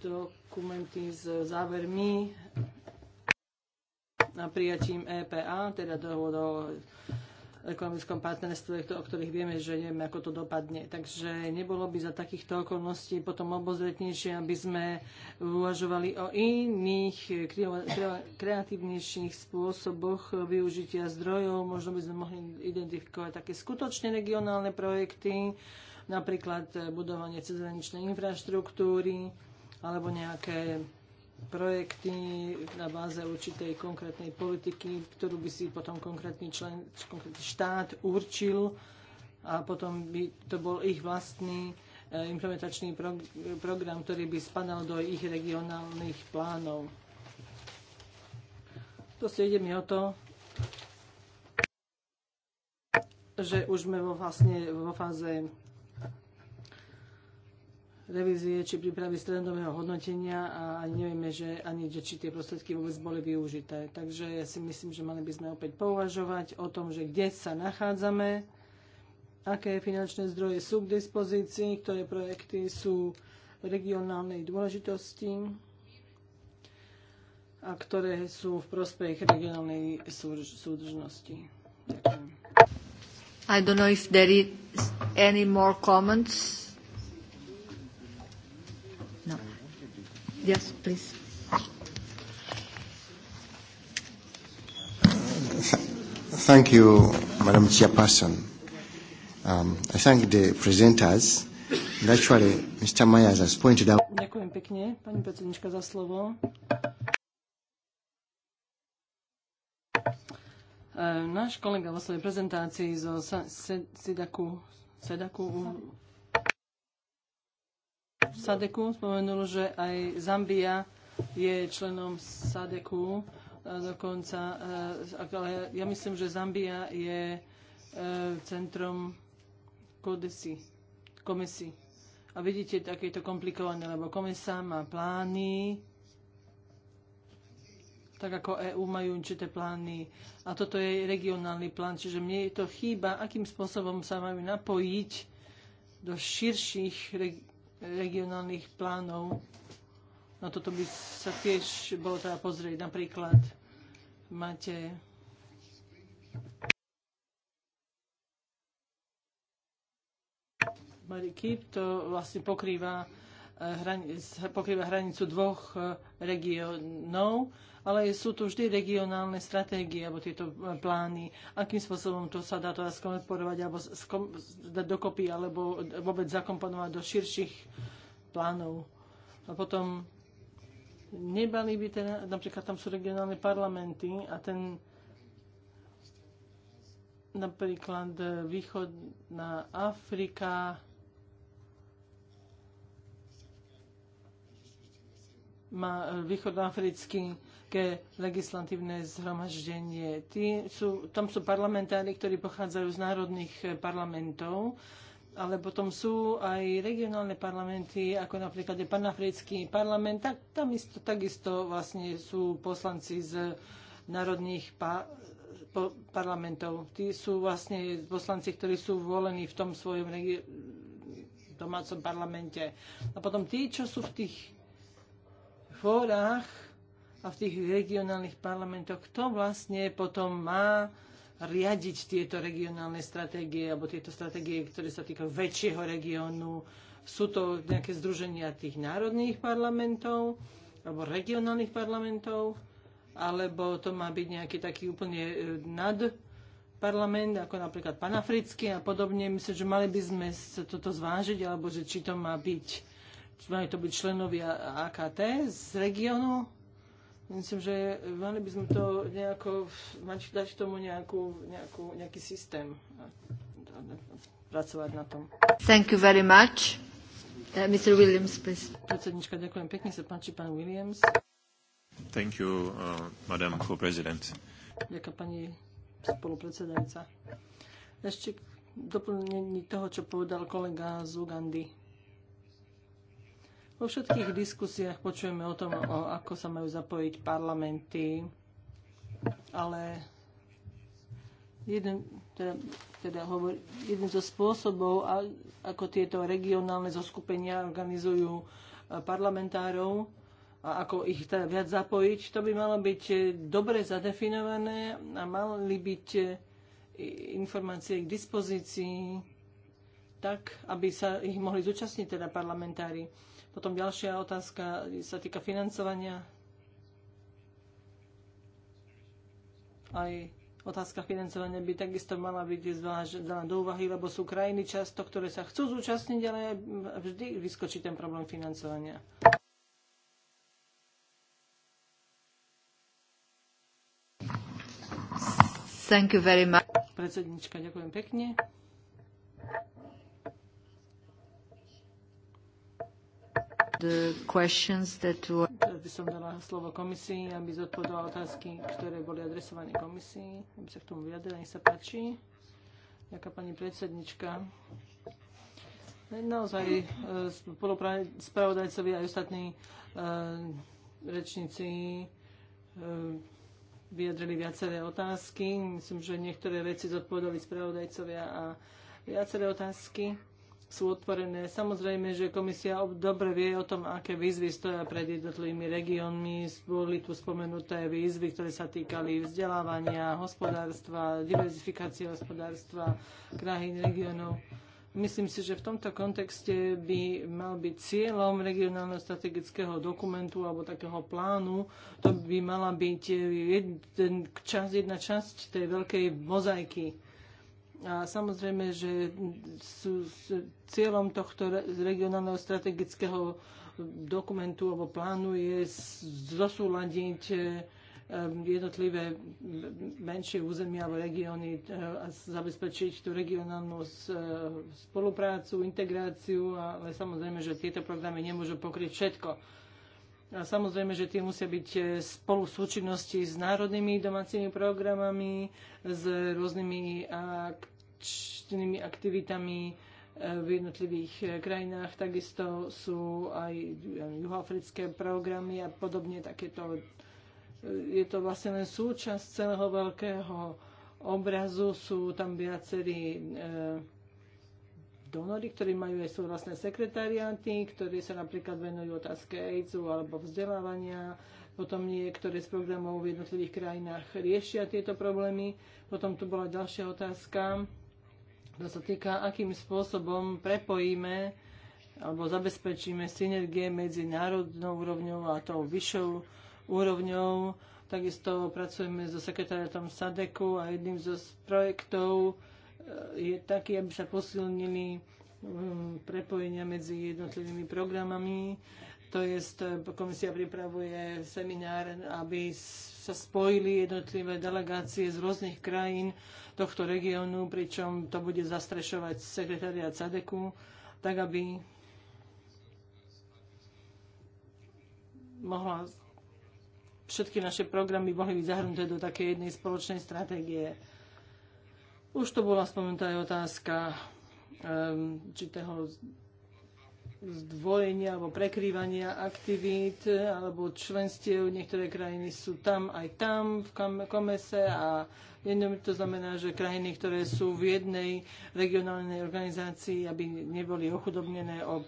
dokumenty s závermi a prijatím EPA, teda dohodou ekonomickom partnerstve, o ktorých vieme, že nevieme, ako to dopadne. Takže nebolo by za takýchto okolností potom obozretnejšie, aby sme uvažovali o iných kreatívnejších spôsoboch využitia zdrojov. Možno by sme mohli identifikovať také skutočne regionálne projekty, napríklad budovanie cezhraničnej infraštruktúry alebo nejaké projekty na báze určitej konkrétnej politiky, ktorú by si potom konkrétny, člen, konkrétny štát určil a potom by to bol ich vlastný eh, implementačný prog- program, ktorý by spadal do ich regionálnych plánov. Proste ide mi o to, že už sme vo, vlastne vo fáze revízie či prípravy stredového hodnotenia a ani nevieme, že ani že, či tie prostriedky vôbec boli využité. Takže ja si myslím, že mali by sme opäť pouvažovať o tom, že kde sa nachádzame, aké finančné zdroje sú k dispozícii, ktoré projekty sú regionálnej dôležitosti a ktoré sú v prospech regionálnej súdržnosti. Ďakujem. I don't know if there is any more comments. Yes, please. thank you, Madam Chairperson. Um, I thank the presenters. And actually, Mr. Myers has pointed out... Ďakujem pekne, pani predsednička, za slovo. E, náš kolega vo svojej prezentácii zo Sedaku, Sedaku SADEKu spomenul, že aj Zambia je členom SADEKu e, dokonca, e, ale ja myslím, že Zambia je e, centrom kodesi, komisy. A vidíte, tak je to komplikované, lebo komisa má plány, tak ako EU majú určité plány. A toto je regionálny plán, čiže mne je to chýba, akým spôsobom sa majú napojiť do širších regionálnych regionálnych plánov. Na toto by sa tiež bolo treba pozrieť. Napríklad máte Marikip, to vlastne pokrýva, eh, hrani, pokrýva hranicu dvoch eh, regionov ale sú to vždy regionálne stratégie alebo tieto e, plány, akým spôsobom to sa dá teda skomporovať alebo skom, dať dokopy alebo vôbec zakomponovať do širších plánov. A potom nebali by teda, napríklad tam sú regionálne parlamenty a ten napríklad e, východná Afrika, má e, východnoafrický Európske legislatívne zhromaždenie. Tí sú, tam sú parlamentári, ktorí pochádzajú z národných parlamentov, ale potom sú aj regionálne parlamenty, ako napríklad je panafrický parlament, tak tam isto, takisto vlastne sú poslanci z národných pa, po, parlamentov. Tí sú vlastne poslanci, ktorí sú volení v tom svojom regi- domácom parlamente. A potom tí, čo sú v tých fórach, a v tých regionálnych parlamentoch, kto vlastne potom má riadiť tieto regionálne stratégie alebo tieto stratégie, ktoré sa týkajú väčšieho regiónu. Sú to nejaké združenia tých národných parlamentov alebo regionálnych parlamentov, alebo to má byť nejaký taký úplne e, nad parlament, ako napríklad panafrický a podobne. Myslím, že mali by sme toto zvážiť, alebo že či to má byť, či majú to byť členovia AKT z regiónu, Myslím, že mali by sme to nejako, mať, dať tomu nejakú, nejakú, nejaký systém a, a, a pracovať na tom. Thank you very much. Uh, Mr. Williams, please. Predsednička, ďakujem pekne. Sa páči pán Williams. Thank you, uh, Madam Co-President. Ďakujem pani spolupredsedajúca. Ešte doplnení toho, čo povedal kolega z Ugandy Vo všetkých diskusiách počujeme o tom, o ako sa majú zapojiť parlamenty, ale jeden, teda, teda hovor, jeden zo spôsobov, ako tieto regionálne zoskupenia organizujú e, parlamentárov a ako ich teda viac zapojiť, to by malo byť e, dobre zadefinované a mali byť e, informácie k dispozícii tak, aby sa ich mohli zúčastniť teda parlamentári. Potom ďalšia otázka sa týka financovania. Aj otázka financovania by takisto mala byť zvážená do úvahy, lebo sú krajiny často, ktoré sa chcú zúčastniť, ale vždy vyskočí ten problém financovania. Thank you very much. Predsednička, ďakujem pekne. The questions that were... Teraz by som dala slovo komisii, aby zodpovedala otázky, ktoré boli adresované komisii, aby sa k tomu vyjadrila. Nech sa páči. Ďakujem pani predsednička. Naozaj e, spolupravodajcovi aj ostatní e, rečníci e, vyjadrili viaceré otázky. Myslím, že niektoré veci zodpovedali spravodajcovia a viaceré otázky sú otvorené. Samozrejme, že komisia dobre vie o tom, aké výzvy stoja pred jednotlivými regiónmi. Boli tu spomenuté výzvy, ktoré sa týkali vzdelávania, hospodárstva, diverzifikácie hospodárstva krajín, regiónov. Myslím si, že v tomto kontexte by mal byť cieľom regionálneho strategického dokumentu alebo takého plánu, to by mala byť jedna časť, jedna časť tej veľkej mozaiky A samozrejme, že sú, cieľom tohto regionálneho strategického dokumentu alebo plánu je zosúľadiť e, jednotlivé menšie územia alebo regióny e, a zabezpečiť tú regionálnu e, spoluprácu, integráciu, ale samozrejme, že tieto programy nemôžu pokryť všetko. A samozrejme, že tie musia byť e, spolu v súčinnosti s národnými domácimi programami, s rôznymi akčnými aktivitami e, v jednotlivých e, krajinách. Takisto sú aj juhoafrické programy a podobne takéto. Je to vlastne len súčasť celého veľkého obrazu. Sú tam viacerí e, donory, ktorí majú aj svoje vlastné sekretariáty, ktorí sa napríklad venujú otázke AIDS alebo vzdelávania. Potom niektoré z programov v jednotlivých krajinách riešia tieto problémy. Potom tu bola ďalšia otázka, ktorá sa týka, akým spôsobom prepojíme alebo zabezpečíme synergie medzi národnou úrovňou a tou vyššou úrovňou. Takisto pracujeme so sekretariatom SADEKu a jedným zo projektov, je taký, aby sa posilnili mm, prepojenia medzi jednotlivými programami. To je, komisia pripravuje seminár, aby sa spojili jednotlivé delegácie z rôznych krajín tohto regiónu, pričom to bude zastrešovať sekretariat SADEKu, tak aby mohla všetky naše programy mohli byť zahrnuté do také jednej spoločnej stratégie. Už to bola spomenutá aj otázka um, či toho zdvojenia alebo prekrývania aktivít alebo členstiev. Niektoré krajiny sú tam aj tam v komese a jednom to znamená, že krajiny, ktoré sú v jednej regionálnej organizácii, aby neboli ochudobnené o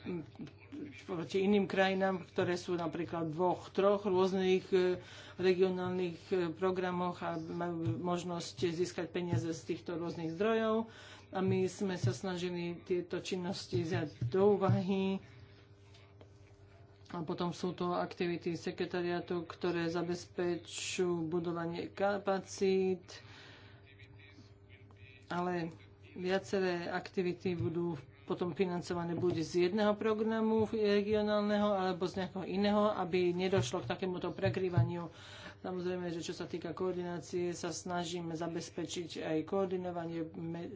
proti iným krajinám, ktoré sú napríklad v dvoch, troch rôznych e, regionálnych e, programoch a majú možnosť získať peniaze z týchto rôznych zdrojov. A my sme sa snažili tieto činnosti vziať do úvahy. A potom sú to aktivity sekretariatu, ktoré zabezpečujú budovanie kapacít, ale viaceré aktivity budú v potom financované buď z jedného programu regionálneho alebo z nejakého iného, aby nedošlo k takémuto prekrývaniu. Samozrejme, že čo sa týka koordinácie, sa snažíme zabezpečiť aj koordinovanie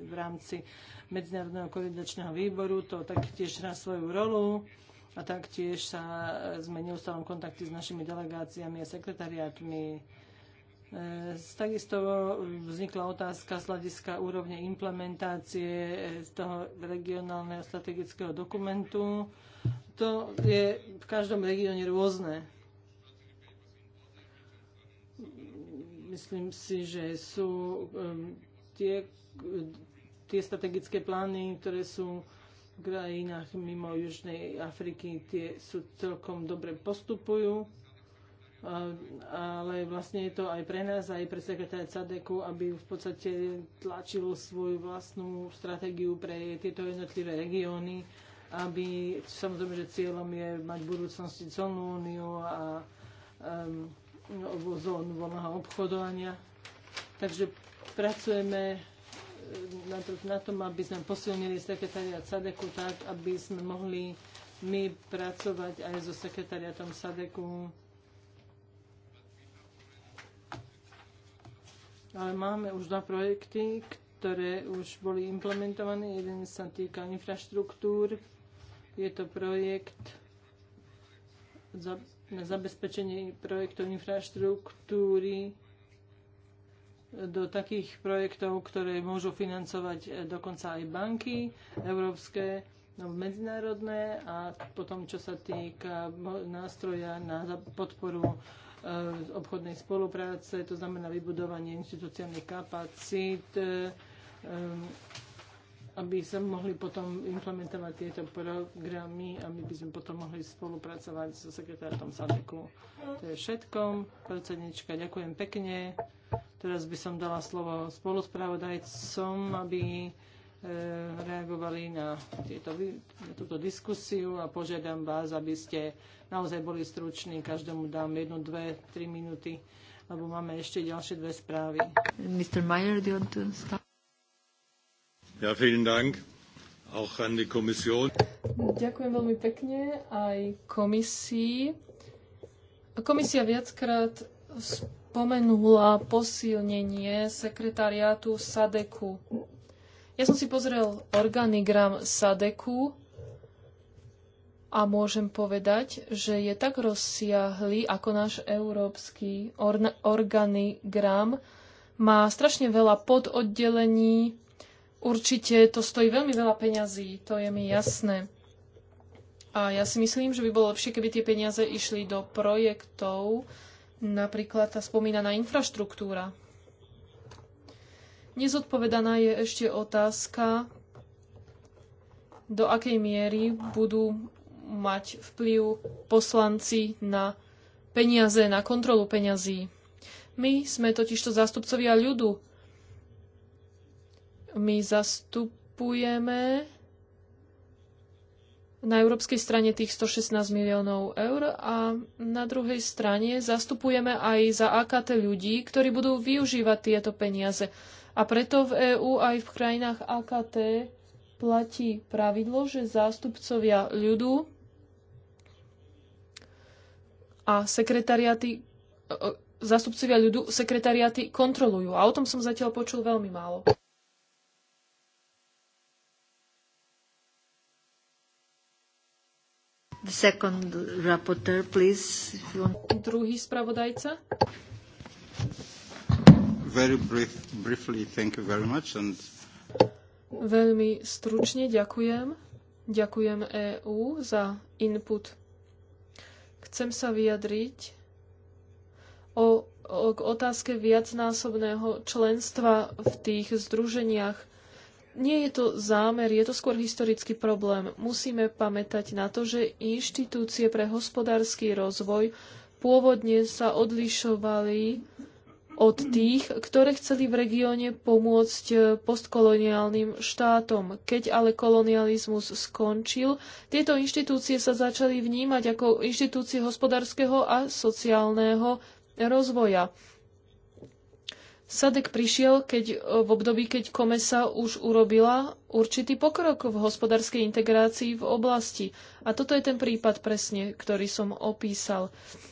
v rámci Medzinárodného koordinačného výboru. To taktiež hrá svoju rolu a taktiež sa sme neustalom kontakte s našimi delegáciami a sekretariátmi E, takisto vznikla otázka z hľadiska úrovne implementácie z e, toho regionálneho strategického dokumentu. To je v každom regióne rôzne. Myslím si, že sú tie, tie strategické plány, ktoré sú v krajinách mimo Južnej Afriky, tie sú celkom dobre postupujú ale vlastne je to aj pre nás, aj pre sekretár Cadeku, aby v podstate tlačil svoju vlastnú stratégiu pre tieto jednotlivé regióny, aby samozrejme, že cieľom je mať v budúcnosti celnú úniu a um, no, zónu voľného obchodovania. Takže pracujeme eh, na, to, na tom, aby sme posilnili sekretária Cadeku tak, aby sme mohli my pracovať aj so sekretariatom Sadeku ale máme už dva projekty, ktoré už boli implementované. Jeden sa týka infraštruktúr. Je to projekt za, na zabezpečenie projektov infraštruktúry do takých projektov, ktoré môžu financovať eh, dokonca aj banky európske, no, medzinárodné a potom, čo sa týka nástroja na podporu E, obchodnej spolupráce, to znamená vybudovanie inštitúciálnych kapacít, e, e, aby sa mohli potom implementovať tieto programy a my by sme potom mohli spolupracovať so sekretárom Sadeku. To je všetko. Predsednička, ďakujem pekne. Teraz by som dala slovo spoluspravodajcom, aby Eh, reagovali na, tieto, túto diskusiu a požiadam vás, aby ste naozaj boli struční. Každému dám jednu, dve, tri minúty, lebo máme ešte ďalšie dve správy. Mr. Mayer, do you want to start? Ja, vielen Dank. Auch an die Kommission. Ďakujem veľmi pekne aj komisii. Komisia viackrát spomenula posilnenie sekretariátu SADEKu ja som si pozrel organigram Sadeku a môžem povedať, že je tak rozsiahly ako náš európsky or- organigram. Má strašne veľa pododdelení. Určite to stojí veľmi veľa peňazí, to je mi jasné. A ja si myslím, že by bolo lepšie, keby tie peniaze išli do projektov, napríklad tá spomínaná infraštruktúra. Nezodpovedaná je ešte otázka, do akej miery budú mať vplyv poslanci na peniaze, na kontrolu peňazí. My sme totižto zástupcovia ľudu. My zastupujeme na európskej strane tých 116 miliónov eur a na druhej strane zastupujeme aj za AKT ľudí, ktorí budú využívať tieto peniaze. A preto v EÚ aj v krajinách AKT platí pravidlo, že zástupcovia ľudu a sekretariaty zástupcovia ľudu sekretariaty kontrolujú. A o tom som zatiaľ počul veľmi málo. The second rapporteur, please. Druhý spravodajca very brief, briefly, thank you very much and... Veľmi stručne ďakujem. Ďakujem EÚ za input. Chcem sa vyjadriť o, o k otázke viacnásobného členstva v tých združeniach. Nie je to zámer, je to skôr historický problém. Musíme pamätať na to, že inštitúcie pre hospodársky rozvoj pôvodne sa odlišovali od tých, ktoré chceli v regióne pomôcť eh, postkoloniálnym štátom. Keď ale kolonializmus skončil, tieto inštitúcie sa začali vnímať ako inštitúcie hospodárskeho a sociálneho rozvoja. Sadek prišiel keď, eh, v období, keď Komesa už urobila určitý pokrok v hospodárskej integrácii v oblasti. A toto je ten prípad presne, ktorý som opísal. Uh,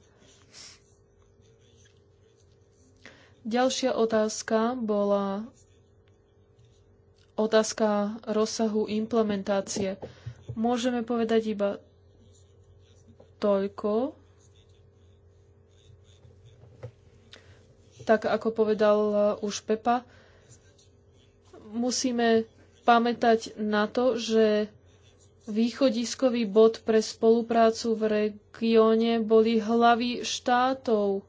Ďalšia otázka bola otázka rozsahu implementácie. Môžeme povedať iba toľko, tak ako povedal uh, už Pepa, musíme pamätať na to, že východiskový bod pre spoluprácu v regióne boli hlavy štátov.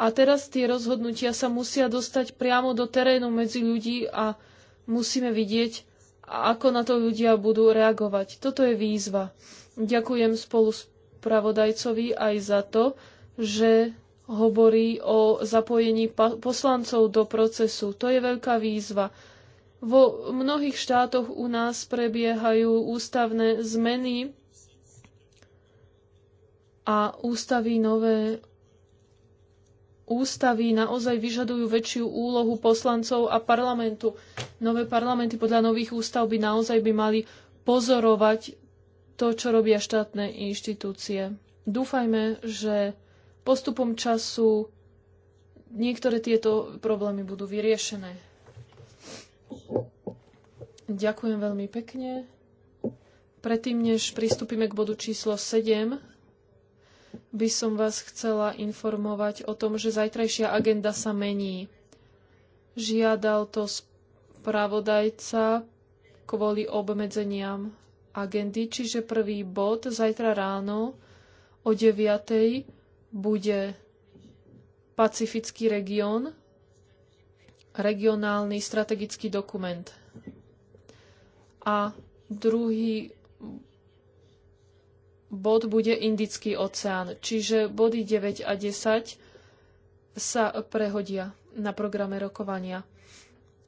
A teraz tie rozhodnutia sa musia dostať priamo do terénu medzi ľudí a musíme vidieť, ako na to ľudia budú reagovať. Toto je výzva. Ďakujem spolu spravodajcovi aj za to, že hovorí o zapojení poslancov do procesu. To je veľká výzva. Vo mnohých štátoch u nás prebiehajú ústavné zmeny a ústavy nové ústavy naozaj vyžadujú väčšiu úlohu poslancov a parlamentu. Nové parlamenty podľa nových ústav by naozaj by mali pozorovať to, čo robia štátne inštitúcie. Dúfajme, že postupom času niektoré tieto problémy budú vyriešené. Ďakujem veľmi pekne. Predtým, než pristúpime k bodu číslo 7, by som vás chcela informovať o tom, že zajtrajšia agenda sa mení. Žiadal to spravodajca kvôli obmedzeniam agendy, čiže prvý bod zajtra ráno o 9. bude Pacifický región, regionálny strategický dokument. A druhý bod bude Indický oceán, čiže body 9 a 10 sa prehodia na programe rokovania.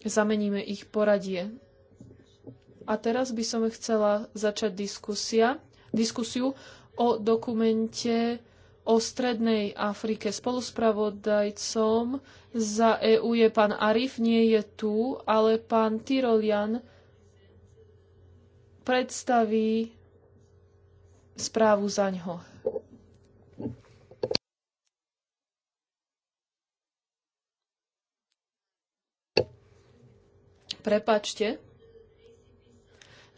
Zameníme ich poradie. A teraz by som chcela začať diskusia, diskusiu o dokumente o Strednej Afrike. Spoluspravodajcom za EU je pán Arif, nie je tu, ale pán Tyrolian predstaví zprávu za ňo. Prepačte.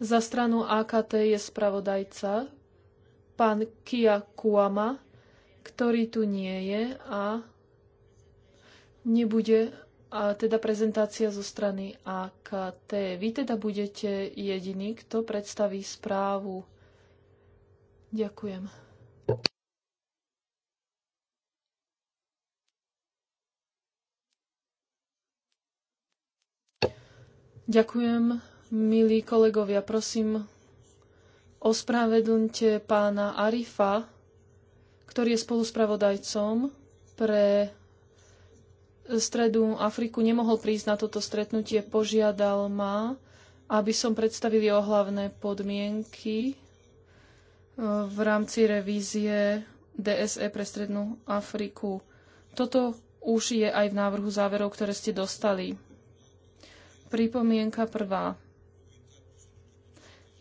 Za stranu AKT je spravodajca, pán Kia Kuama, ktorý tu nie je a nebude a teda prezentácia zo strany AKT. Vy teda budete jediný, kto predstaví správu Ďakujem. Ďakujem, milí kolegovia. Prosím, ospravedlňte pána Arifa, ktorý je spoluspravodajcom pre Stredu Afriku. Nemohol prísť na toto stretnutie, požiadal ma, aby som predstavil jeho hlavné podmienky v rámci revízie DSE pre Strednú Afriku. Toto už je aj v návrhu záverov, ktoré ste dostali. Pripomienka prvá.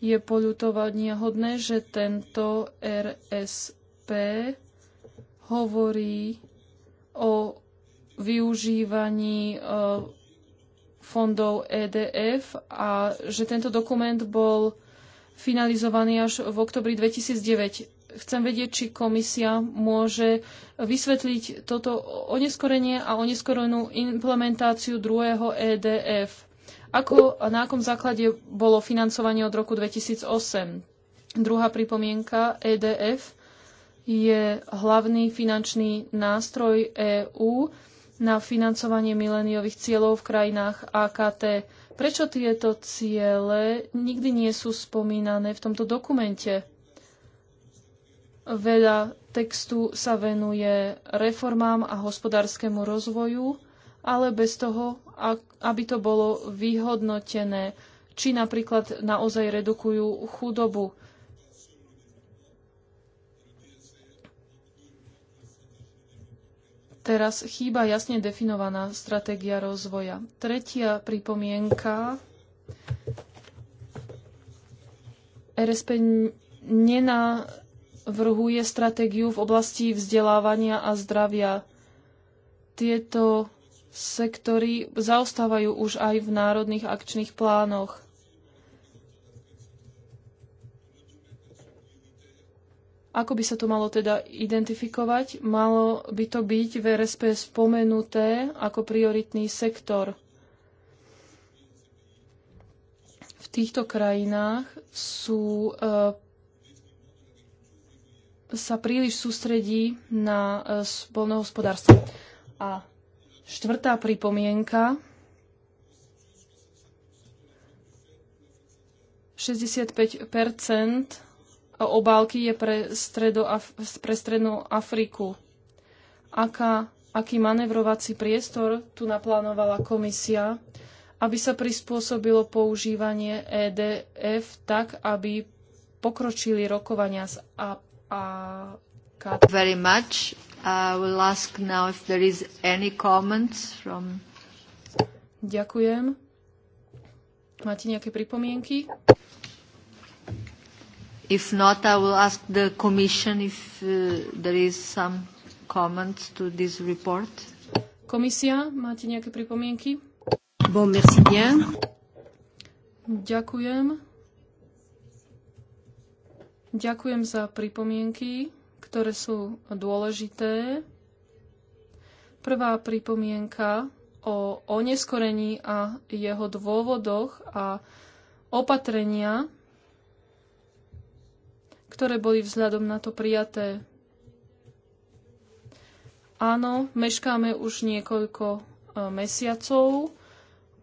Je poľutovanie hodné, že tento RSP hovorí o využívaní e, fondov EDF a že tento dokument bol finalizovaný až v oktobri 2009. Chcem vedieť, či komisia môže vysvetliť toto oneskorenie a oneskorenú implementáciu druhého EDF. Ako a na akom základe bolo financovanie od roku 2008? Druhá pripomienka EDF je hlavný finančný nástroj EÚ na financovanie miléniových cieľov v krajinách AKT. Prečo tieto ciele nikdy nie sú spomínané v tomto dokumente? Veľa textu sa venuje reformám a hospodárskému rozvoju, ale bez toho, aby to bolo vyhodnotené, či napríklad naozaj redukujú chudobu. Teraz chýba jasne definovaná stratégia rozvoja. Tretia pripomienka. RSP nenavrhuje stratégiu v oblasti vzdelávania a zdravia. Tieto sektory zaostávajú už aj v národných akčných plánoch. Ako by sa to malo teda identifikovať? Malo by to byť v RSP spomenuté ako prioritný sektor. V týchto krajinách sú, e, sa príliš sústredí na e, spolnohospodárstvo. A štvrtá pripomienka. 65 obálky je pre, Af- pre Strednú Afriku. Aká, aký manevrovací priestor tu naplánovala komisia, aby sa prispôsobilo používanie EDF tak, aby pokročili rokovania s A- A- Very much. I will ask now if there is any comments from... Ďakujem. Máte nejaké pripomienky? If not, I will ask the Commission if uh, there is some comments to this report. Komisia, máte nejaké pripomienky? Bon, merci bien. Ďakujem. Ďakujem za pripomienky, ktoré sú dôležité. Prvá pripomienka o oneskorení a jeho dôvodoch a opatrenia ktoré boli vzhľadom na to prijaté. Áno, meškáme už niekoľko e, mesiacov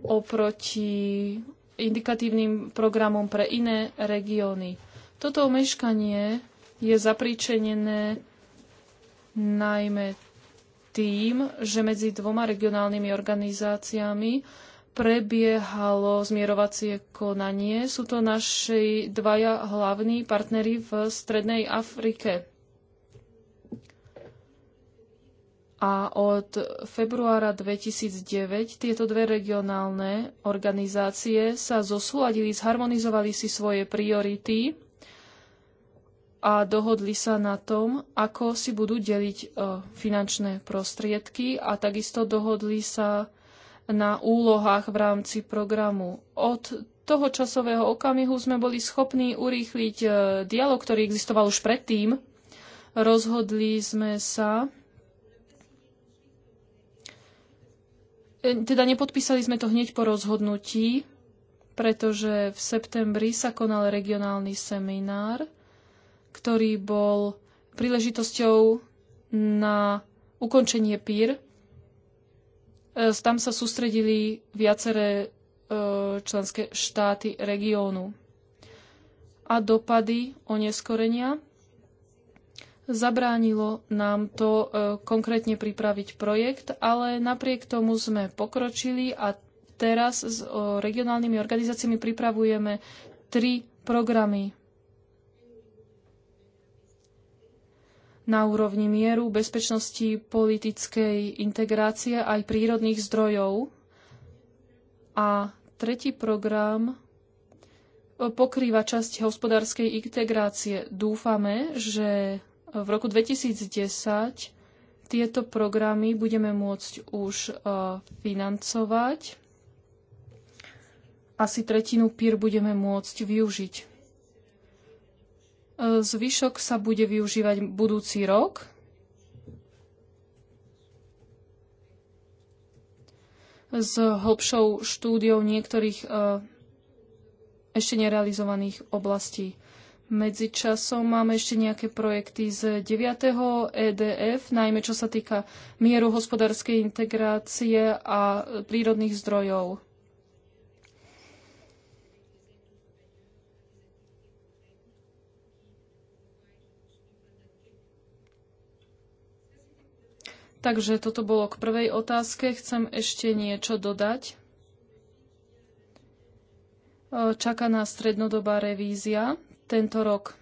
oproti indikatívnym programom pre iné regióny. Toto meškanie je zapríčenené najmä tým, že medzi dvoma regionálnymi organizáciami prebiehalo zmierovacie konanie. Sú to naši dvaja hlavní partnery v Strednej Afrike. A od februára 2009 tieto dve regionálne organizácie sa zosúladili, zharmonizovali si svoje priority a dohodli sa na tom, ako si budú deliť e, finančné prostriedky a takisto dohodli sa na úlohách v rámci programu. Od toho časového okamihu sme boli schopní urýchliť e, dialog, ktorý existoval už predtým. Rozhodli sme sa, e, teda nepodpísali sme to hneď po rozhodnutí, pretože v septembri sa konal regionálny seminár, ktorý bol príležitosťou na ukončenie PIR E, tam sa sústredili viaceré e, členské štáty regiónu. A dopady oneskorenia zabránilo nám to e, konkrétne pripraviť projekt, ale napriek tomu sme pokročili a teraz s regionálnymi organizáciami pripravujeme tri programy na úrovni mieru, bezpečnosti, politickej integrácie aj prírodných zdrojov. A tretí program e, pokrýva časť hospodárskej integrácie. Dúfame, že v roku 2010 tieto programy budeme môcť už e, financovať. Asi tretinu PIR budeme môcť využiť. Zvyšok sa bude využívať budúci rok. S hlbšou štúdiou niektorých e, ešte nerealizovaných oblastí. Medzičasom máme ešte nejaké projekty z 9. EDF, najmä čo sa týka mieru hospodárskej integrácie a prírodných zdrojov. Takže toto bolo k prvej otázke. Chcem ešte niečo dodať. E, čaká nás strednodobá revízia tento rok.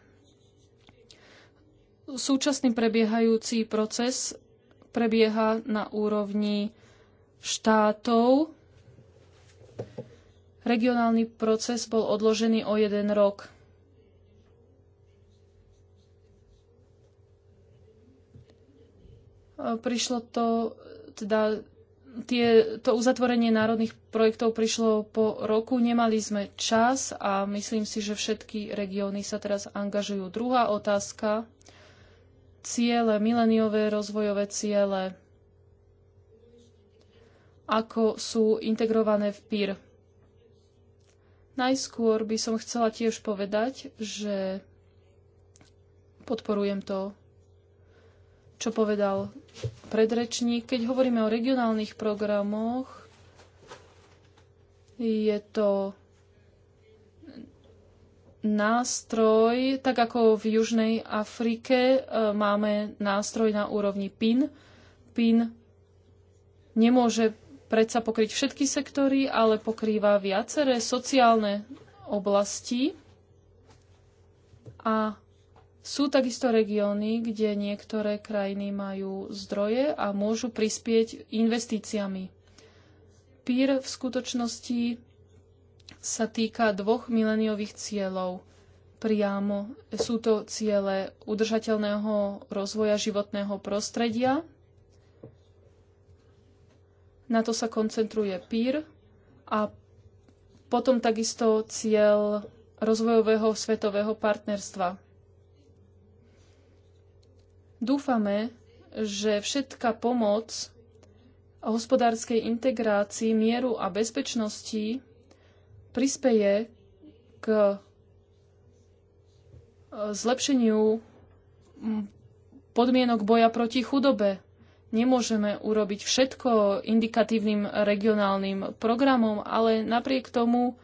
Súčasný prebiehajúci proces prebieha na úrovni štátov. Regionálny proces bol odložený o jeden rok. Eh, prišlo to, teda tie, to uzatvorenie národných projektov prišlo po roku, nemali sme čas a myslím si, že všetky regióny sa teraz angažujú. Druhá otázka, ciele, mileniové rozvojové ciele, ako sú integrované v PIR. Najskôr by som chcela tiež povedať, že podporujem to, čo povedal predrečník. Keď hovoríme o regionálnych programoch, je to nástroj, tak ako v Južnej Afrike e, máme nástroj na úrovni PIN. PIN nemôže predsa pokryť všetky sektory, ale pokrýva viaceré sociálne oblasti a Sú takisto regióny, kde niektoré krajiny majú zdroje a môžu prispieť investíciami. PIR v skutočnosti sa týka dvoch mileniových cieľov. Priamo sú to ciele udržateľného rozvoja životného prostredia. Na to sa koncentruje PIR a potom takisto cieľ rozvojového svetového partnerstva. Dúfame, že všetká pomoc hospodárskej integrácii, mieru a bezpečnosti prispeje k e, zlepšeniu podmienok boja proti chudobe. Nemôžeme urobiť všetko indikatívnym regionálnym programom, ale napriek tomu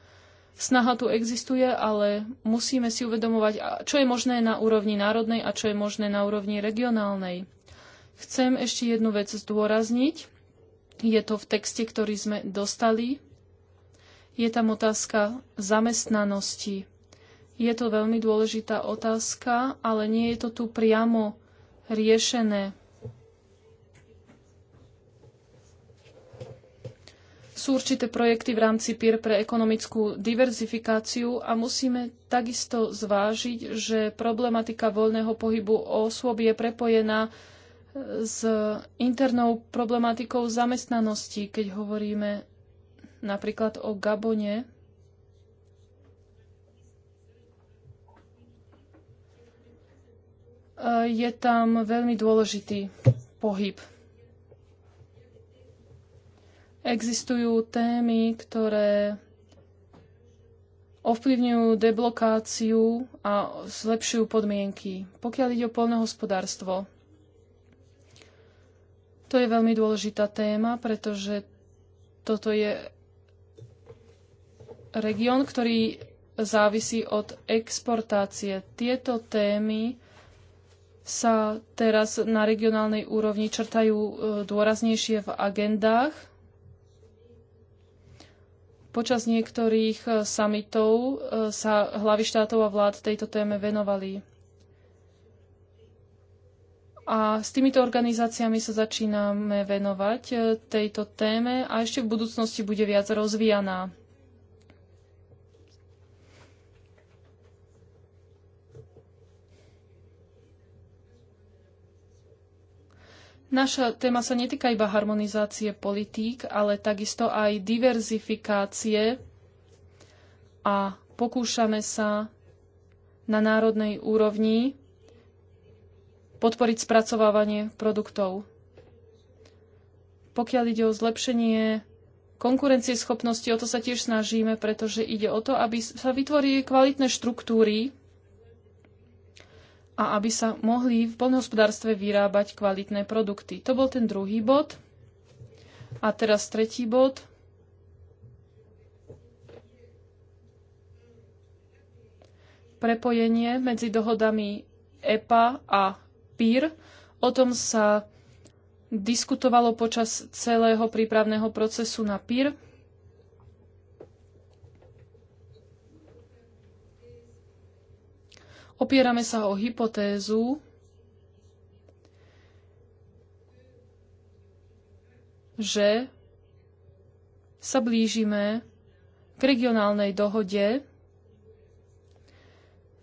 Snaha tu existuje, ale musíme si uvedomovať, čo je možné na úrovni národnej a čo je možné na úrovni regionálnej. Chcem ešte jednu vec zdôrazniť. Je to v texte, ktorý sme dostali. Je tam otázka zamestnanosti. Je to veľmi dôležitá otázka, ale nie je to tu priamo riešené. sú určité projekty v rámci PIR pre ekonomickú diverzifikáciu a musíme takisto zvážiť, že problematika voľného pohybu osôb je prepojená e, s internou problematikou zamestnanosti, keď hovoríme napríklad o Gabone. E, je tam veľmi dôležitý pohyb Existujú témy, ktoré ovplyvňujú deblokáciu a zlepšujú podmienky. Pokiaľ ide o polnohospodárstvo, to je veľmi dôležitá téma, pretože toto je región, ktorý závisí od exportácie. Tieto témy sa teraz na regionálnej úrovni črtajú e, dôraznejšie v agendách Počas niektorých eh, samitov eh, sa hlavy štátov a vlád tejto téme venovali. A s týmito organizáciami sa začíname venovať eh, tejto téme a ešte v budúcnosti bude viac rozvíjaná. Naša téma sa netýka iba harmonizácie politík, ale takisto aj diverzifikácie a pokúšame sa na národnej úrovni podporiť spracovávanie produktov. Pokiaľ ide o zlepšenie konkurencieschopnosti, o to sa tiež snažíme, pretože ide o to, aby sa vytvorili kvalitné štruktúry a aby sa mohli v poľnohospodárstve vyrábať kvalitné produkty. To bol ten druhý bod. A teraz tretí bod. Prepojenie medzi dohodami EPA a PIR. O tom sa diskutovalo počas celého prípravného procesu na PIR. Opierame sa o hypotézu, že sa blížime k regionálnej dohode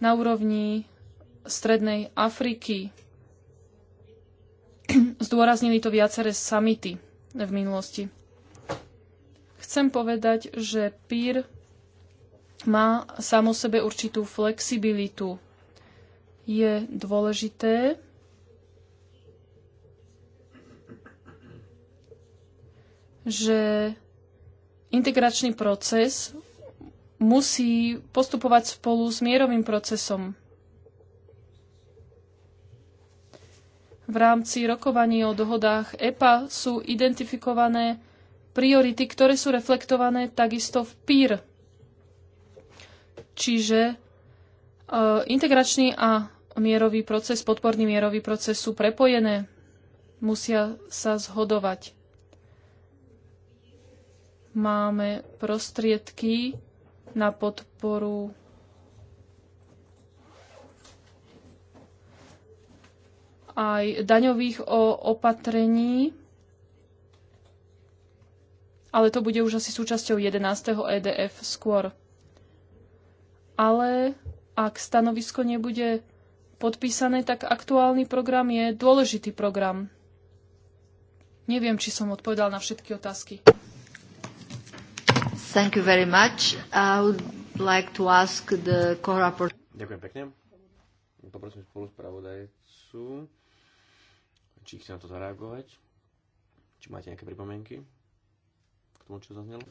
na úrovni Strednej Afriky. Zdôraznili to viaceré samity v minulosti. Chcem povedať, že PIR má samo sebe určitú flexibilitu je dôležité, že integračný proces musí postupovať spolu s mierovým procesom. V rámci rokovaní o dohodách EPA sú identifikované priority, ktoré sú reflektované takisto v PIR. Čiže E, integračný a mierový proces, podporný mierový proces sú prepojené, musia sa zhodovať. Máme prostriedky na podporu aj daňových opatrení, ale to bude už asi súčasťou 11. EDF skôr. Ale Ak stanovisko nebude podpísané, tak aktuálny program je dôležitý program. Neviem, či som odpovedal na všetky otázky. Thank you very much. I would like to ask the co-rapporteur. Ďakujem pekne. Poprosím spolu spravodajcu, či chce na to zareagovať. Či máte nejaké pripomienky k tomu, čo zaznelo?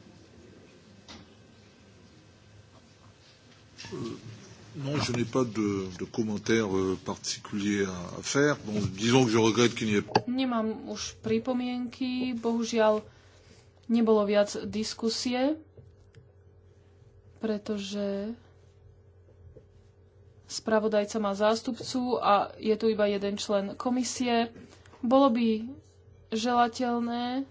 Mm. Non, je n'ai pas de, de commentaire euh, particulier à, à faire. Bon, disons que je regrette qu'il n'y ait... pas. Nemám už pripomienky. Bohužiaľ, nebolo viac diskusie, pretože spravodajca má zástupcu a je tu iba jeden člen komisie. Bolo by želateľné,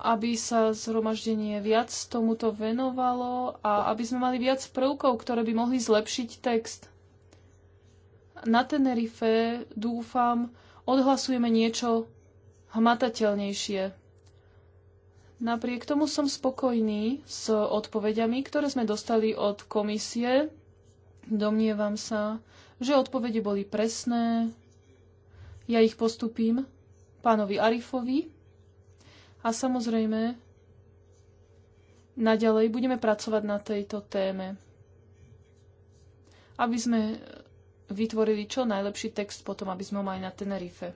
aby sa zhromaždenie viac tomuto venovalo a aby sme mali viac prvkov, ktoré by mohli zlepšiť text. Na Tenerife, dúfam, odhlasujeme niečo hmatateľnejšie. Napriek tomu som spokojný s odpovediami, ktoré sme dostali od komisie. Domnievam sa, že odpovede boli presné. Ja ich postupím pánovi Arifovi A samozrejme, naďalej budeme pracovať na tejto téme, aby sme vytvorili čo najlepší text potom, aby sme ho mali na Tenerife.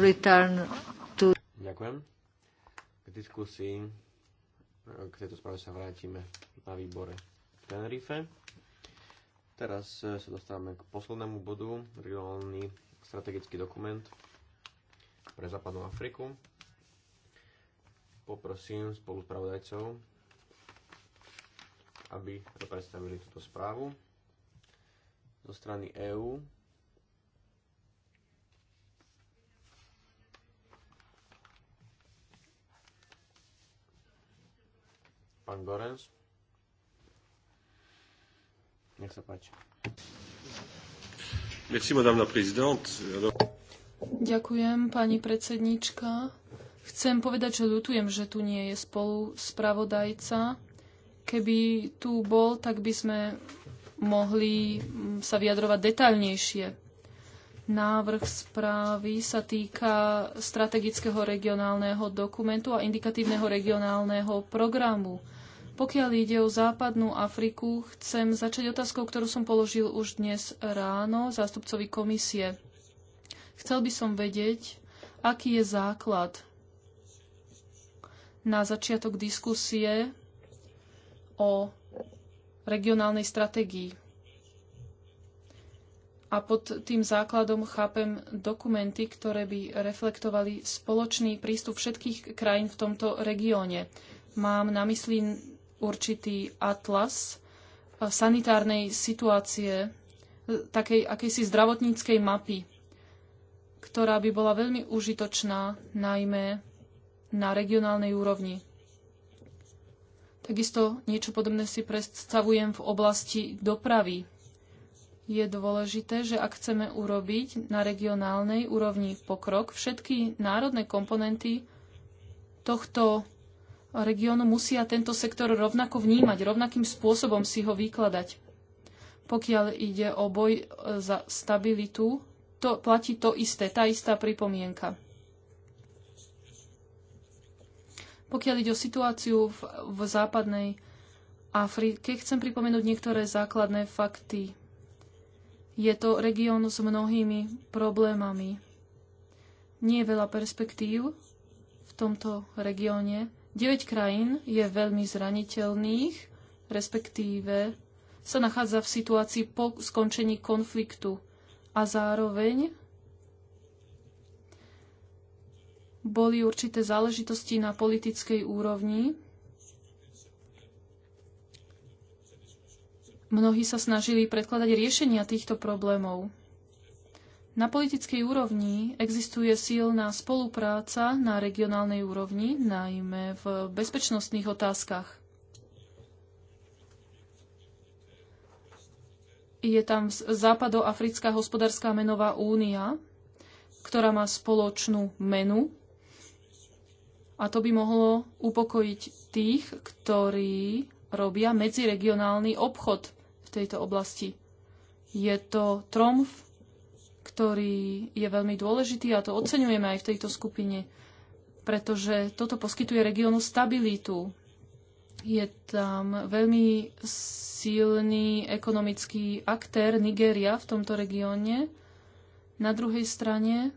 Return to... Ďakujem. K diskusii k tejto správe sa vrátime na výbore v Tenerife. Teraz e, sa dostávame k poslednému bodu, regionálny strategický dokument pre západnú Afriku. Poprosím spolupravodajcov, aby predstavili túto správu. Zo strany EÚ pán Gorens. Nech sa páči. Merci, madame la présidente. Ďakujem, pani predsednička. Chcem povedať, že ľutujem, že tu nie je spolu spravodajca. Keby tu bol, tak by sme mohli mm, sa vyjadrovať detaľnejšie. Návrh správy sa týka strategického regionálneho dokumentu a indikatívneho regionálneho programu. Pokiaľ ide o západnú Afriku, chcem začať otázkou, ktorú som položil už dnes ráno zástupcovi komisie. Chcel by som vedieť, aký je základ na začiatok diskusie o regionálnej stratégii. A pod tým základom chápem dokumenty, ktoré by reflektovali spoločný prístup všetkých krajín v tomto regióne. Mám na mysli určitý atlas eh, sanitárnej situácie, eh, takej akejsi zdravotníckej mapy, ktorá by bola veľmi užitočná najmä na regionálnej úrovni. Takisto niečo podobné si predstavujem v oblasti dopravy. Je dôležité, že ak chceme urobiť na regionálnej úrovni pokrok, všetky národné komponenty tohto regiónu musia tento sektor rovnako vnímať, rovnakým spôsobom si ho vykladať. Pokiaľ ide o boj za stabilitu, to platí to isté, tá istá pripomienka. Pokiaľ ide o situáciu v, v západnej Afrike, chcem pripomenúť niektoré základné fakty. Je to región s mnohými problémami. Nie je veľa perspektív v tomto regióne. 9 krajín je veľmi zraniteľných, respektíve sa nachádza v situácii po skončení konfliktu a zároveň boli určité záležitosti na politickej úrovni. Mnohí sa snažili predkladať riešenia týchto problémov. Na politickej úrovni existuje silná spolupráca na regionálnej úrovni, najmä v bezpečnostných otázkach. Je tam Západoafrická hospodárska menová únia, ktorá má spoločnú menu A to by mohlo upokojiť tých, ktorí robia medziregionálny obchod v tejto oblasti. Je to tromf, ktorý je veľmi dôležitý a to oceňujeme aj v tejto skupine, pretože toto poskytuje regiónu stabilitu. Je tam veľmi silný ekonomický aktér Nigéria v tomto regióne. Na druhej strane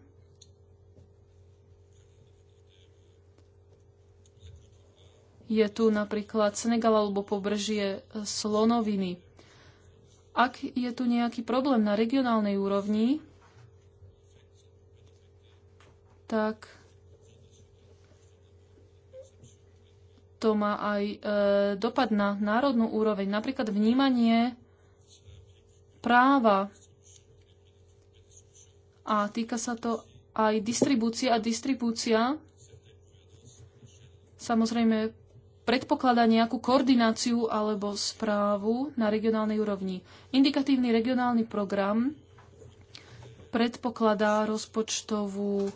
je tu napríklad Senegal alebo pobržie e, Slonoviny. Ak je tu nejaký problém na regionálnej úrovni, tak to má aj e, dopad na národnú úroveň. Napríklad vnímanie práva a týka sa to aj distribúcia a distribúcia samozrejme predpokladá nejakú koordináciu alebo správu na regionálnej úrovni. Indikatívny regionálny program predpokladá rozpočtovú e,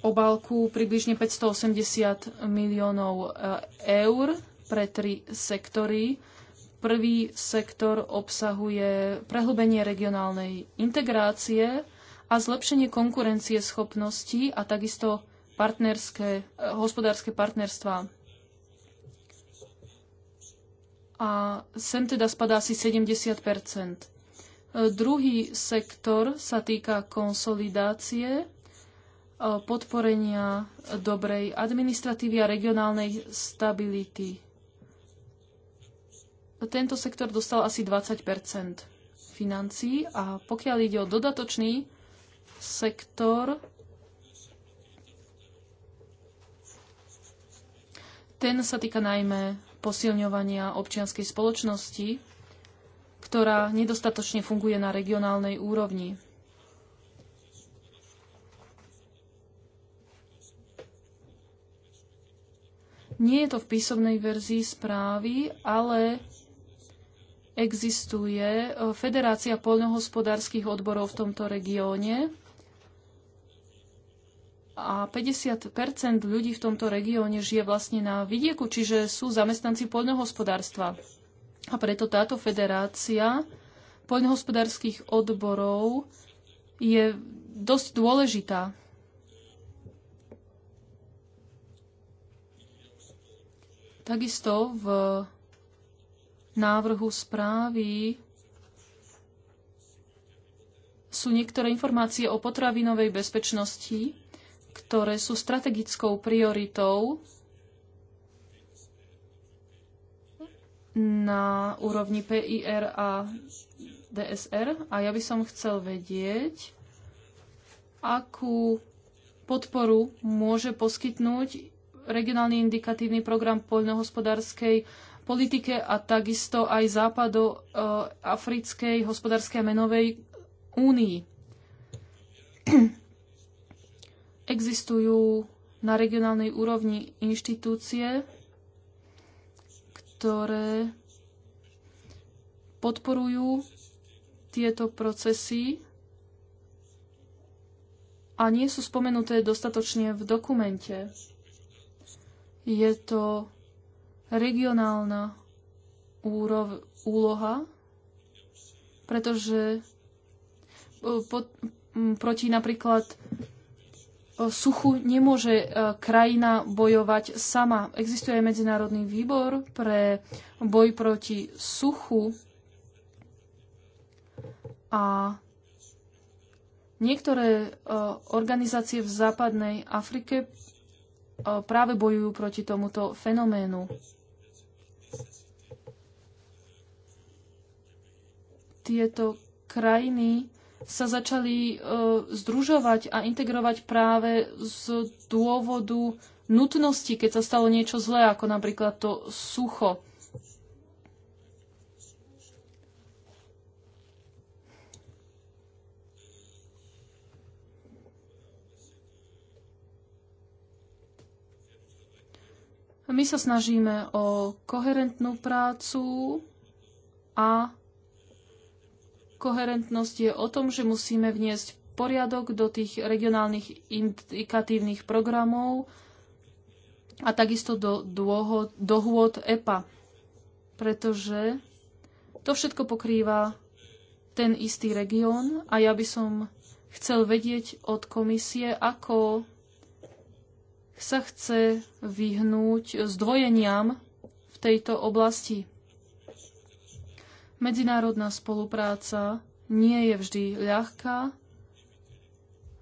obálku približne 580 miliónov e, eur pre tri sektory. Prvý sektor obsahuje prehlbenie regionálnej integrácie a zlepšenie konkurencie schopností a takisto partnerské, eh, hospodárske partnerstvá. A sem teda spadá asi 70 eh, Druhý sektor sa týka konsolidácie, eh, podporenia dobrej administratívy a regionálnej stability. Tento sektor dostal asi 20 financí a pokiaľ ide o dodatočný sektor, Ten sa týka najmä posilňovania občianskej spoločnosti, ktorá nedostatočne funguje na regionálnej úrovni. Nie je to v písomnej verzii správy, ale existuje Federácia poľnohospodárskych odborov v tomto regióne a 50 ľudí v tomto regióne žije vlastne na vidieku, čiže sú zamestnanci poľnohospodárstva. A preto táto federácia poľnohospodárských odborov je dosť dôležitá. Takisto v návrhu správy sú niektoré informácie o potravinovej bezpečnosti ktoré sú strategickou prioritou na úrovni PIR a DSR. A ja by som chcel vedieť, akú podporu môže poskytnúť regionálny indikatívny program poľnohospodárskej politike a takisto aj západo-africkej e, hospodárskej a menovej únii. Existujú na regionálnej úrovni inštitúcie, ktoré podporujú tieto procesy a nie sú spomenuté dostatočne v dokumente. Je to regionálna úrov, úloha, pretože pod, proti napríklad E, suchu nemôže e, krajina bojovať sama. Existuje aj Medzinárodný výbor pre boj proti suchu a niektoré e, organizácie v západnej Afrike práve bojujú proti tomuto fenoménu. Tieto krajiny sa začali e, združovať a integrovať práve z dôvodu nutnosti, keď sa stalo niečo zlé, ako napríklad to sucho. My sa snažíme o koherentnú prácu a Koherentnosť je o tom, že musíme vniesť poriadok do tých regionálnych indikatívnych programov a takisto do dohôd EPA, pretože to všetko pokrýva ten istý región a ja by som chcel vedieť od komisie, ako sa chce vyhnúť zdvojeniam v tejto oblasti. Medzinárodná spolupráca nie je vždy ľahká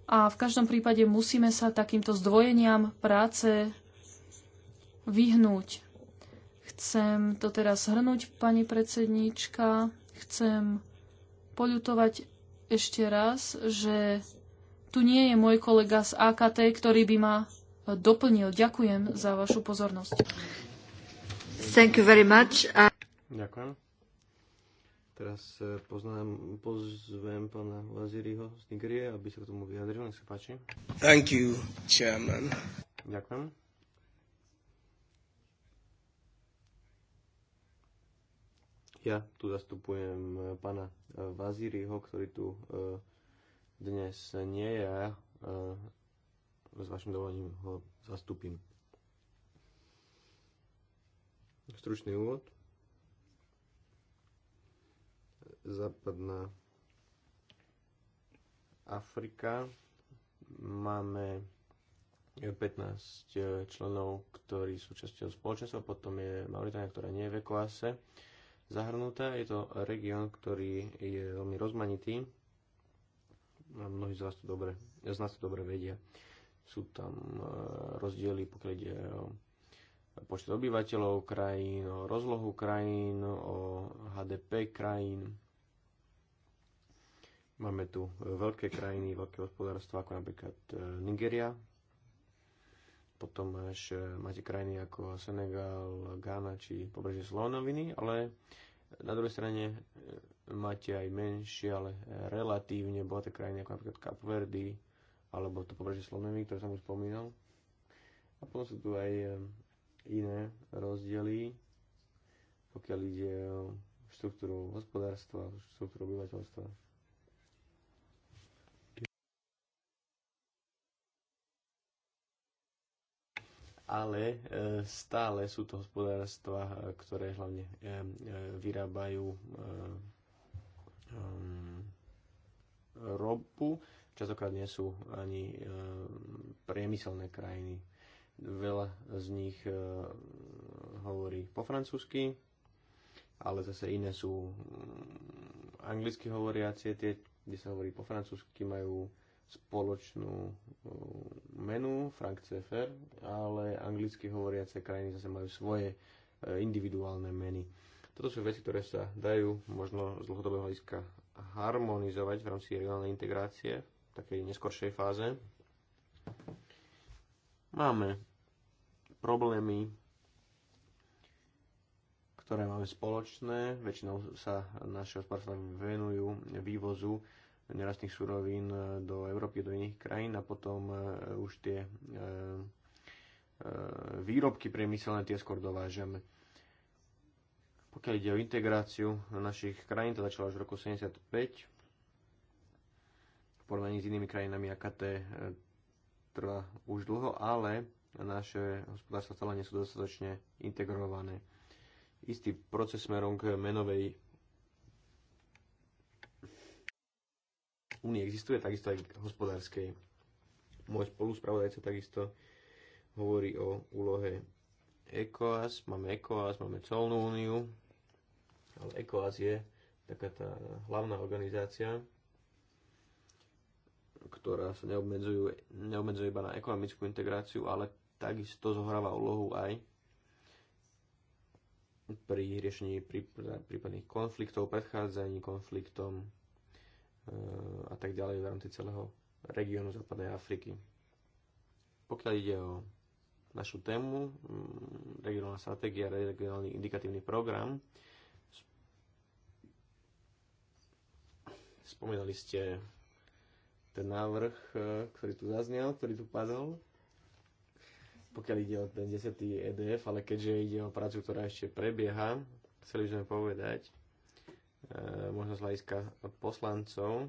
a v každom prípade musíme sa takýmto zdvojeniam práce vyhnúť. Chcem to teraz hrnúť, pani predsednička. Chcem poľutovať ešte raz, že tu nie je môj kolega z AKT, ktorý by ma doplnil. Ďakujem za vašu pozornosť. Thank you very much. Ďakujem. Teraz e, poznám, pozvem pana Vaziriho z Nigrie, aby sa k tomu vyjadril. Nech sa páči. Thank you, chairman. Ďakujem. Ja tu zastupujem e, pana Vaziriho, e, ktorý tu dnes nie je a ja s vašim dovolením ho zastupím. Stručný úvod. Západná Afrika. Máme 15 eh, členov, ktorí sú časťou spoločenstva, potom je Mauritania, ktorá nie je v ekoase zahrnutá. Je to región, ktorý je veľmi rozmanitý a mnohí z, vás to dobre, z nás to dobre vedia. Sú tam eh, rozdiely, pokiaľ ide o počet obyvateľov krajín, o rozlohu krajín, o HDP krajín, Máme tu e, veľké krajiny, veľké hospodárstva, ako napríklad e, Nigeria. Potom až e, máte krajiny ako Senegal, Ghana či pobrežie Slovanoviny, ale na druhej strane máte aj menšie, ale relatívne bohaté krajiny, ako napríklad Cap Verdi, alebo to pobrežie Slovanoviny, ktoré som už spomínal. A potom sú tu aj iné rozdiely, pokiaľ ide o štruktúru hospodárstva, štruktúru obyvateľstva. ale e, stále sú to hospodárstva, e, ktoré hlavne e, vyrábajú um, ropu, častokrát nie sú ani priemyselné krajiny. Veľa z nich hovorí po francúzsky, ale zase iné sú mm, anglicky hovoriacie, tie, kde sa hovorí po francúzsky, majú spoločnú menu, frank CFR, ale anglicky hovoriace krajiny zase majú svoje e, individuálne meny. Toto sú veci, ktoré sa dajú možno z dlhodobého hľadiska harmonizovať v rámci regionálnej integrácie v takej neskoršej fáze. Máme problémy, ktoré máme spoločné. Väčšinou sa naše hospodárstva venujú vývozu nerastných surovín e, do Európy, do iných krajín a potom e, už tie e, výrobky priemyselné tie skôr dovážame. Pokiaľ ide o integráciu našich krajín, to začalo až v roku 1975. v porovnaní s inými krajinami AKT trvá už dlho, ale naše hospodárstva stále nie sú dostatočne integrované. Istý proces smerom k menovej únie existuje, takisto aj hospodárskej. Môj spoluspravodajca takisto hovorí o úlohe ECOAS, máme ECOAS, máme colnú úniu, ale ECOAS je taká tá hlavná organizácia, ktorá sa neobmedzujú, neobmedzuje iba na ekonomickú integráciu, ale takisto zohráva úlohu aj pri riešení prípadných konfliktov, predchádzaní konfliktom, a tak ďalej v rámci celého regiónu západnej Afriky. Pokiaľ ide o našu tému, mm, regionálna stratégia, regionálny indikatívny program, spomínali ste ten návrh, e, ktorý tu zaznel, ktorý tu padol, pokiaľ ide o ten 10. EDF, ale keďže ide o prácu, ktorá ešte prebieha, chceli sme povedať, Eh, možno z hľadiska poslancov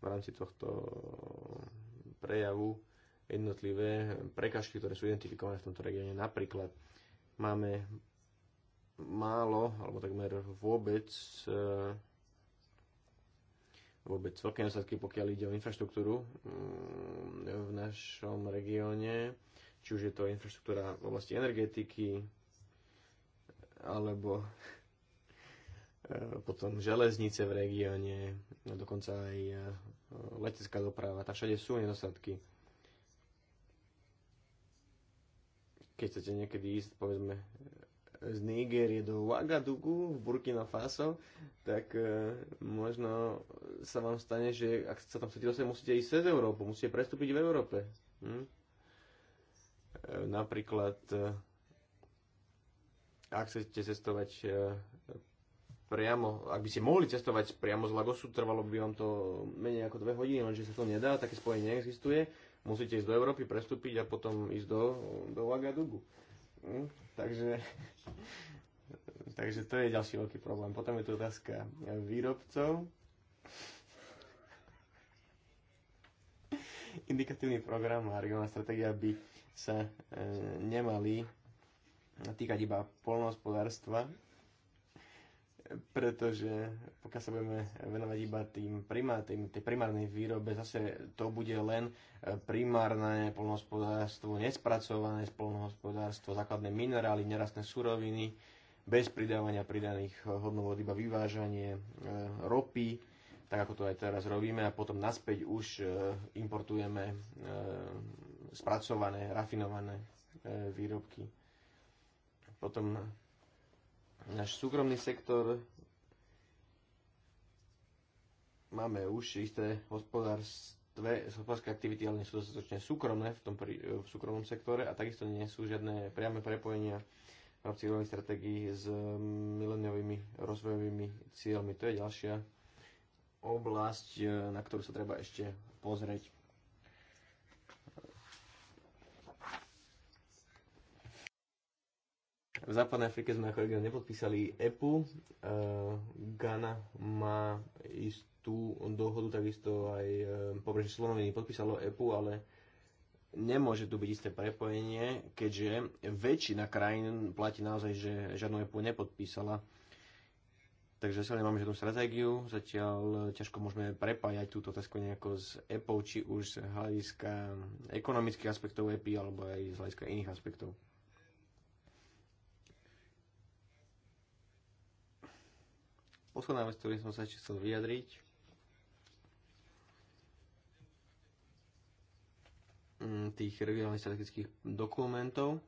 v rámci tohto prejavu jednotlivé prekažky, ktoré sú identifikované v tomto regióne. Napríklad máme málo, alebo takmer vôbec eh, vôbec veľké nedostatky, pokiaľ ide o infraštruktúru mm, v našom regióne, či už je to infraštruktúra v oblasti energetiky, alebo e, potom železnice v regióne, dokonca aj e, letecká doprava, tam všade sú nedostatky. Keď chcete niekedy ísť, povedzme, z Nigérie do Ouagadougou v Burkina Faso, tak e, možno sa vám stane, že ak sa tam chcete dostať, musíte ísť cez Európu, musíte prestúpiť v Európe. Hm? napríklad Ak chcete cestovať eh, priamo, ak by ste mohli cestovať priamo z Lagosu, trvalo by vám to menej ako dve hodiny, lenže sa to nedá, také spojenie neexistuje. Musíte ísť do Európy, prestúpiť a potom ísť do, do Lagadugu. Hm? Takže, [LAUGHS] takže to je ďalší veľký problém. Potom je tu otázka výrobcov. [LAUGHS] Indikatívny program a regionálna stratégia by sa e, nemali týkať iba polnohospodárstva, pretože pokiaľ sa budeme venovať iba tým primár, tým, tej primárnej výrobe, zase to bude len eh, primárne polnohospodárstvo, nespracované polnohospodárstvo, základné minerály, nerastné suroviny, bez pridávania pridaných eh, hodnovod, iba vyvážanie eh, ropy, tak ako to aj teraz robíme a potom naspäť už importujeme spracované, rafinované výrobky. Potom náš súkromný sektor. Máme už isté hospodárstve, hospodárske aktivity, ale nie sú dostatočne súkromné v, tom pri, v súkromnom sektore a takisto nie sú žiadne priame prepojenia v rámci cieľovej stratégii s mileniovými rozvojovými cieľmi. To je ďalšia oblasť, na ktorú sa treba ešte pozrieť. V západnej Afrike sme ako region nepodpísali EPU. E, Ghana má istú dohodu, takisto aj e, pobrežie Slonoviny podpísalo EPU, ale nemôže tu byť isté prepojenie, keďže väčšina krajín platí naozaj, že žiadnu EPU nepodpísala. Takže zase nemáme žiadnu stratégiu, zatiaľ e, ťažko môžeme prepájať túto otázku nejako s EPO, či už z hľadiska ekonomických aspektov EPI, alebo aj z hľadiska iných aspektov. Posledná vec, ktorým som sa ešte chcel vyjadriť, mm, tých regionálnych strategických dokumentov.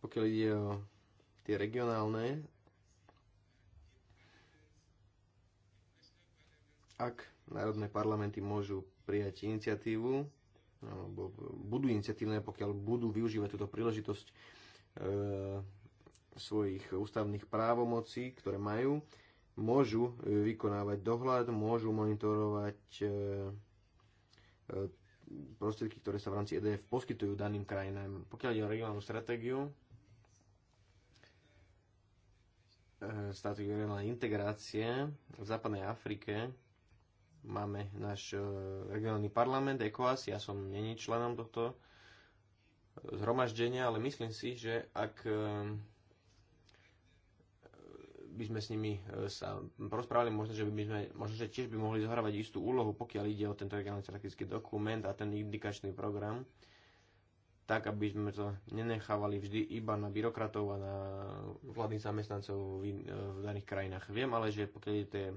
Pokiaľ ide o tie regionálne, ak národné parlamenty môžu prijať iniciatívu, alebo budú iniciatívne, pokiaľ budú využívať túto príležitosť e, svojich ústavných právomocí, ktoré majú, môžu e, vykonávať dohľad, môžu monitorovať e, e, prostriedky, ktoré sa v rámci EDF poskytujú daným krajinám. Pokiaľ ide o regionálnu stratégiu, stratégiu regionálnej integrácie v západnej Afrike, máme náš regionálny parlament ECOAS, ja som není členom tohto zhromaždenia, ale myslím si, že ak by sme s nimi e, sa rozprávali, možno, že by sme, možno, že tiež by mohli zohrávať istú úlohu, pokiaľ ide o tento regionálny strategický dokument a ten indikačný program, tak aby sme to nenechávali vždy iba na byrokratov a na vládnych zamestnancov v, in, e, v daných krajinách. Viem ale, že pokiaľ ide tie e,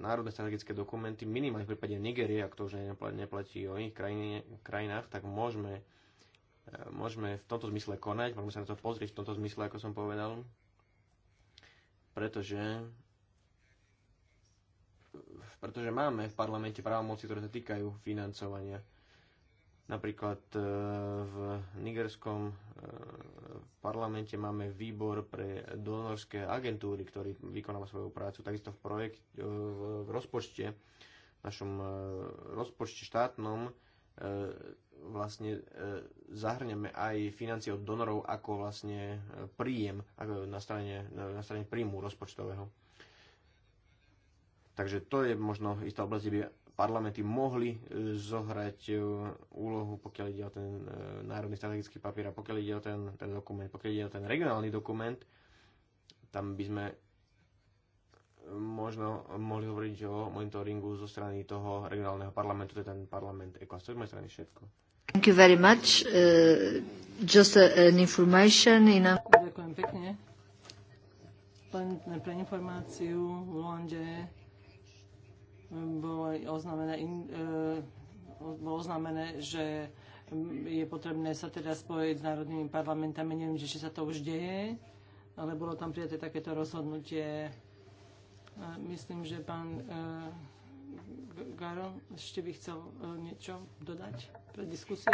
národné strategické dokumenty, minimálne v prípade Nigerie, ak to už neplatí o iných krajinách, tak môžeme, môžeme v tomto zmysle konať, môžeme sa na to pozrieť v tomto zmysle, ako som povedal pretože pretože máme v parlamente právomoci, ktoré sa týkajú financovania. Napríklad e, v nigerskom e, parlamente máme výbor pre donorské agentúry, ktorý vykonáva svoju prácu. Takisto v, projekt, e, v rozpočte, v našom rozpočte štátnom, E, vlastne e, zahrňame aj financie od donorov ako vlastne e, príjem ako na, strane, na strane príjmu rozpočtového. Takže to je možno istá oblasť, kde by parlamenty mohli zohrať úlohu, pokiaľ ide o ten národný strategický papier a pokiaľ ide o ten, ten dokument, pokiaľ ide o ten regionálny dokument, tam by sme možno mohli hovoriť o monitoringu zo strany toho regionálneho parlamentu, to je ten parlament ECOAS. To je z mojej strany všetko. Thank you very much. Uh, just a, an information in a... Ďakujem pekne. Len pre informáciu v Lande bolo oznamené, in, uh, bolo oznamené, že je potrebné sa teda spojiť s národnými parlamentami. Neviem, či sa to už deje, ale bolo tam prijaté takéto rozhodnutie myslím, že pán e, Garo ešte by chcel e, niečo dodať pre diskusiu.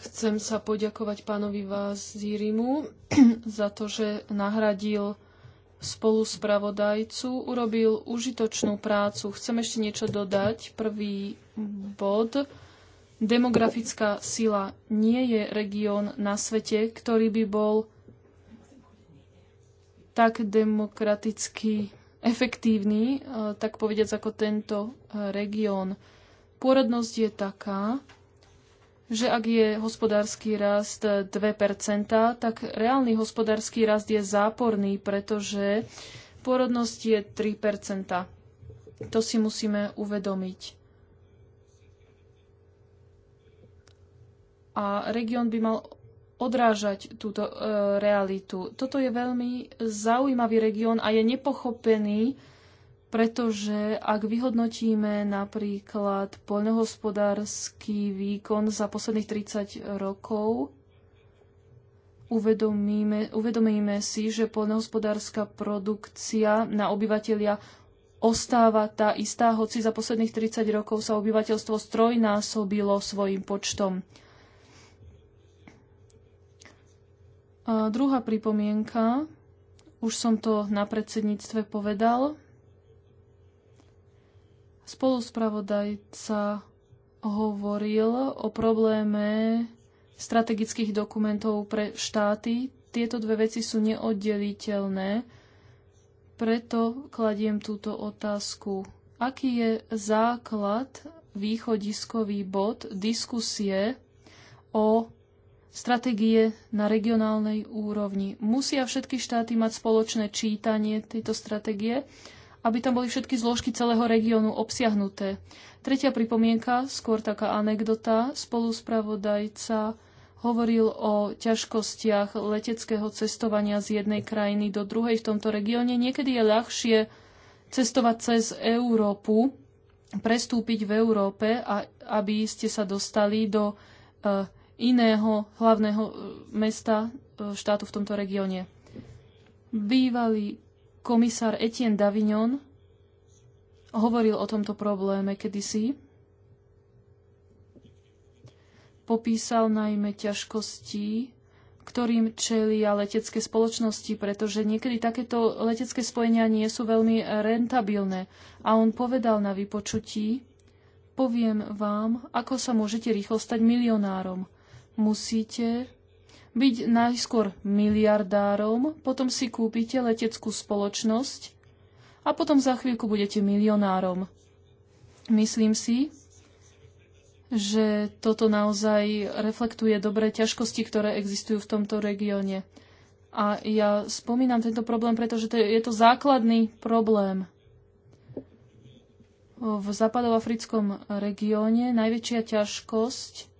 Chcem sa poďakovať pánovi Vazirimu [CLEARS THROAT] za to, že nahradil spoluspravodajcu, urobil užitočnú prácu. Chcem ešte niečo dodať. Prvý bod. Demografická sila nie je región na svete, ktorý by bol tak demokraticky efektívny, e, tak povediac, ako tento e, región. Pôrodnosť je taká, že ak je hospodársky rast 2%, tak reálny hospodársky rast je záporný, pretože pôrodnosť je 3%. To si musíme uvedomiť. A región by mal odrážať túto e, realitu. Toto je veľmi zaujímavý región a je nepochopený, pretože ak vyhodnotíme napríklad poľnohospodársky výkon za posledných 30 rokov, uvedomíme, uvedomíme si, že poľnohospodárska produkcia na obyvateľia ostáva tá istá, hoci za posledných 30 rokov sa obyvateľstvo strojnásobilo svojim počtom. A druhá pripomienka, už som to na predsedníctve povedal. Spoluspravodajca hovoril o probléme strategických dokumentov pre štáty. Tieto dve veci sú neoddeliteľné, preto kladiem túto otázku. Aký je základ, východiskový bod diskusie o stratégie na regionálnej úrovni. Musia všetky štáty mať spoločné čítanie tejto stratégie, aby tam boli všetky zložky celého regiónu obsiahnuté. Tretia pripomienka, skôr taká anekdota, spoluspravodajca hovoril o ťažkostiach leteckého cestovania z jednej krajiny do druhej v tomto regióne. Niekedy je ľahšie cestovať cez Európu, prestúpiť v Európe, a aby ste sa dostali do uh, iného hlavného e, mesta e, štátu v tomto regióne. Bývalý komisár Etienne Davignon hovoril o tomto probléme kedysi. Popísal najmä ťažkosti, ktorým čelia letecké spoločnosti, pretože niekedy takéto letecké spojenia nie sú veľmi rentabilné. A on povedal na vypočutí, poviem vám, ako sa môžete rýchlo stať milionárom musíte byť najskôr miliardárom, potom si kúpite leteckú spoločnosť a potom za chvíľku budete milionárom. Myslím si, že toto naozaj reflektuje dobré ťažkosti, ktoré existujú v tomto regióne. A ja spomínam tento problém, pretože to je, je to základný problém. V západoafrickom regióne najväčšia ťažkosť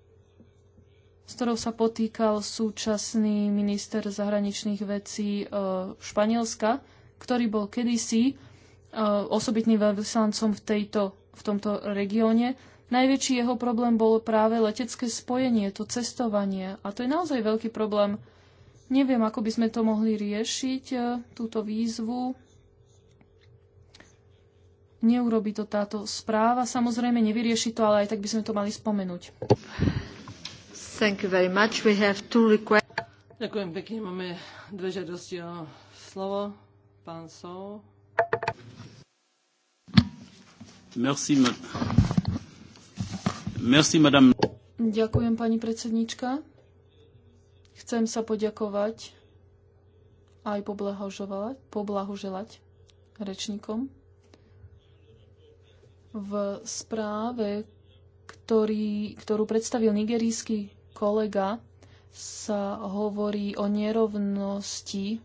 s ktorou sa potýkal súčasný minister zahraničných vecí e, Španielska, ktorý bol kedysi e, osobitným veľvyslancom v, tejto, v tomto regióne. Najväčší jeho problém bolo práve letecké spojenie, to cestovanie. A to je naozaj veľký problém. Neviem, ako by sme to mohli riešiť, e, túto výzvu. Neurobi to táto správa. Samozrejme, nevyrieši to, ale aj tak by sme to mali spomenúť. Ďakujem pekne. Máme dve žiadosti o slovo. Pán Sov. Merci, Merci, madame. Ďakujem, pani predsednička. Chcem sa poďakovať aj poblahoželať, poblahoželať rečníkom. V správe, ktorý, ktorú predstavil nigerijský kolega sa hovorí o nerovnosti.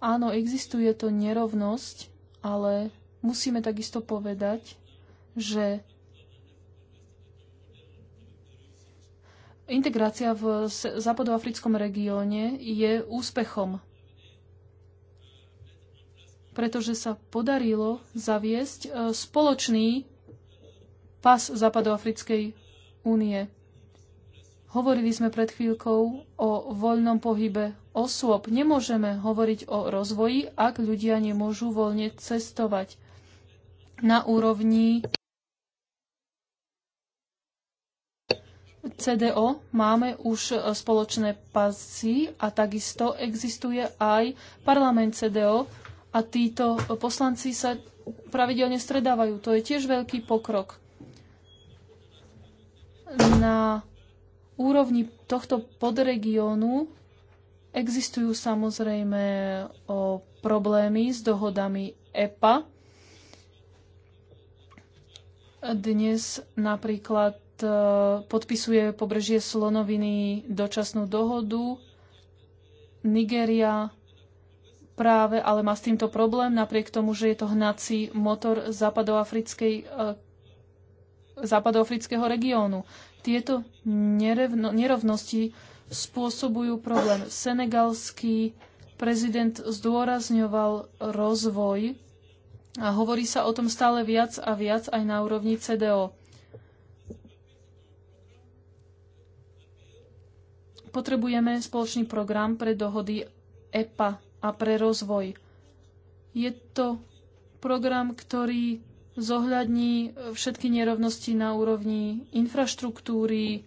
Áno, existuje to nerovnosť, ale musíme takisto povedať, že integrácia v západoafrickom regióne je úspechom, pretože sa podarilo zaviesť e, spoločný pas Západoafrickej únie. Hovorili sme pred chvíľkou o voľnom pohybe osôb. Nemôžeme hovoriť o rozvoji, ak ľudia nemôžu voľne cestovať. Na úrovni CDO máme už spoločné pasy a takisto existuje aj parlament CDO a títo poslanci sa pravidelne stredávajú. To je tiež veľký pokrok. Na úrovni tohto podregiónu existujú samozrejme o problémy s dohodami EPA. Dnes napríklad e, podpisuje pobrežie Slonoviny dočasnú dohodu. Nigeria, práve ale má s týmto problém, napriek tomu, že je to hnací motor e, západoafrického regiónu. Tieto nerevno, nerovnosti spôsobujú problém. Senegalský prezident zdôrazňoval rozvoj a hovorí sa o tom stále viac a viac aj na úrovni CDO. Potrebujeme spoločný program pre dohody EPA a pre rozvoj. Je to program, ktorý zohľadní všetky nerovnosti na úrovni infraštruktúry,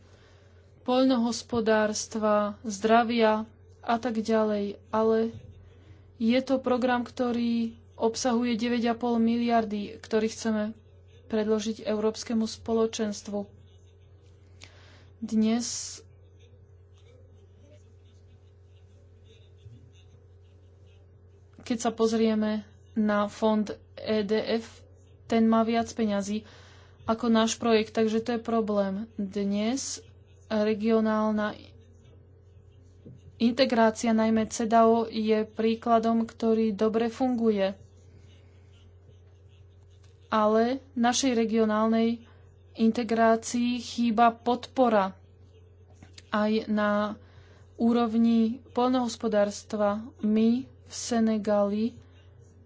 poľnohospodárstva, zdravia a tak ďalej. Ale je to program, ktorý obsahuje 9,5 miliardy, ktorý chceme predložiť Európskemu spoločenstvu. Dnes keď sa pozrieme na fond EDF, ten má viac peňazí ako náš projekt, takže to je problém. Dnes regionálna integrácia, najmä CEDAO, je príkladom, ktorý dobre funguje. Ale našej regionálnej integrácii chýba podpora aj na úrovni poľnohospodárstva. My v Senegali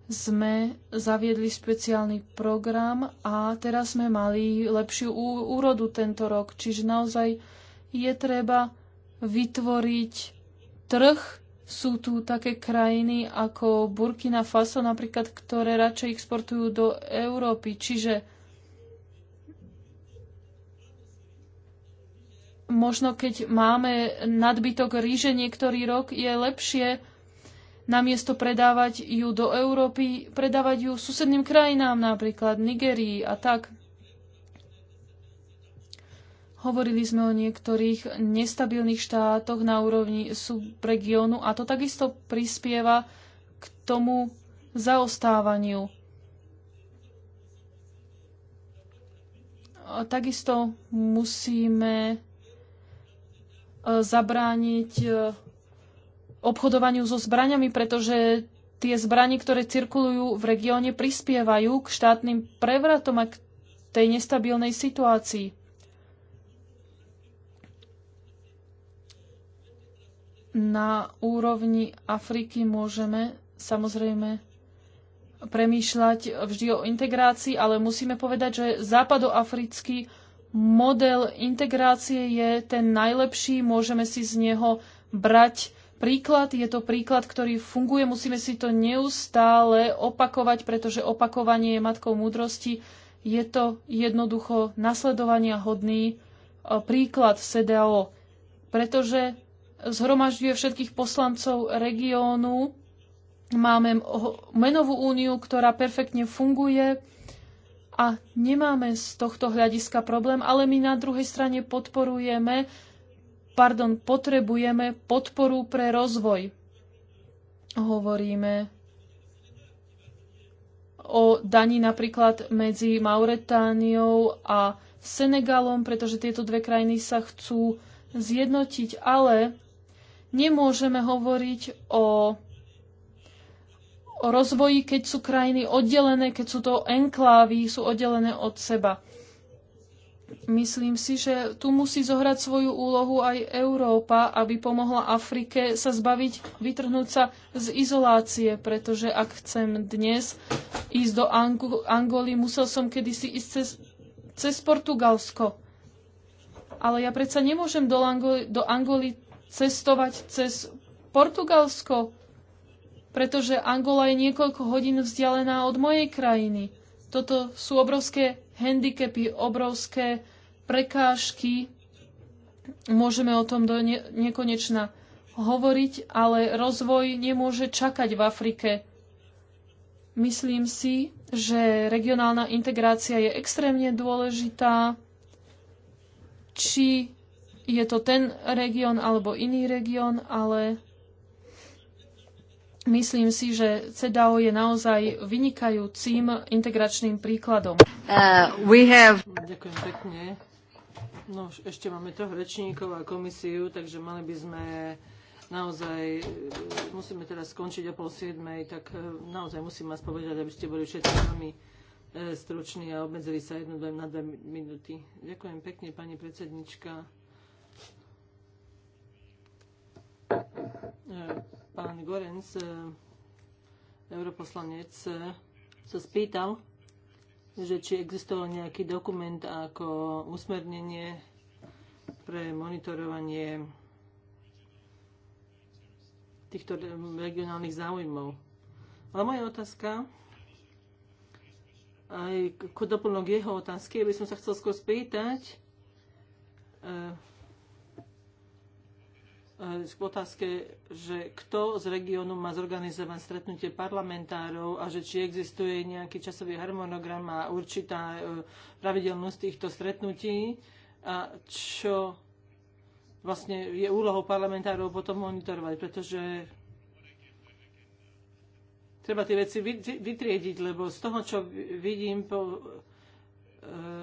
sme zaviedli špeciálny program a teraz sme mali lepšiu úrodu tento rok. Čiže naozaj je treba vytvoriť trh. Sú tu také krajiny ako Burkina Faso napríklad, ktoré radšej exportujú do Európy. Čiže možno keď máme nadbytok rýže niektorý rok, je lepšie namiesto predávať ju do Európy, predávať ju susedným krajinám, napríklad Nigerii a tak. Hovorili sme o niektorých nestabilných štátoch na úrovni subregiónu a to takisto prispieva k tomu zaostávaniu. A takisto musíme e, zabrániť e, obchodovaniu so zbraňami, pretože tie zbranie, ktoré cirkulujú v regióne, prispievajú k štátnym prevratom a k tej nestabilnej situácii. Na úrovni Afriky môžeme samozrejme premýšľať vždy o integrácii, ale musíme povedať, že západoafrický model integrácie je ten najlepší, môžeme si z neho brať príklad, je to príklad, ktorý funguje, musíme si to neustále opakovať, pretože opakovanie je matkou múdrosti. Je to jednoducho nasledovania hodný e, príklad CDAO, pretože zhromažďuje všetkých poslancov regiónu. Máme menovú úniu, ktorá perfektne funguje a nemáme z tohto hľadiska problém, ale my na druhej strane podporujeme pardon, potrebujeme podporu pre rozvoj. Hovoríme o daní napríklad medzi Mauretániou a Senegalom, pretože tieto dve krajiny sa chcú zjednotiť, ale nemôžeme hovoriť o, o rozvoji, keď sú krajiny oddelené, keď sú to enklávy, sú oddelené od seba. Myslím si, že tu musí zohrať svoju úlohu aj Európa, aby pomohla Afrike sa zbaviť, vytrhnúť sa z izolácie, pretože ak chcem dnes ísť do Ang- Angoly, musel som kedysi ísť cez, cez Portugalsko. Ale ja predsa nemôžem do, Angoly, do Angoly cestovať cez Portugalsko, pretože Angola je niekoľko hodín vzdialená od mojej krajiny. Toto sú obrovské handicapy, obrovské prekážky. Môžeme o tom do ne- nekonečna hovoriť, ale rozvoj nemôže čakať v Afrike. Myslím si, že regionálna integrácia je extrémne dôležitá. Či je to ten región alebo iný región, ale Myslím si, že CEDAO je naozaj vynikajúcim integračným príkladom. Uh, we have... Ďakujem pekne. No, ešte máme toho rečníkov a komisiu, takže mali by sme naozaj, eh, musíme teraz skončiť o pol siedmej, tak eh, naozaj musím vás povedať, aby ste boli všetci veľmi eh, struční a obmedzili sa jednu dve, na dve minúty. Ďakujem pekne, pani predsednička pán Gorenc, eh, europoslanec, eh, sa spýtal, že či existoval nejaký dokument ako usmernenie pre monitorovanie týchto regionálnych záujmov. Ale moja otázka, aj ako doplnok jeho otázky, by som sa chcel skôr spýtať, eh, Eh, k otázke, že kto z regiónu má zorganizovať stretnutie parlamentárov a že či existuje nejaký časový harmonogram a určitá eh, pravidelnosť týchto stretnutí a čo vlastne je úlohou parlamentárov potom monitorovať, pretože treba tie veci vytriediť, lebo z toho, čo vidím po, eh,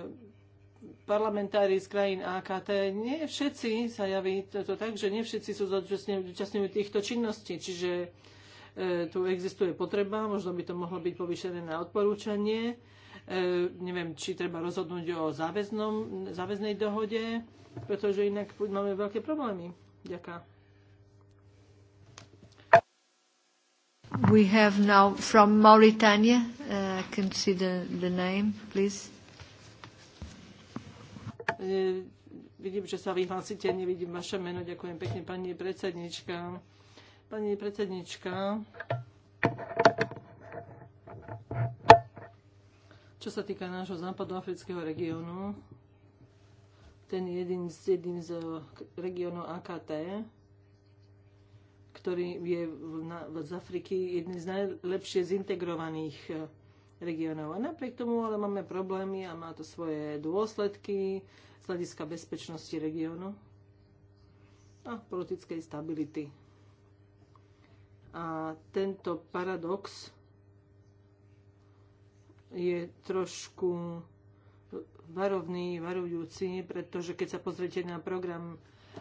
parlamentári z krajín AKT, nie všetci sa javí to tak, že nie všetci sú zúčastňujú týchto činností, čiže e, tu existuje potreba, možno by to mohlo byť povýšené na odporúčanie. E, neviem, či treba rozhodnúť o záväznom, záväznej dohode, pretože inak máme veľké problémy. Ďaká. We have now from Mauritania, uh, can see the, the name, please. E, vidím, že sa vyhlásite, nevidím vaše meno. Ďakujem pekne, pani predsednička. Pani predsednička, čo sa týka nášho západu afrického regiónu, ten jeden z, jedným z regiónov AKT, ktorý je v, na, z Afriky jedný z najlepšie zintegrovaných regionov. A napriek tomu ale máme problémy a má to svoje dôsledky z hľadiska bezpečnosti regionu a politickej stability. A tento paradox je trošku varovný, varujúci, pretože keď sa pozriete na program,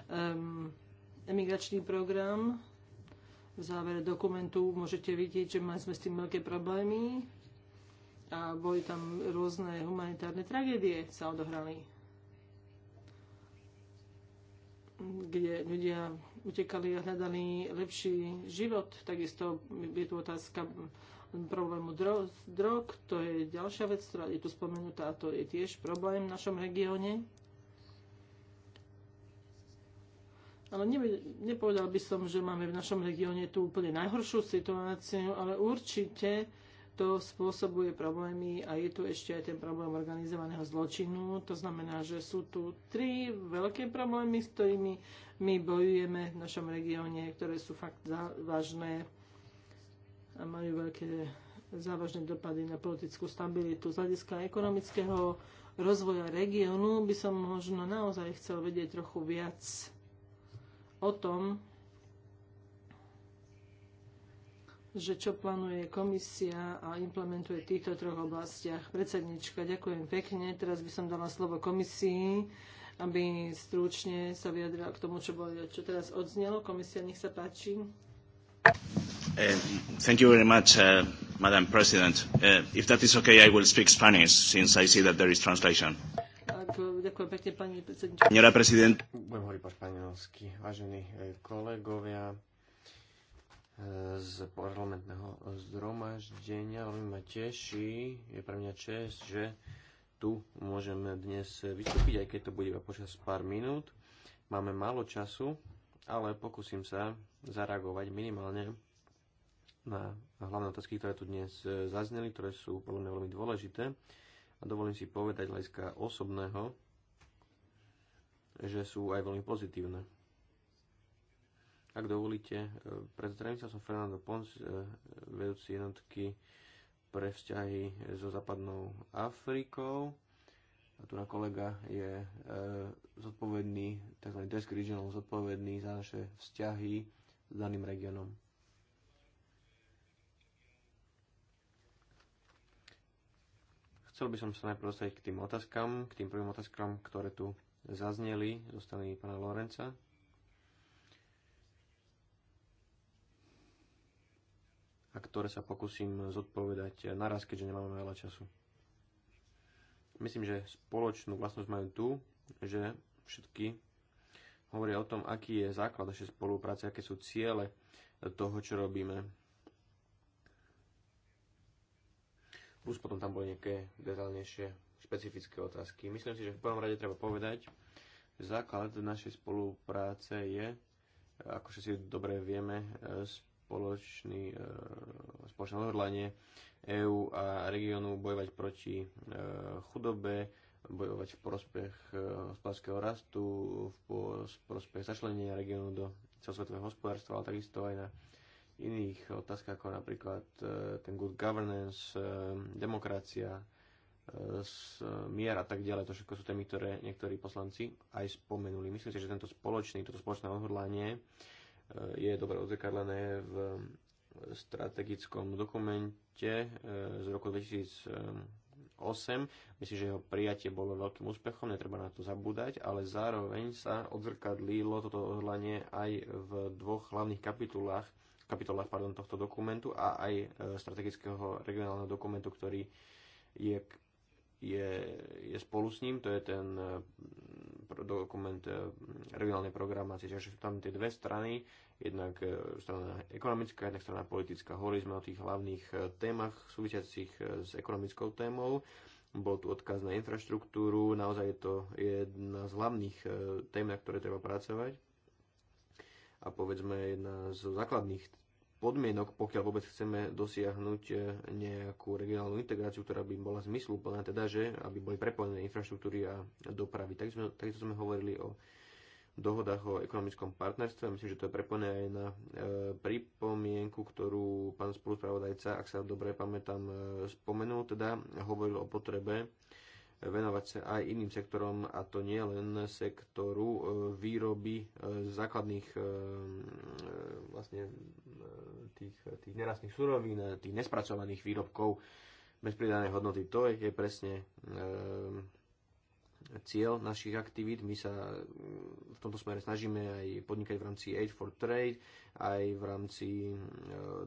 um, emigračný program, v závere dokumentu môžete vidieť, že mali sme s tým veľké problémy a boli tam rôzne humanitárne tragédie sa odohrali, kde ľudia utekali a hľadali lepší život. Takisto je tu otázka problému drog, to je ďalšia vec, ktorá je tu spomenutá a to je tiež problém v našom regióne. Ale nepovedal by som, že máme v našom regióne tú úplne najhoršiu situáciu, ale určite to spôsobuje problémy a je tu ešte aj ten problém organizovaného zločinu. To znamená, že sú tu tri veľké problémy, s ktorými my bojujeme v našom regióne, ktoré sú fakt závažné a majú veľké závažné dopady na politickú stabilitu. Z hľadiska ekonomického rozvoja regiónu by som možno naozaj chcel vedieť trochu viac o tom, že čo plánuje komisia a implementuje v týchto troch oblastiach. Predsednička, ďakujem pekne. Teraz by som dala slovo komisii, aby stručne sa vyjadrila k tomu, čo, bolo, čo teraz odznelo. Komisia, nech sa páči. Uh, thank you very much, uh, Madam President. Uh, if that is okay, I will speak Spanish, since I see that there is translation. Ďakujem pekne, pani predsednička. Budem hovoriť po španielsky. Vážení kolegovia, z parlamentného zhromaždenia. Veľmi ma teší, je pre mňa čest, že tu môžeme dnes vystúpiť, aj keď to bude iba počas pár minút. Máme málo času, ale pokúsim sa zareagovať minimálne na hlavné otázky, ktoré tu dnes zazneli, ktoré sú podľa mňa veľmi dôležité. A dovolím si povedať hľadiska osobného, že sú aj veľmi pozitívne. Ak dovolíte, e, predstavím sa som Fernando Pons, e, vedúci jednotky pre vzťahy so západnou Afrikou. A tu na kolega je e, zodpovedný, tzv. desk regional, zodpovedný za naše vzťahy s daným regionom. Chcel by som sa najprv dostať k tým otázkam, k tým prvým otázkam, ktoré tu zazneli zo strany pána Lorenca. ktoré sa pokúsim zodpovedať naraz, keďže nemáme veľa času. Myslím, že spoločnú vlastnosť majú tu, že všetky hovoria o tom, aký je základ našej spolupráce, aké sú ciele toho, čo robíme. Plus potom tam boli nejaké detaľnejšie špecifické otázky. Myslím si, že v prvom rade treba povedať, že základ našej spolupráce je, ako si dobre vieme, spoločný, e, spoločné odhodlanie EÚ a regiónu bojovať proti e, chudobe, bojovať v prospech e, hospodárskeho rastu, v prospech začlenenia regiónu do celosvetového hospodárstva, ale takisto aj na iných otázkach, ako napríklad ten good governance, demokracia, mier a tak ďalej. To všetko sú témy, ktoré niektorí poslanci aj spomenuli. Myslím si, že tento spoločný, toto spoločné odhodlanie je dobre odzrkadlené v strategickom dokumente e, z roku 2008. Myslím, že jeho prijatie bolo veľkým úspechom, netreba na to zabúdať, ale zároveň sa odzrkadlilo toto odhodlanie aj v dvoch hlavných kapitulách kapitolách pardon, tohto dokumentu a aj e, strategického regionálneho dokumentu, ktorý je, je, je spolu s ním, to je ten e, dokument e, regionálnej programácie, čiže sú tam tie dve strany, jednak e, strana ekonomická, jednak strana politická. Hovorili sme o tých hlavných e, témach súvisiacich s ekonomickou témou. Bol tu odkaz na infraštruktúru, naozaj je to jedna z hlavných tém, na ktoré treba pracovať. A povedzme jedna z základných podmienok, pokiaľ vôbec chceme dosiahnuť e, nejakú regionálnu integráciu, ktorá by bola zmysluplná, teda, že aby boli prepojené infraštruktúry a dopravy. Tak sme, takisto sme hovorili o dohodách o ekonomickom partnerstve. Myslím, že to je prepojené aj na e, pripomienku, ktorú pán spolupravodajca, ak sa dobre pamätám, e, spomenul, teda hovoril o potrebe venovať sa aj iným sektorom a to nie len sektoru e, výroby e, základných e, vlastne tých, tých nerastných surovín, tých nespracovaných výrobkov bez pridanej hodnoty. To je, presne cieľ našich aktivít. My sa mm, v tomto smere snažíme aj podnikať v rámci Aid for Trade, aj v rámci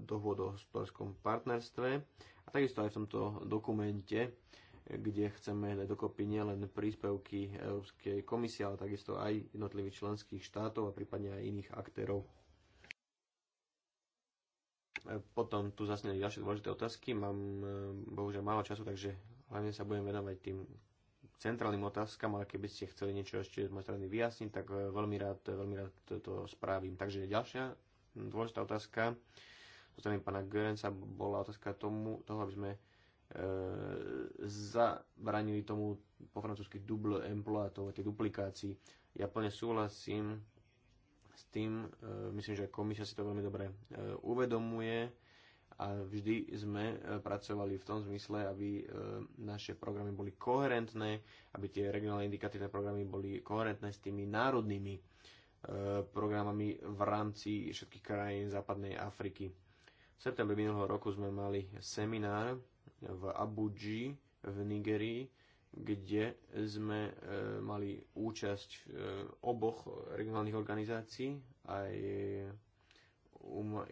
dohôd o hospodárskom partnerstve a takisto aj v tomto dokumente kde chceme dať dokopy nielen príspevky Európskej komisie, ale takisto aj jednotlivých členských štátov a prípadne aj iných aktérov. Potom tu zasneli ďalšie dôležité otázky. Mám eh, bohužiaľ málo času, takže hlavne sa budem venovať tým centrálnym otázkam, ale keby ste chceli niečo ešte z mojej strany vyjasniť, tak eh, veľmi rád, veľmi rád to spravím. Takže ďalšia dôležitá otázka zo strany pána Görensa bola otázka tomu, toho, aby sme E, zabranili tomu po francúzsky double emploi, to, tej duplikácii. Ja plne súhlasím s tým, e, myslím, že komisia si to veľmi dobre e, uvedomuje a vždy sme pracovali v tom zmysle, aby naše programy boli koherentné, aby tie regionálne indikatívne programy boli koherentné s tými národnými programami v rámci všetkých krajín západnej Afriky. V septembri minulého roku sme mali seminár, v Abuji v Nigerii, kde sme e, mali účasť e, oboch regionálnych organizácií, aj um,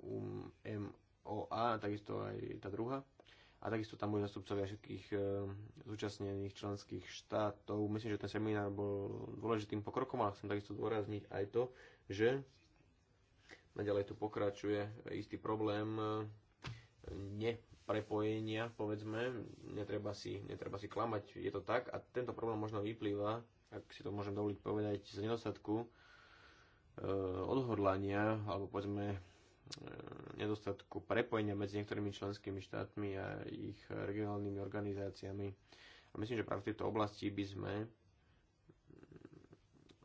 um, takisto aj tá druhá. A takisto tam boli zastupcovia všetkých e, zúčastnených členských štátov. Myslím, že ten seminár bol dôležitým pokrokom, ale chcem takisto dôrazniť aj to, že naďalej tu pokračuje istý problém e, ne prepojenia, povedzme, netreba si, netreba si klamať, je to tak a tento problém možno vyplýva, ak si to môžem dovoliť povedať, z nedostatku e, odhodlania alebo povedzme e, nedostatku prepojenia medzi niektorými členskými štátmi a ich regionálnymi organizáciami. A myslím, že práve v tejto oblasti by sme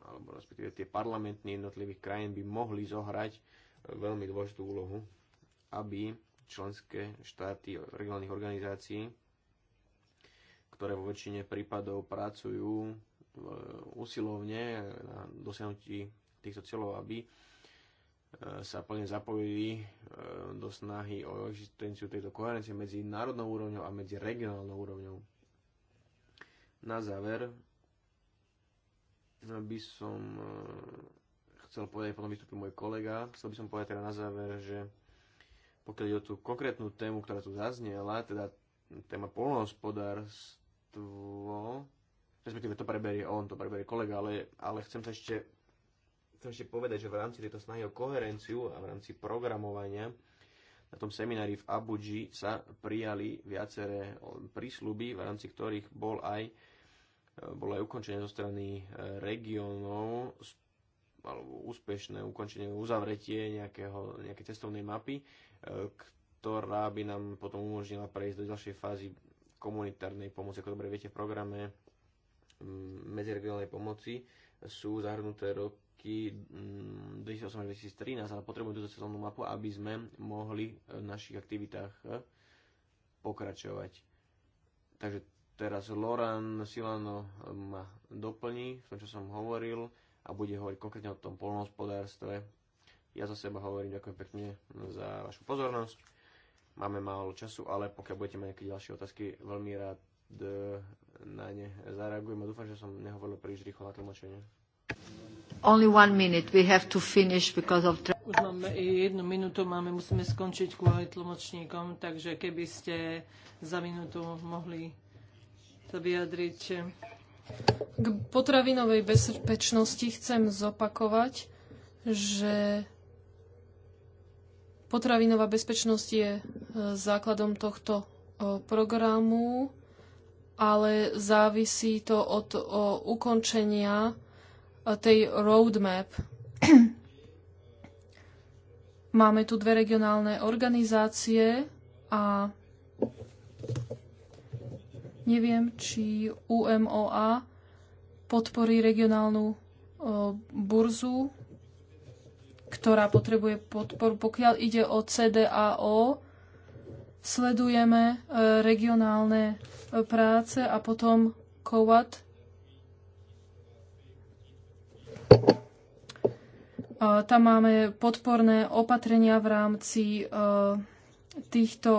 alebo respektíve tie parlamentní jednotlivých krajín by mohli zohrať e, veľmi dôležitú úlohu, aby členské štáty regionálnych organizácií, ktoré vo väčšine prípadov pracujú e, usilovne na dosiahnutí týchto cieľov, aby e, sa plne zapojili e, do snahy o existenciu tejto koherencie medzi národnou úrovňou a medzi regionálnou úrovňou. Na záver by som chcel povedať, potom vystúpi môj kolega, chcel by som povedať teda na záver, že pokiaľ ide o tú konkrétnu tému, ktorá tu zaznela, teda téma polnohospodárstvo, respektíve to preberie on, to preberie kolega, ale, ale chcem sa ešte chcem ešte povedať, že v rámci tejto snahy o koherenciu a v rámci programovania na tom seminári v Abuji sa prijali viaceré prísľuby, v rámci ktorých bol aj, bolo aj ukončenie zo strany e, regionov, alebo úspešné ukončenie, uzavretie nejakého, nejakej cestovnej mapy, ktorá by nám potom umožnila prejsť do ďalšej fázy komunitárnej pomoci. Ako dobre viete, v programe mm, medziregionálnej pomoci sú zahrnuté roky 2008 mm, až 2013, ale potrebujeme túto cestovnú mapu, aby sme mohli v našich aktivitách pokračovať. Takže teraz Loran Silano ma doplní v tom, čo som hovoril a bude hovoriť konkrétne o tom polnohospodárstve ja za seba hovorím ďakujem pekne za vašu pozornosť. Máme málo času, ale pokiaľ budete mať nejaké ďalšie otázky, veľmi rád eh, na ne zareagujem a dúfam, že som nehovoril príliš rýchlo na tlmočenie. Only one minute. We have to finish because of Už máme jednu minútu, máme, musíme skončiť kvôli tlmočníkom, takže keby ste za minútu mohli to vyjadriť. K potravinovej bezpečnosti chcem zopakovať, že Potravinová bezpečnosť je e, základom tohto e, programu, ale závisí to od e, ukončenia tej roadmap. [CLEARS THROAT] Máme tu dve regionálne organizácie a neviem, či UMOA podporí regionálnu burzu ktorá potrebuje podporu. Pokiaľ ide o CDAO, sledujeme e, regionálne e, práce a potom COVAT. E, tam máme podporné opatrenia v rámci týchto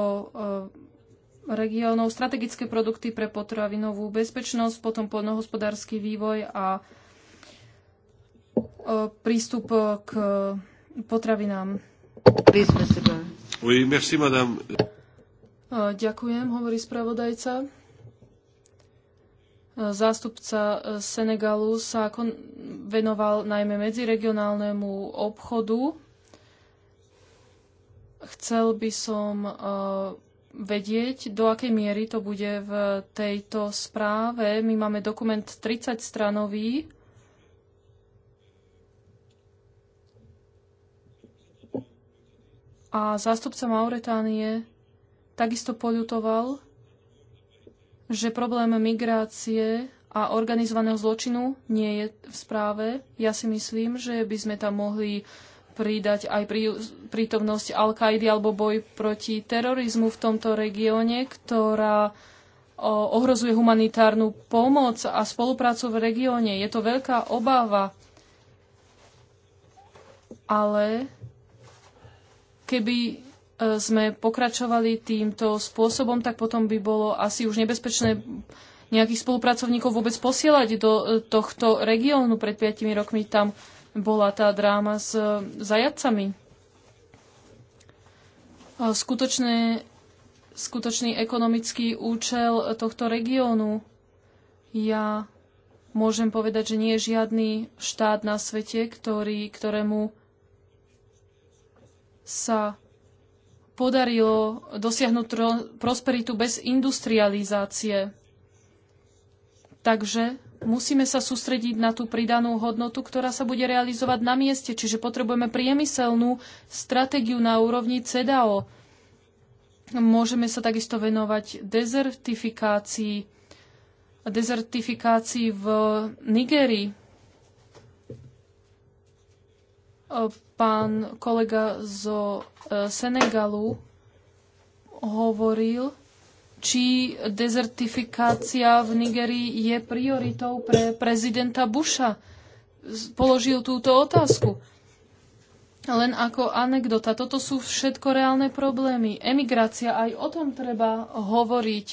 regiónov, strategické produkty pre potravinovú bezpečnosť, potom poľnohospodársky vývoj a prístup k potravinám. Oui, merci, madame. Ďakujem, hovorí spravodajca. Zástupca e, Senegalu sa venoval najmä medziregionálnemu obchodu. Chcel by som e, vedieť, do akej miery to bude v tejto správe. My máme dokument 30 stranový, a zástupca Mauretánie takisto poľutoval, že problém migrácie a organizovaného zločinu nie je v správe. Ja si myslím, že by sme tam mohli pridať aj prítomnosť Al-Kaidy alebo boj proti terorizmu v tomto regióne, ktorá ohrozuje humanitárnu pomoc a spoluprácu v regióne. Je to veľká obava, ale Keby e, sme pokračovali týmto spôsobom, tak potom by bolo asi už nebezpečné nejakých spolupracovníkov vôbec posielať do e, tohto regiónu. Pred 5 rokmi tam bola tá dráma s e, zajacami. Skutočné, skutočný ekonomický účel tohto regiónu ja môžem povedať, že nie je žiadny štát na svete, ktorý, ktorému sa podarilo dosiahnuť prosperitu bez industrializácie. Takže musíme sa sústrediť na tú pridanú hodnotu, ktorá sa bude realizovať na mieste. Čiže potrebujeme priemyselnú stratégiu na úrovni CEDAO. Môžeme sa takisto venovať dezertifikácii, dezertifikácii v Nigerii Pán kolega zo e, Senegalu hovoril, či dezertifikácia v Nigerii je prioritou pre prezidenta Busha. Položil túto otázku. Len ako anekdota, toto sú všetko reálne problémy. Emigrácia, aj o tom treba hovoriť.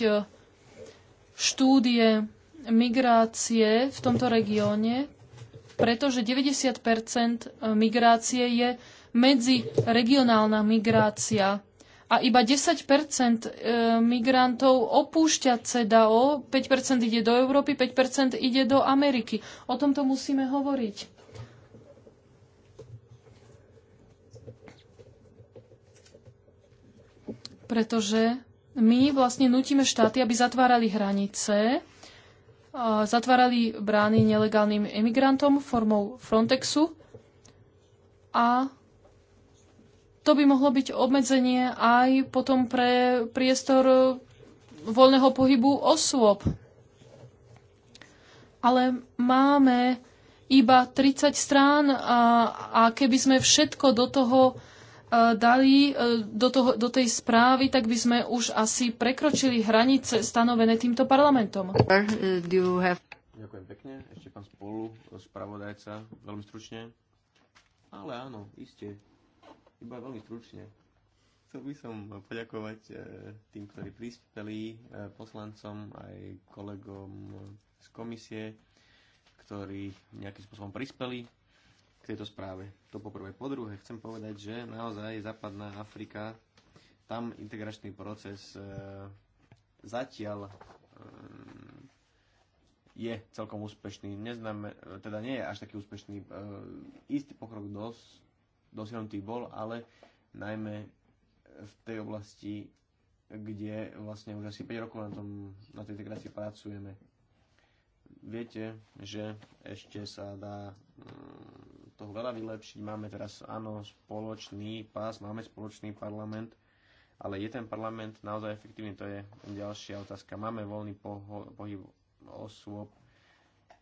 Štúdie migrácie v tomto regióne pretože 90 e, migrácie je medziregionálna migrácia. A iba 10 e, migrantov opúšťa CDAO, 5 ide do Európy, 5 ide do Ameriky. O tomto musíme hovoriť. Pretože my vlastne nutíme štáty, aby zatvárali hranice zatvárali brány nelegálnym emigrantom formou Frontexu a to by mohlo byť obmedzenie aj potom pre priestor voľného pohybu osôb. Ale máme iba 30 strán a, a keby sme všetko do toho Eh, dali eh, do, toho, do tej správy, tak by sme už asi prekročili hranice stanovené týmto parlamentom. Ďakujem pekne. Ešte pán spolu, eh, spravodajca, veľmi stručne. Ale áno, iste. Iba veľmi stručne. Chcel by som poďakovať tým, ktorí prispeli, poslancom aj kolegom z komisie, ktorí nejakým spôsobom prispeli tejto správe. To poprvé. Po druhé, chcem povedať, že naozaj západná Afrika, tam integračný proces e, zatiaľ e, je celkom úspešný. Neznam, e, teda nie je až taký úspešný. E, istý pokrok dos, dosiahnutý bol, ale najmä v tej oblasti, kde vlastne už asi 5 rokov na, tom, na tej integrácii pracujeme. Viete, že ešte sa dá mm, toho veľa vylepšiť. Máme teraz, áno, spoločný pás, máme spoločný parlament, ale je ten parlament naozaj efektívny? To je ďalšia otázka. Máme voľný poho- pohyb osôb,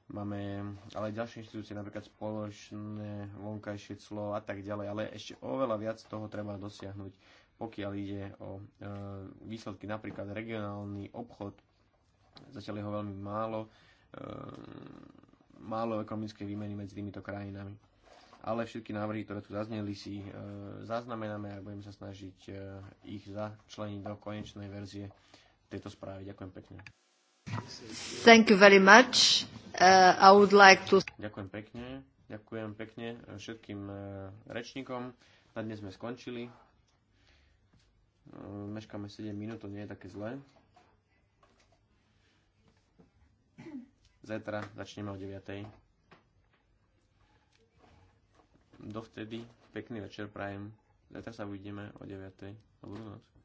máme ale ďalšie inštitúcie, napríklad spoločné vonkajšie clo a tak ďalej, ale ešte oveľa viac toho treba dosiahnuť, pokiaľ ide o e, výsledky, napríklad regionálny obchod, zatiaľ je ho veľmi málo, e, málo ekonomické výmeny medzi týmito krajinami ale všetky návrhy, ktoré tu zazneli, si e, zaznamenáme a budeme sa snažiť e, ich začleniť do konečnej verzie tejto správy. Ďakujem pekne. Thank you very much. Uh, I would like to... Ďakujem pekne. Ďakujem pekne všetkým e, rečníkom. Na dnes sme skončili. E, meškáme 7 minút, to nie je také zlé. Zajtra začneme o 9 dovtedy pekný večer prajem. Zajtra sa uvidíme o 9. Dobrú noc.